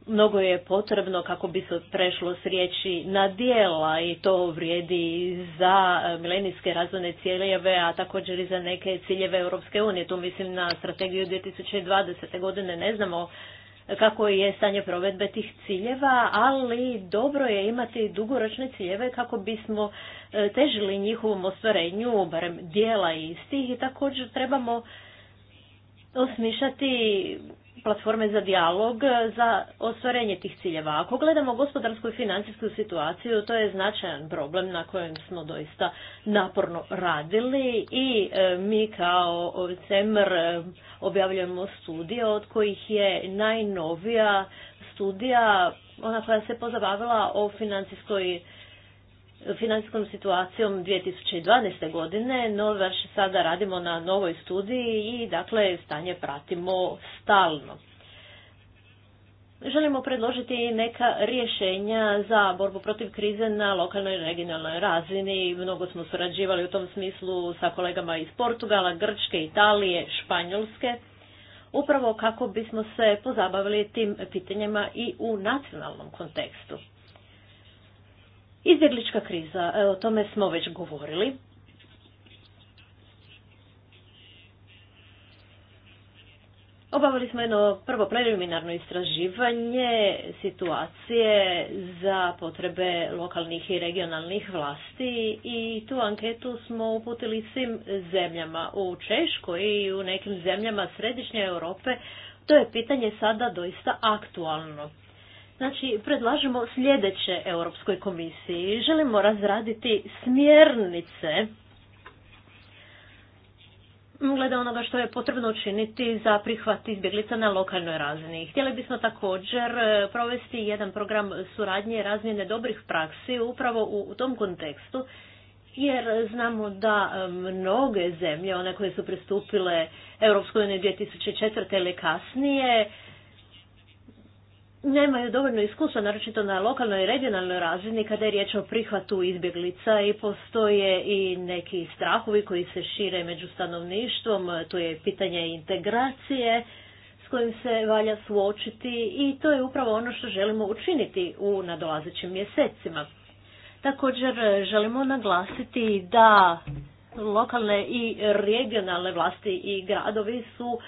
Mnogo je potrebno kako bi se prešlo s riječi na dijela i to vrijedi za e, milenijske razvojne ciljeve, a također i za neke ciljeve Europske unije. Tu mislim na strategiju 2020. godine. Ne znamo kako je stanje provedbe tih ciljeva, ali dobro je imati dugoročne ciljeve kako bismo e, težili njihovom ostvarenju, barem dijela istih i također trebamo osmišljati platforme za dijalog e, za ostvarenje tih ciljeva. Ako gledamo gospodarsku i financijsku situaciju, to je značajan problem na kojem smo doista naporno radili i e, mi kao CEMR e, objavljujemo studije od kojih je najnovija studija, ona koja se pozabavila o financijskoj financijskom situacijom 2012. godine, no već sada radimo na novoj studiji i dakle stanje pratimo stalno. Želimo predložiti neka rješenja za borbu protiv krize na lokalnoj i regionalnoj razini. Mnogo smo surađivali u tom smislu sa kolegama iz Portugala, Grčke, Italije, Španjolske, upravo kako bismo se pozabavili tim pitanjima i u nacionalnom kontekstu. Izbjeglička kriza, e, o tome smo već govorili. Obavili smo jedno prvo preliminarno istraživanje situacije za potrebe lokalnih i regionalnih vlasti i tu anketu smo uputili svim zemljama u Češkoj i u nekim zemljama Središnje Europe. To je pitanje sada doista aktualno. Znači, predlažemo sljedeće Europskoj komisiji. Želimo razraditi smjernice glede onoga što je potrebno učiniti za prihvat izbjeglica na lokalnoj razini. Htjeli bismo također e, provesti jedan program suradnje razmjene dobrih praksi upravo u tom kontekstu, jer znamo da e, mnoge zemlje, one koje su pristupile Europskoj uniji 2004. ili kasnije, nemaju dovoljno iskustva, naročito na lokalnoj i regionalnoj razini, kada je riječ o prihvatu izbjeglica i postoje i neki strahovi koji se šire među stanovništvom, tu je pitanje integracije s kojim se valja suočiti i to je upravo ono što želimo učiniti u nadolazećim mjesecima. Također želimo naglasiti da lokalne i regionalne vlasti i gradovi su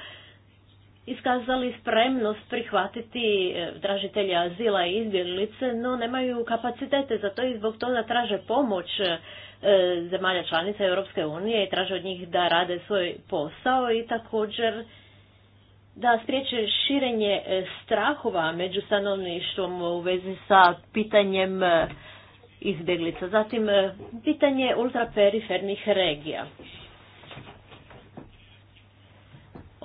iskazali spremnost prihvatiti dražitelja e, azila i izbjeglice, no nemaju kapacitete za to i zbog toga traže pomoć e, zemalja članica Europske unije i traže od njih da rade svoj posao i također da spriječe širenje e, strahova među stanovništvom u vezi sa pitanjem izbjeglica. Zatim, pitanje ultraperifernih regija.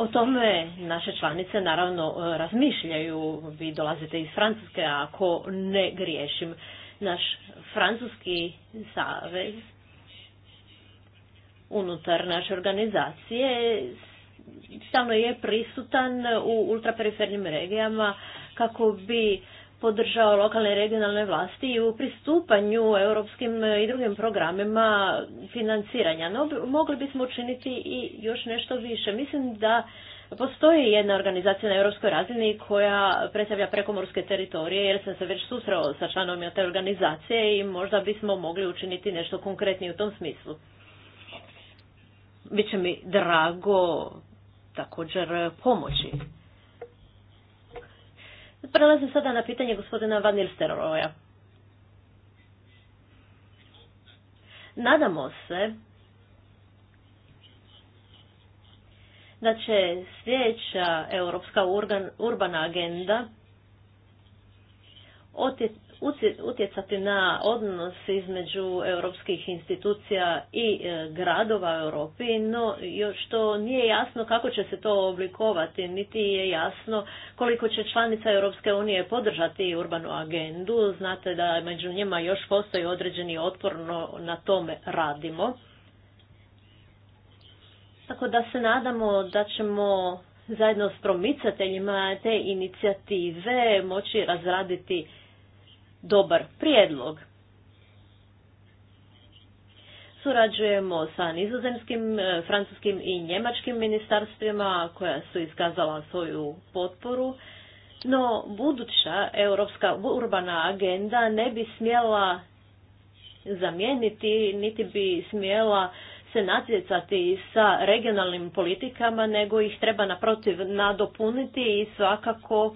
O tome naše članice naravno e, razmišljaju. Vi dolazite iz Francuske, a ako ne griješim. Naš francuski savez unutar naše organizacije stalno je prisutan u ultraperifernim regijama kako bi podržao lokalne i regionalne vlasti i u pristupanju europskim e, i drugim programima financiranja. No, mogli bismo učiniti i još nešto više. Mislim da Postoji jedna organizacija na europskoj razini koja predstavlja prekomorske teritorije jer sam se već susreo sa članovima te organizacije i možda bismo mogli učiniti nešto konkretnije u tom smislu. Biće mi drago također e, pomoći. Prelazim sada na pitanje gospodina Van Nilsteroja. Nadamo se da će sljedeća Europska urbana agenda utjecati na odnos između europskih institucija i e, gradova u Europi, no još to nije jasno kako će se to oblikovati, niti je jasno koliko će članica Europske unije podržati urbanu agendu. Znate da među njima još postoji određeni otporno na tome radimo. Tako da se nadamo da ćemo zajedno s promicateljima te inicijative moći razraditi dobar prijedlog. Surađujemo sa nizozemskim, e, francuskim i njemačkim ministarstvima koja su iskazala svoju potporu, no buduća europska urbana agenda ne bi smjela zamijeniti, niti bi smjela se natjecati sa regionalnim politikama, nego ih treba naprotiv nadopuniti i svakako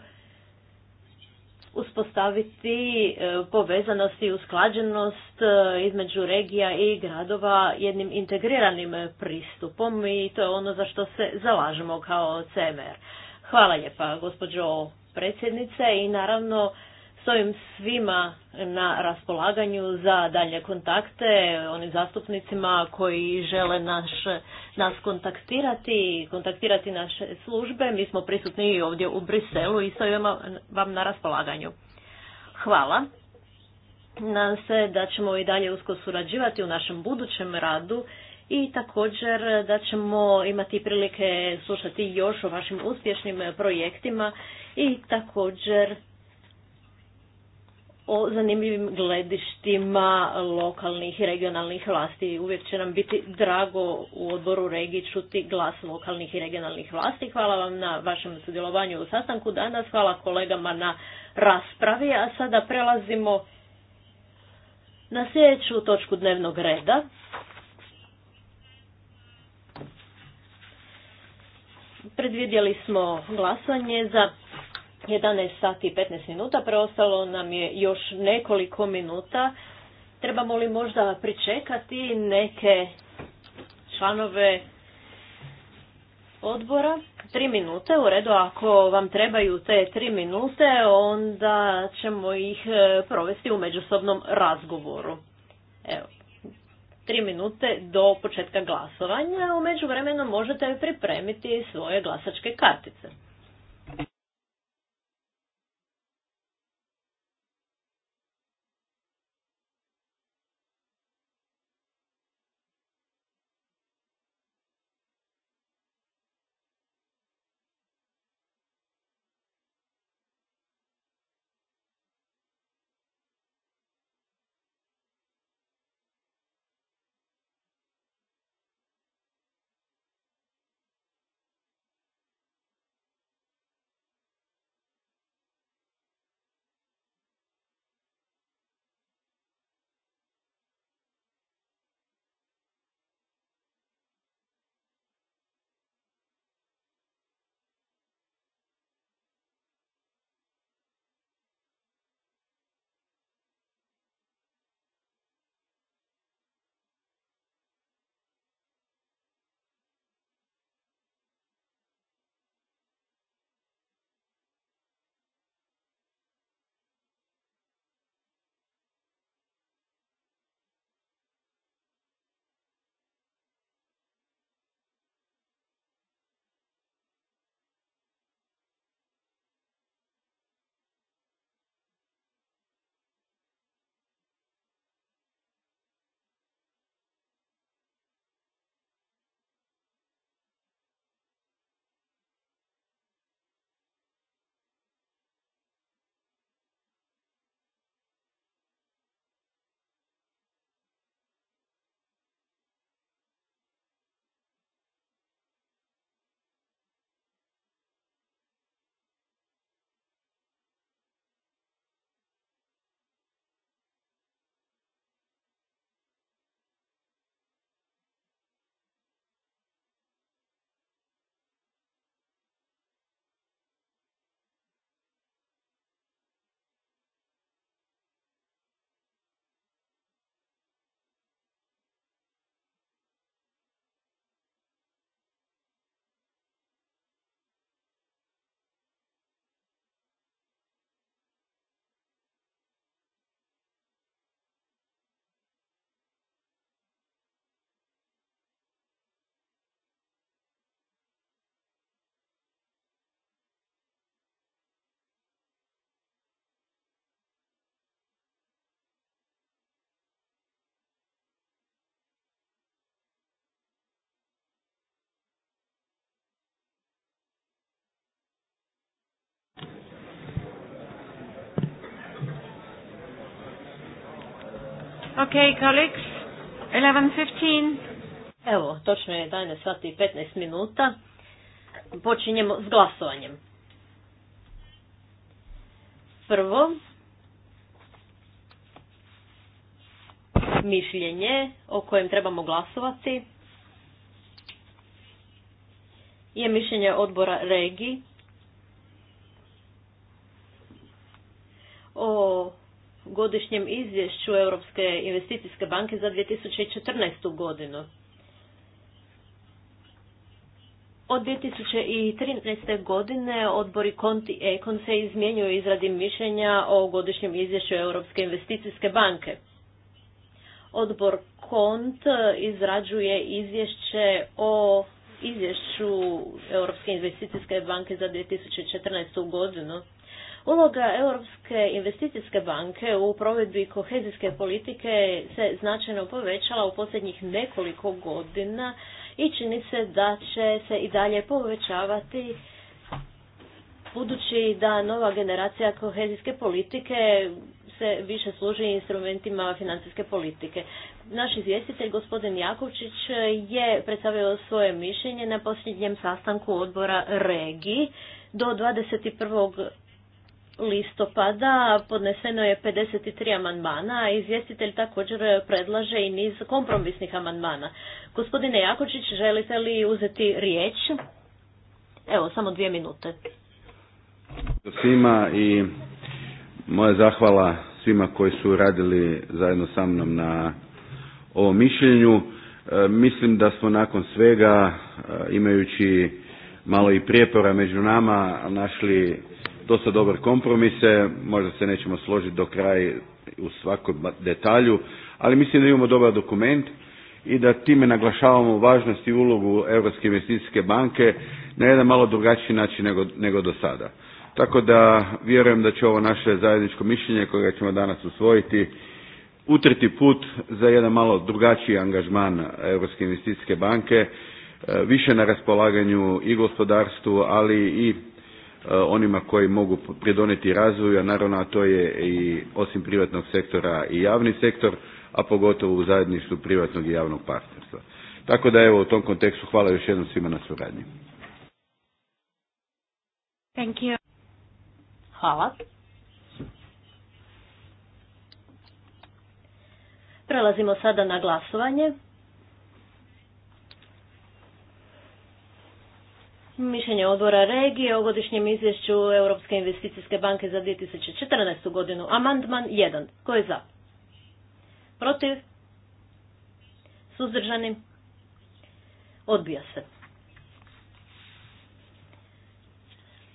uspostaviti e, povezanost i usklađenost e, između regija i gradova jednim integriranim pristupom i to je ono za što se zalažemo kao CMR. Hvala lijepa gospođo predsjednice i naravno stojim svima na raspolaganju za dalje kontakte, onim zastupnicima koji žele naš, nas kontaktirati, kontaktirati naše službe. Mi smo prisutni i ovdje u Briselu i stojimo vam na raspolaganju. Hvala. Nadam se da ćemo i dalje usko surađivati u našem budućem radu i također da ćemo imati prilike slušati još o vašim uspješnim projektima i također o zanimljivim gledištima lokalnih i regionalnih vlasti. Uvijek će nam biti drago u odboru regiji čuti glas lokalnih i regionalnih vlasti. Hvala vam na vašem sudjelovanju u sastanku danas. Hvala kolegama na raspravi. A sada prelazimo na sljedeću točku dnevnog reda. Predvidjeli smo glasanje za 11 sati i 15 minuta, preostalo nam je još nekoliko minuta. Trebamo li možda pričekati neke članove odbora? Tri minute, u redu, ako vam trebaju te tri minute, onda ćemo ih e, provesti u međusobnom razgovoru. Evo, tri minute do početka glasovanja, u međuvremenu možete pripremiti svoje glasačke kartice.
Okay, colleagues,
11.15. Evo, točno je 11 sati i 15 minuta. Počinjemo s glasovanjem. Prvo, mišljenje o kojem trebamo glasovati je mišljenje odbora regiji o godišnjem izvješću Europske investicijske banke za 2014. godinu. Od 2013. godine odbori Konti i Ekon se izmjenjuju izradi mišljenja o godišnjem izvješću Europske investicijske banke. Odbor KONT izrađuje izvješće o izvješću Europske investicijske banke za 2014. godinu. Uloga Europske investicijske banke u provedbi kohezijske politike se značajno povećala u posljednjih nekoliko godina i čini se da će se i dalje povećavati budući da nova generacija kohezijske politike se više služi instrumentima financijske politike. Naš izvjestitelj, gospodin Jakovčić, je predstavio svoje mišljenje na posljednjem sastanku odbora REGI do 21 listopada podneseno je 53 amandmana, a izvjestitelj također predlaže i niz kompromisnih amandmana. Gospodine Jakočić, želite li uzeti riječ? Evo, samo dvije minute.
Svima i moja zahvala svima koji su radili zajedno sa mnom na ovom mišljenju. E, mislim da smo nakon svega, e, imajući malo i prijepora među nama, našli dosta dobar kompromise, možda se nećemo složiti do kraja u svakom detalju, ali mislim da imamo dobar dokument i da time naglašavamo važnost i ulogu Europske investicijske banke na jedan malo drugačiji način nego, nego do sada. Tako da vjerujem da će ovo naše zajedničko mišljenje kojega ćemo danas usvojiti utrti put za jedan malo drugačiji angažman Europske investicijske banke, e, više na raspolaganju i gospodarstvu, ali i Eh, onima koji mogu pridonijeti razvoju, a naravno a to je i osim privatnog sektora i javni sektor, a pogotovo u zajedništvu privatnog i javnog partnerstva. Tako da evo u tom kontekstu hvala još jednom svima na suradnji.
Thank you. Hvala. Prelazimo sada na glasovanje. Mišljenje odbora regije o godišnjem izvješću Europske investicijske banke za 2014. godinu. Amandman 1. Ko je za? Protiv? Suzdržani? Odbija se.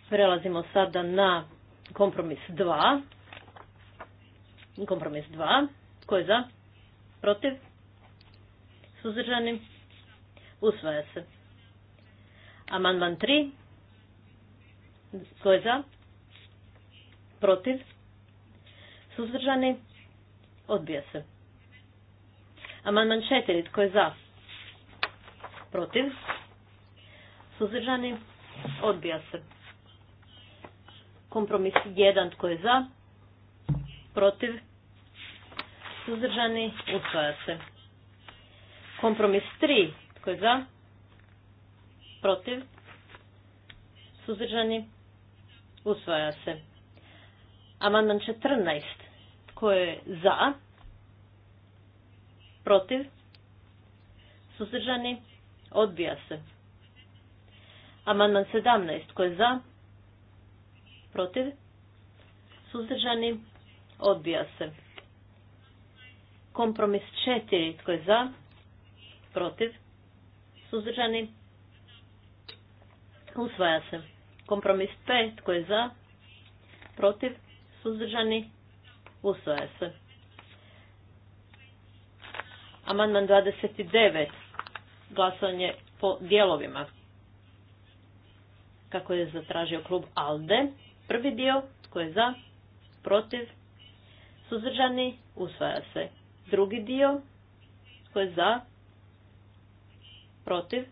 Prelazimo sada na kompromis 2. Kompromis 2. Ko je za? Protiv? Suzdržani? Usvaja se. Amandman 3. Tko je za? Protiv? Suzdržani? Odbija se. Amandman 4. Tko je za? Protiv? Suzdržani? Odbija se. Kompromis 1. Tko je za? Protiv? Suzdržani? Usvaja se. Kompromis 3. Tko je za? Protiv? Suzdržani? Usvaja se. Amandman 14. Tko je za? Protiv? Suzdržani? Odbija se. Amandman 17. Tko je za? Protiv? Suzdržani? Odbija se. Kompromis 4. Tko je za? Protiv? Suzdržani? Usvaja se. Kompromis P. Tko je za? Protiv? Suzdržani? Usvaja se. Amandman 29. Glasovanje po dijelovima. Kako je zatražio klub ALDE. Prvi dio. Tko je za? Protiv? Suzdržani? Usvaja se. Drugi dio. Tko je za? Protiv?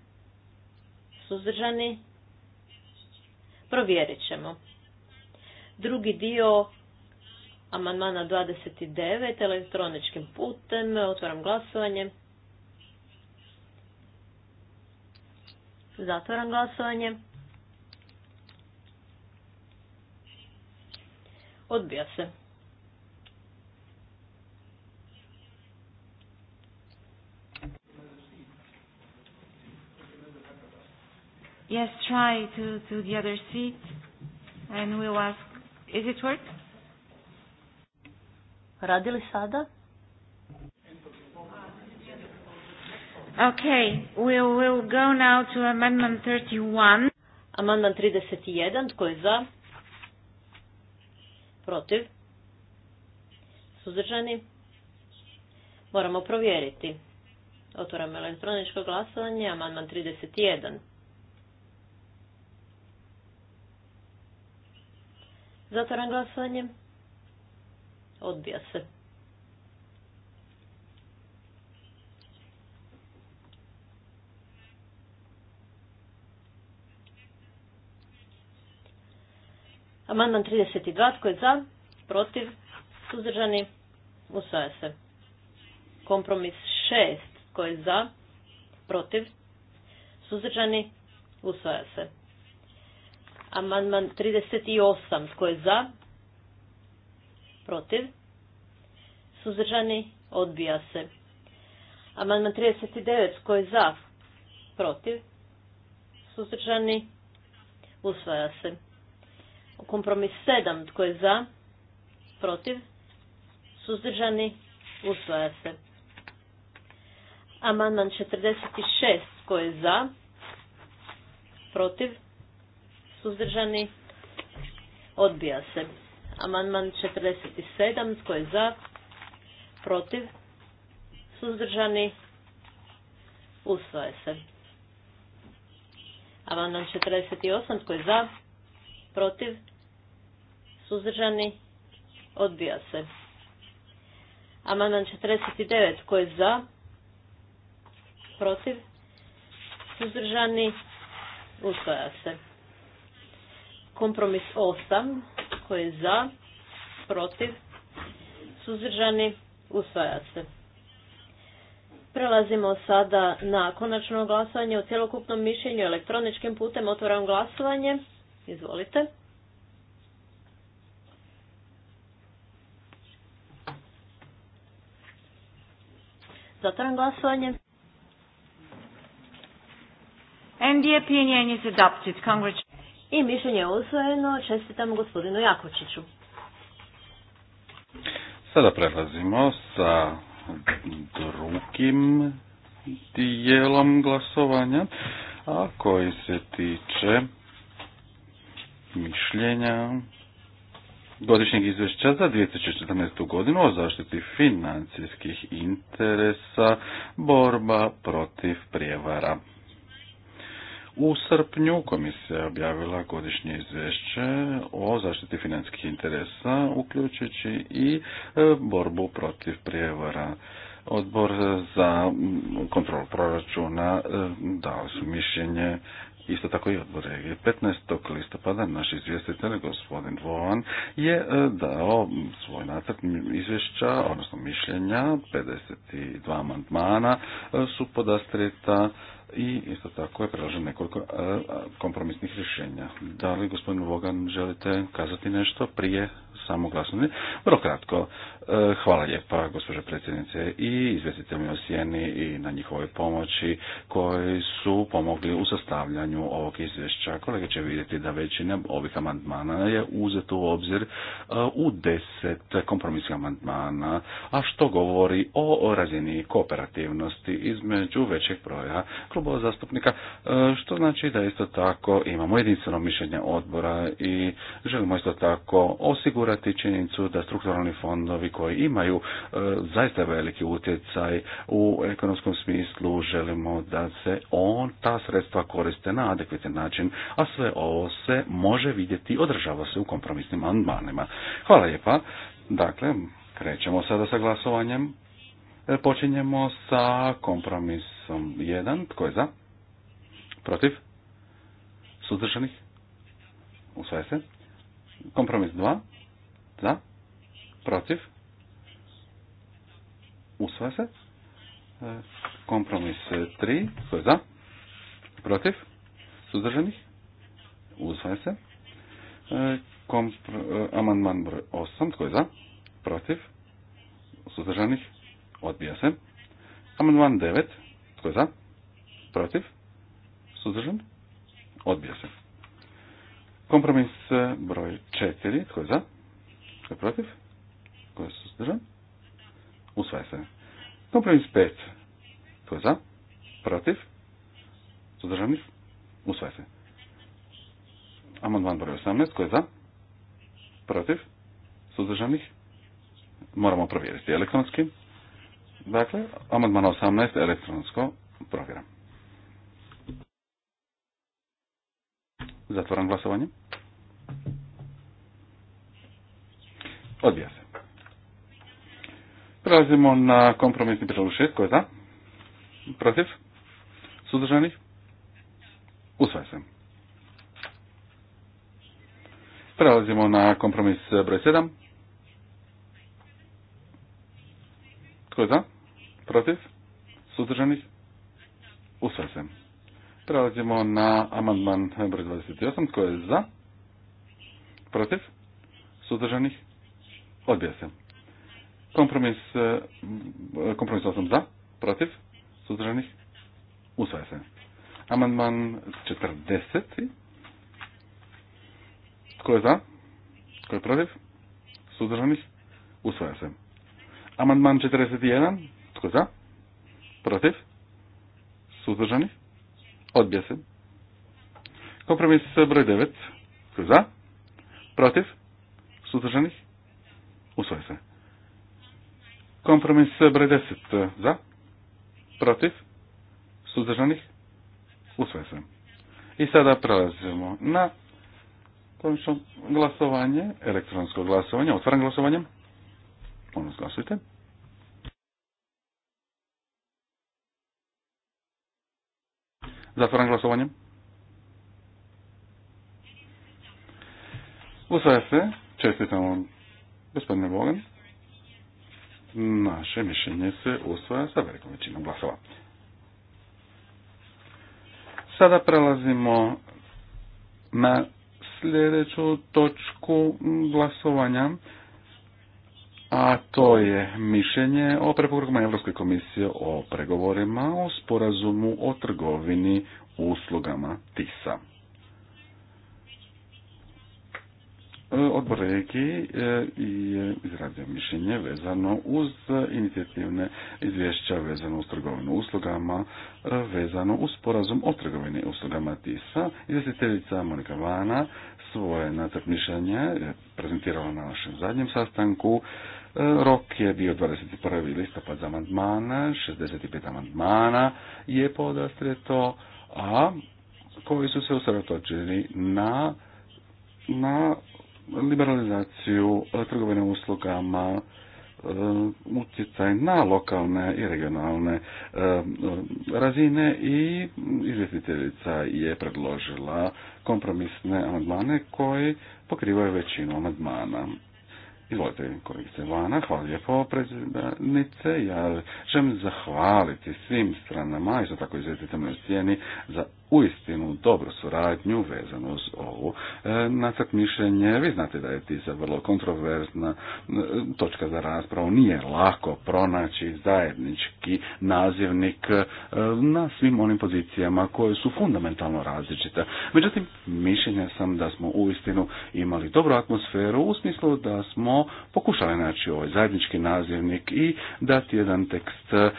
Suzdržani? Provjerit ćemo. Drugi dio amandmana 29 elektroničkim putem. Otvaram glasovanje. Zatvaram glasovanje. Odbija se.
Yes, try to, to the other seat
and we'll ask, is it work? Radi li sada? Okay, we will go now to amendment 31. Amendment 31, tko je za? Protiv? Suzdržani? Moramo provjeriti. Otvoramo elektroničko glasovanje, amendment 31. Zatvaram glasovanje. Odbija se. Amandman 32. Tko je za? Protiv? Suzdržani? Usvaja se. Kompromis 6. Tko je za? Protiv? Suzdržani? Usvaja se. Amandman 38. Tko je za? Protiv? Suzdržani? Odbija se. Amandman 39. Tko je za? Protiv? Suzdržani? Usvaja se. Kompromis 7. Tko je za? Protiv? Suzdržani? Usvaja se. Amandman 46. Tko je za? Protiv? suzdržani, odbija se. Amandman 47, tko je za, protiv, suzdržani, usvoje se. Amandman 48, tko je za, protiv, suzdržani, odbija se. Amandman 49, tko je za, protiv, suzdržani, usvaja se. Kompromis 8 koji je za, protiv, suzdržani, usvaja se. Prelazimo sada na konačno glasovanje o cjelokupnom mišljenju elektroničkim putem. Otvaram glasovanje. Izvolite. Zatvaram glasovanje. And the opinion is adopted. I mišljenje je usvojeno. Čestitam gospodinu Jakočiću.
Sada prelazimo sa drugim dijelom glasovanja, a koji se tiče mišljenja godišnjeg izvješća za 2014. godinu o zaštiti financijskih interesa, borba protiv prijevara. U srpnju komisija objavila godišnje izvješće o zaštiti financijskih interesa, uključujući i e, borbu protiv prijevara. Odbor za kontrol proračuna e, dao su mišljenje Isto tako i odbor regije. 15. listopada naš izvjestitelj, gospodin Vovan, je e, dao svoj nacrt izvješća, odnosno mišljenja, 52 amandmana su podastrita i isto tako je predloženo nekoliko e, kompromisnih rješenja. Da li gospodin Vogan želite kazati nešto prije samo Vrlo kratko, e, hvala lijepa gospođo predsjednice i izvjestitelji o Sjeni i na njihovoj pomoći koji su pomogli u sastavljanju ovog izvješća. Kolege će vidjeti da većina ovih amandmana je uzeto u obzir e, u deset kompromisnih amandmana, a što govori o razini kooperativnosti između većeg broja klubova zastupnika, e, što znači da isto tako imamo jedinstveno mišljenje odbora i želimo isto tako osigurati podcrtati činjenicu da strukturalni fondovi koji imaju e, zaista veliki utjecaj u ekonomskom smislu želimo da se on ta sredstva koriste na adekvatan način, a sve ovo se može vidjeti održava se u kompromisnim amandmanima. Hvala lijepa. Dakle, krećemo sada sa glasovanjem. E, počinjemo sa kompromisom jedan, Tko je za? Protiv? Sudržani? Usvaja se. Kompromis 2. Za? Protiv? Usvaja se. E, kompromis 3. E, Tko je za? Protiv? Suzdržanih? Usvaja se. E, amandman broj 8. Tko je za? Protiv? Suzdržanih? Odbija se. Amandman 9. Tko je za? Protiv? Suzdržan? Odbija se. Kompromis broj 4. Tko je za? Tko je protiv? Tko je suzdržan? Usvaja se. Kompromis 5. Tko je za? Protiv? Suzdržani? Usvaja se. Amandman broj 18. Tko je za? Protiv? Suzdržanih? Moramo provjeriti elektronski. Dakle, amandman 18. Elektronsko program Zatvoran glasovanje. Odbija se. Prelazimo na kompromisni broj šest Ko je za? Protiv? Sudržanih? Usvaj se. Prelazimo na kompromis broj 7. Tko je za? Protiv? Sudržanih? Usvaj se. Prelazimo na amandman broj 28. Tko je za? Protiv? Sudržanih? Odbija se. Kompromis, e, kompromis 8 za, protiv, suzdržanih, usvaja se. Amandman 40. Tko je za? Tko je protiv? Suzdržanih, usvaja se. Amandman 41. Tko je za? Protiv? Suzdržanih, odbija se. Kompromis broj 9. Tko je za? Protiv? Suzdržanih, Usvoje se. Kompromis broj deset Za? Protiv? Suzdržanih? Usvoje se. I sada prelazimo na konačno glasovanje, elektronsko glasovanje. Otvaran glasovanjem. Ono zglasujte. Zatvoran glasovanje. Usvaja se. Čestitamo Gospodine Bogan, naše mišljenje se usvaja sa velikom većinom glasova. Sada prelazimo na sljedeću točku glasovanja, a to je mišljenje o preporukama Europske komisije o pregovorima o sporazumu o trgovini uslugama TISA. E, odbor e, je izradio mišljenje vezano uz inicijativne izvješća vezano uz trgovinu uslugama, e, vezano uz sporazum o trgovini uslugama TISA. Izvjestiteljica Monika Vana svoje nacrt mišljenja prezentirala na našem zadnjem sastanku. Rok je bio 21. listopad za amandmana, 65 amandmana je podastreto, a koji su se usredotočili na na liberalizaciju e, trgovine uslugama e, utjecaj na lokalne i regionalne e, razine i izvjestiteljica je predložila kompromisne amandmane koji pokrivaju većinu amandmana. Izvolite, kolegice Ivana, hvala lijepo predsjednice. Ja želim zahvaliti svim stranama, isto tako izvjetiteljice sjeni, za uistinu dobru suradnju vezano uz ovu e, nacrt mišljenje. Vi znate da je TISA vrlo kontroverzna e, točka za raspravu. Nije lako pronaći zajednički nazivnik e, na svim onim pozicijama koje su fundamentalno različite. Međutim, mišljenja sam da smo uistinu imali dobru atmosferu u smislu da smo pokušali naći ovaj zajednički nazivnik i dati jedan tekst e,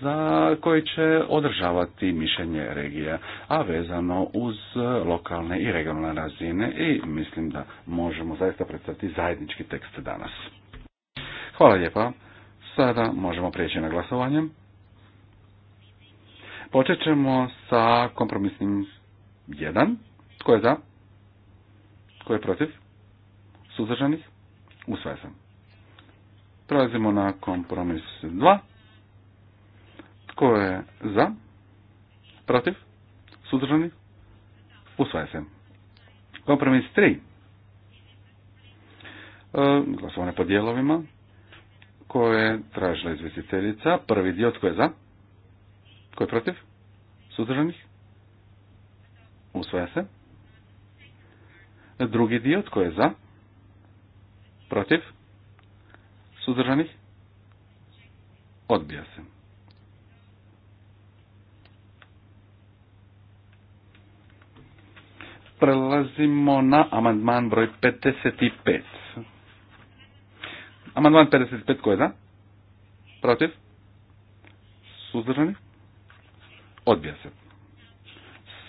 za koji će održavati mišljenje regija a vezano uz e, lokalne i regionalne razine i mislim da možemo zaista predstaviti zajednički tekst danas. Hvala lijepa. Sada možemo prijeći na glasovanje. Počet ćemo sa kompromisnim 1. Tko je za? Tko je protiv? Suzdržanih? Usvaja sam. Prelazimo na kompromis 2. Tko je za? Protiv? Suzdržani? Usvaja se. Kompromis 3. E, glasovanje po dijelovima koje je tražila izvjestiteljica. Prvi dio tko je za? Tko je protiv? Suzdržanih? Usvaja se. Drugi dio tko je za? Protiv? Suzdržanih? Odbija se. Prelazimo na amandman broj 55. Amandman 55 ko je za? Protiv? Suzdržani? Odbija se.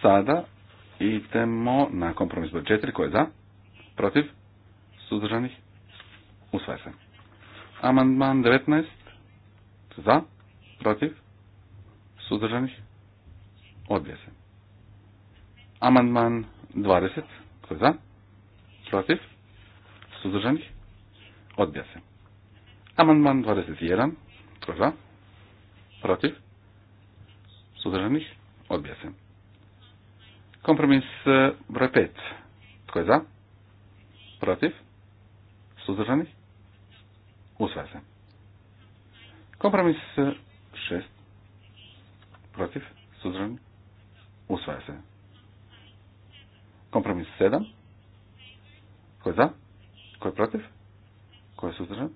Sada idemo na kompromis broj 4 ko je za? Protiv? Suzdržanih? Usvaja se. Amandman 19 za? Protiv? Suzdržanih? Odbija se. Amandman 20. Tko je za? Protiv? Suzdržanih? Odbija se. Amandman 21. Tko je za? Protiv? Suzdržanih? Odbija se. Kompromis e, broj 5. Tko je za? Protiv? Suzdržanih? Usvaja se. Kompromis 6. E, Protiv? Suzdržanih? Usvaja se. Kompromis 7. Ko je za? Ko je protiv? Ko je suzdržan?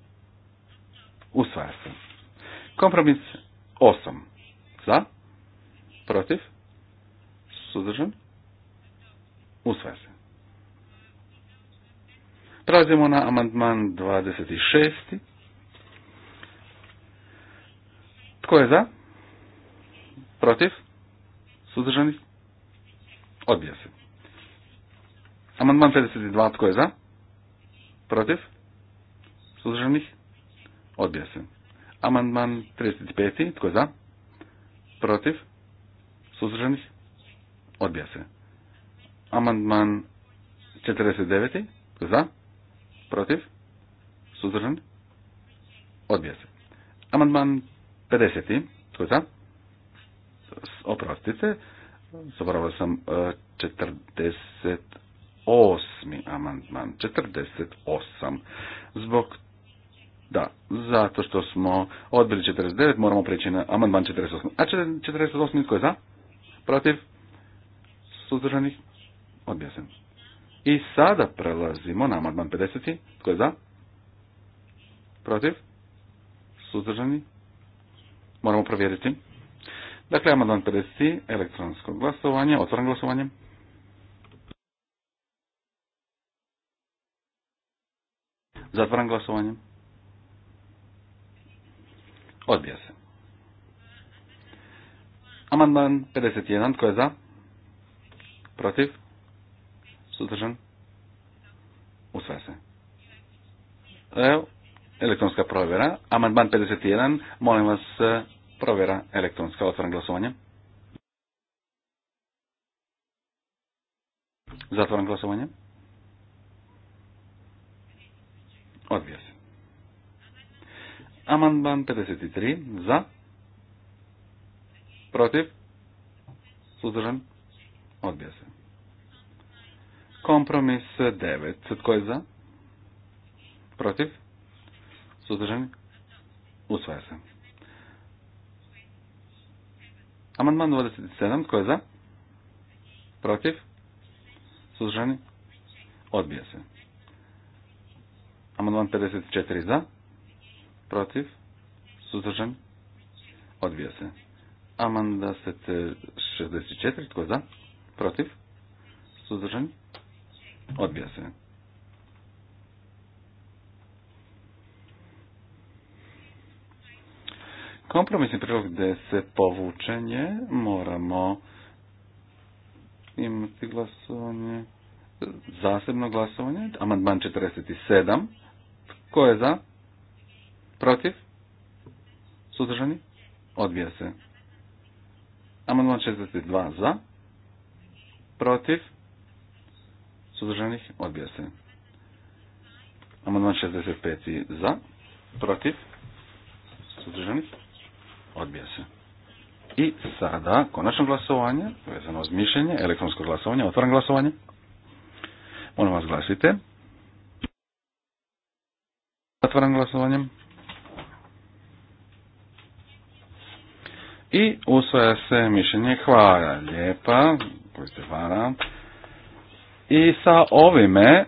Usvaja se. Kompromis 8. Za? Protiv? Suzdržan? Usvaja se. Prelazimo na amandman 26. Tko je za? Protiv? Suzdržani? Odbija se. Amandman 52. Tko je za? Protiv? Suzdržanih? Odbija se. Amandman 35. Tko je za? Protiv? Suzdržanih? Odbija se. Amandman 49. Tko je za? Protiv? Suzdržan? Odbija se. Amandman 50. Tko je za? Oprostite. Zaboravio sam 40 e, osmi amandman, 48. Zbog da, zato što smo odbili 49, moramo preći na amandman 48. A 48 tko je za? Protiv? Suzdržanih? Odbija se. I sada prelazimo na amandman 50. Tko je za? Protiv? Suzdržani? Moramo provjeriti. Dakle, amandman 50. Elektronsko glasovanje. Otvoram glasovanje. Zatvaram glasovanje. Odbija se. Amandman 51. Tko je za? Protiv? Sudržan? Usvaja se. Evo, elektronska provjera. Amandman 51. Molim vas, e, provjera elektronska. Otvaram glasovanje. Zatvaram glasovanje. Odbija se. Amandman 53 za. Protiv. Suzdržan. Odbija se. Kompromis 9. Tko je za? Protiv. Suzdržan. Usvaja se. Amandman 27. Tko je za? Protiv. Suzdržani. Odbija se. Amandman 54 za, protiv, suzdržan, odbija se. Amandman 64, tko za, protiv, suzdržan, odbija se. Kompromisni prilog gdje se povučenje moramo imati glasovanje, zasebno glasovanje, amandman 47, Ko je za? Protiv? Suzdržani? Odbija se. Amandman 62 za. Protiv? Suzdržanih? Odbija se. Amandman 65 za. Protiv? Suzdržanih? Odbija se. I sada konačno glasovanje, vezano uz mišljenje, elektronsko glasovanje, otvoran glasovanje. Molim vas glasite. Zatvaram glasovanjem. I usvaja se mišljenje Hvala. Lijepa, koji I sa ovime e,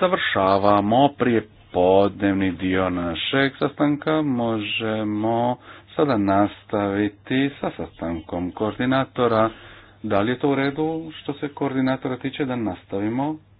završavamo prije podnevni dio našeg sastanka. Možemo sada nastaviti sa sastankom koordinatora. Da li je to u redu što se koordinatora tiče da nastavimo?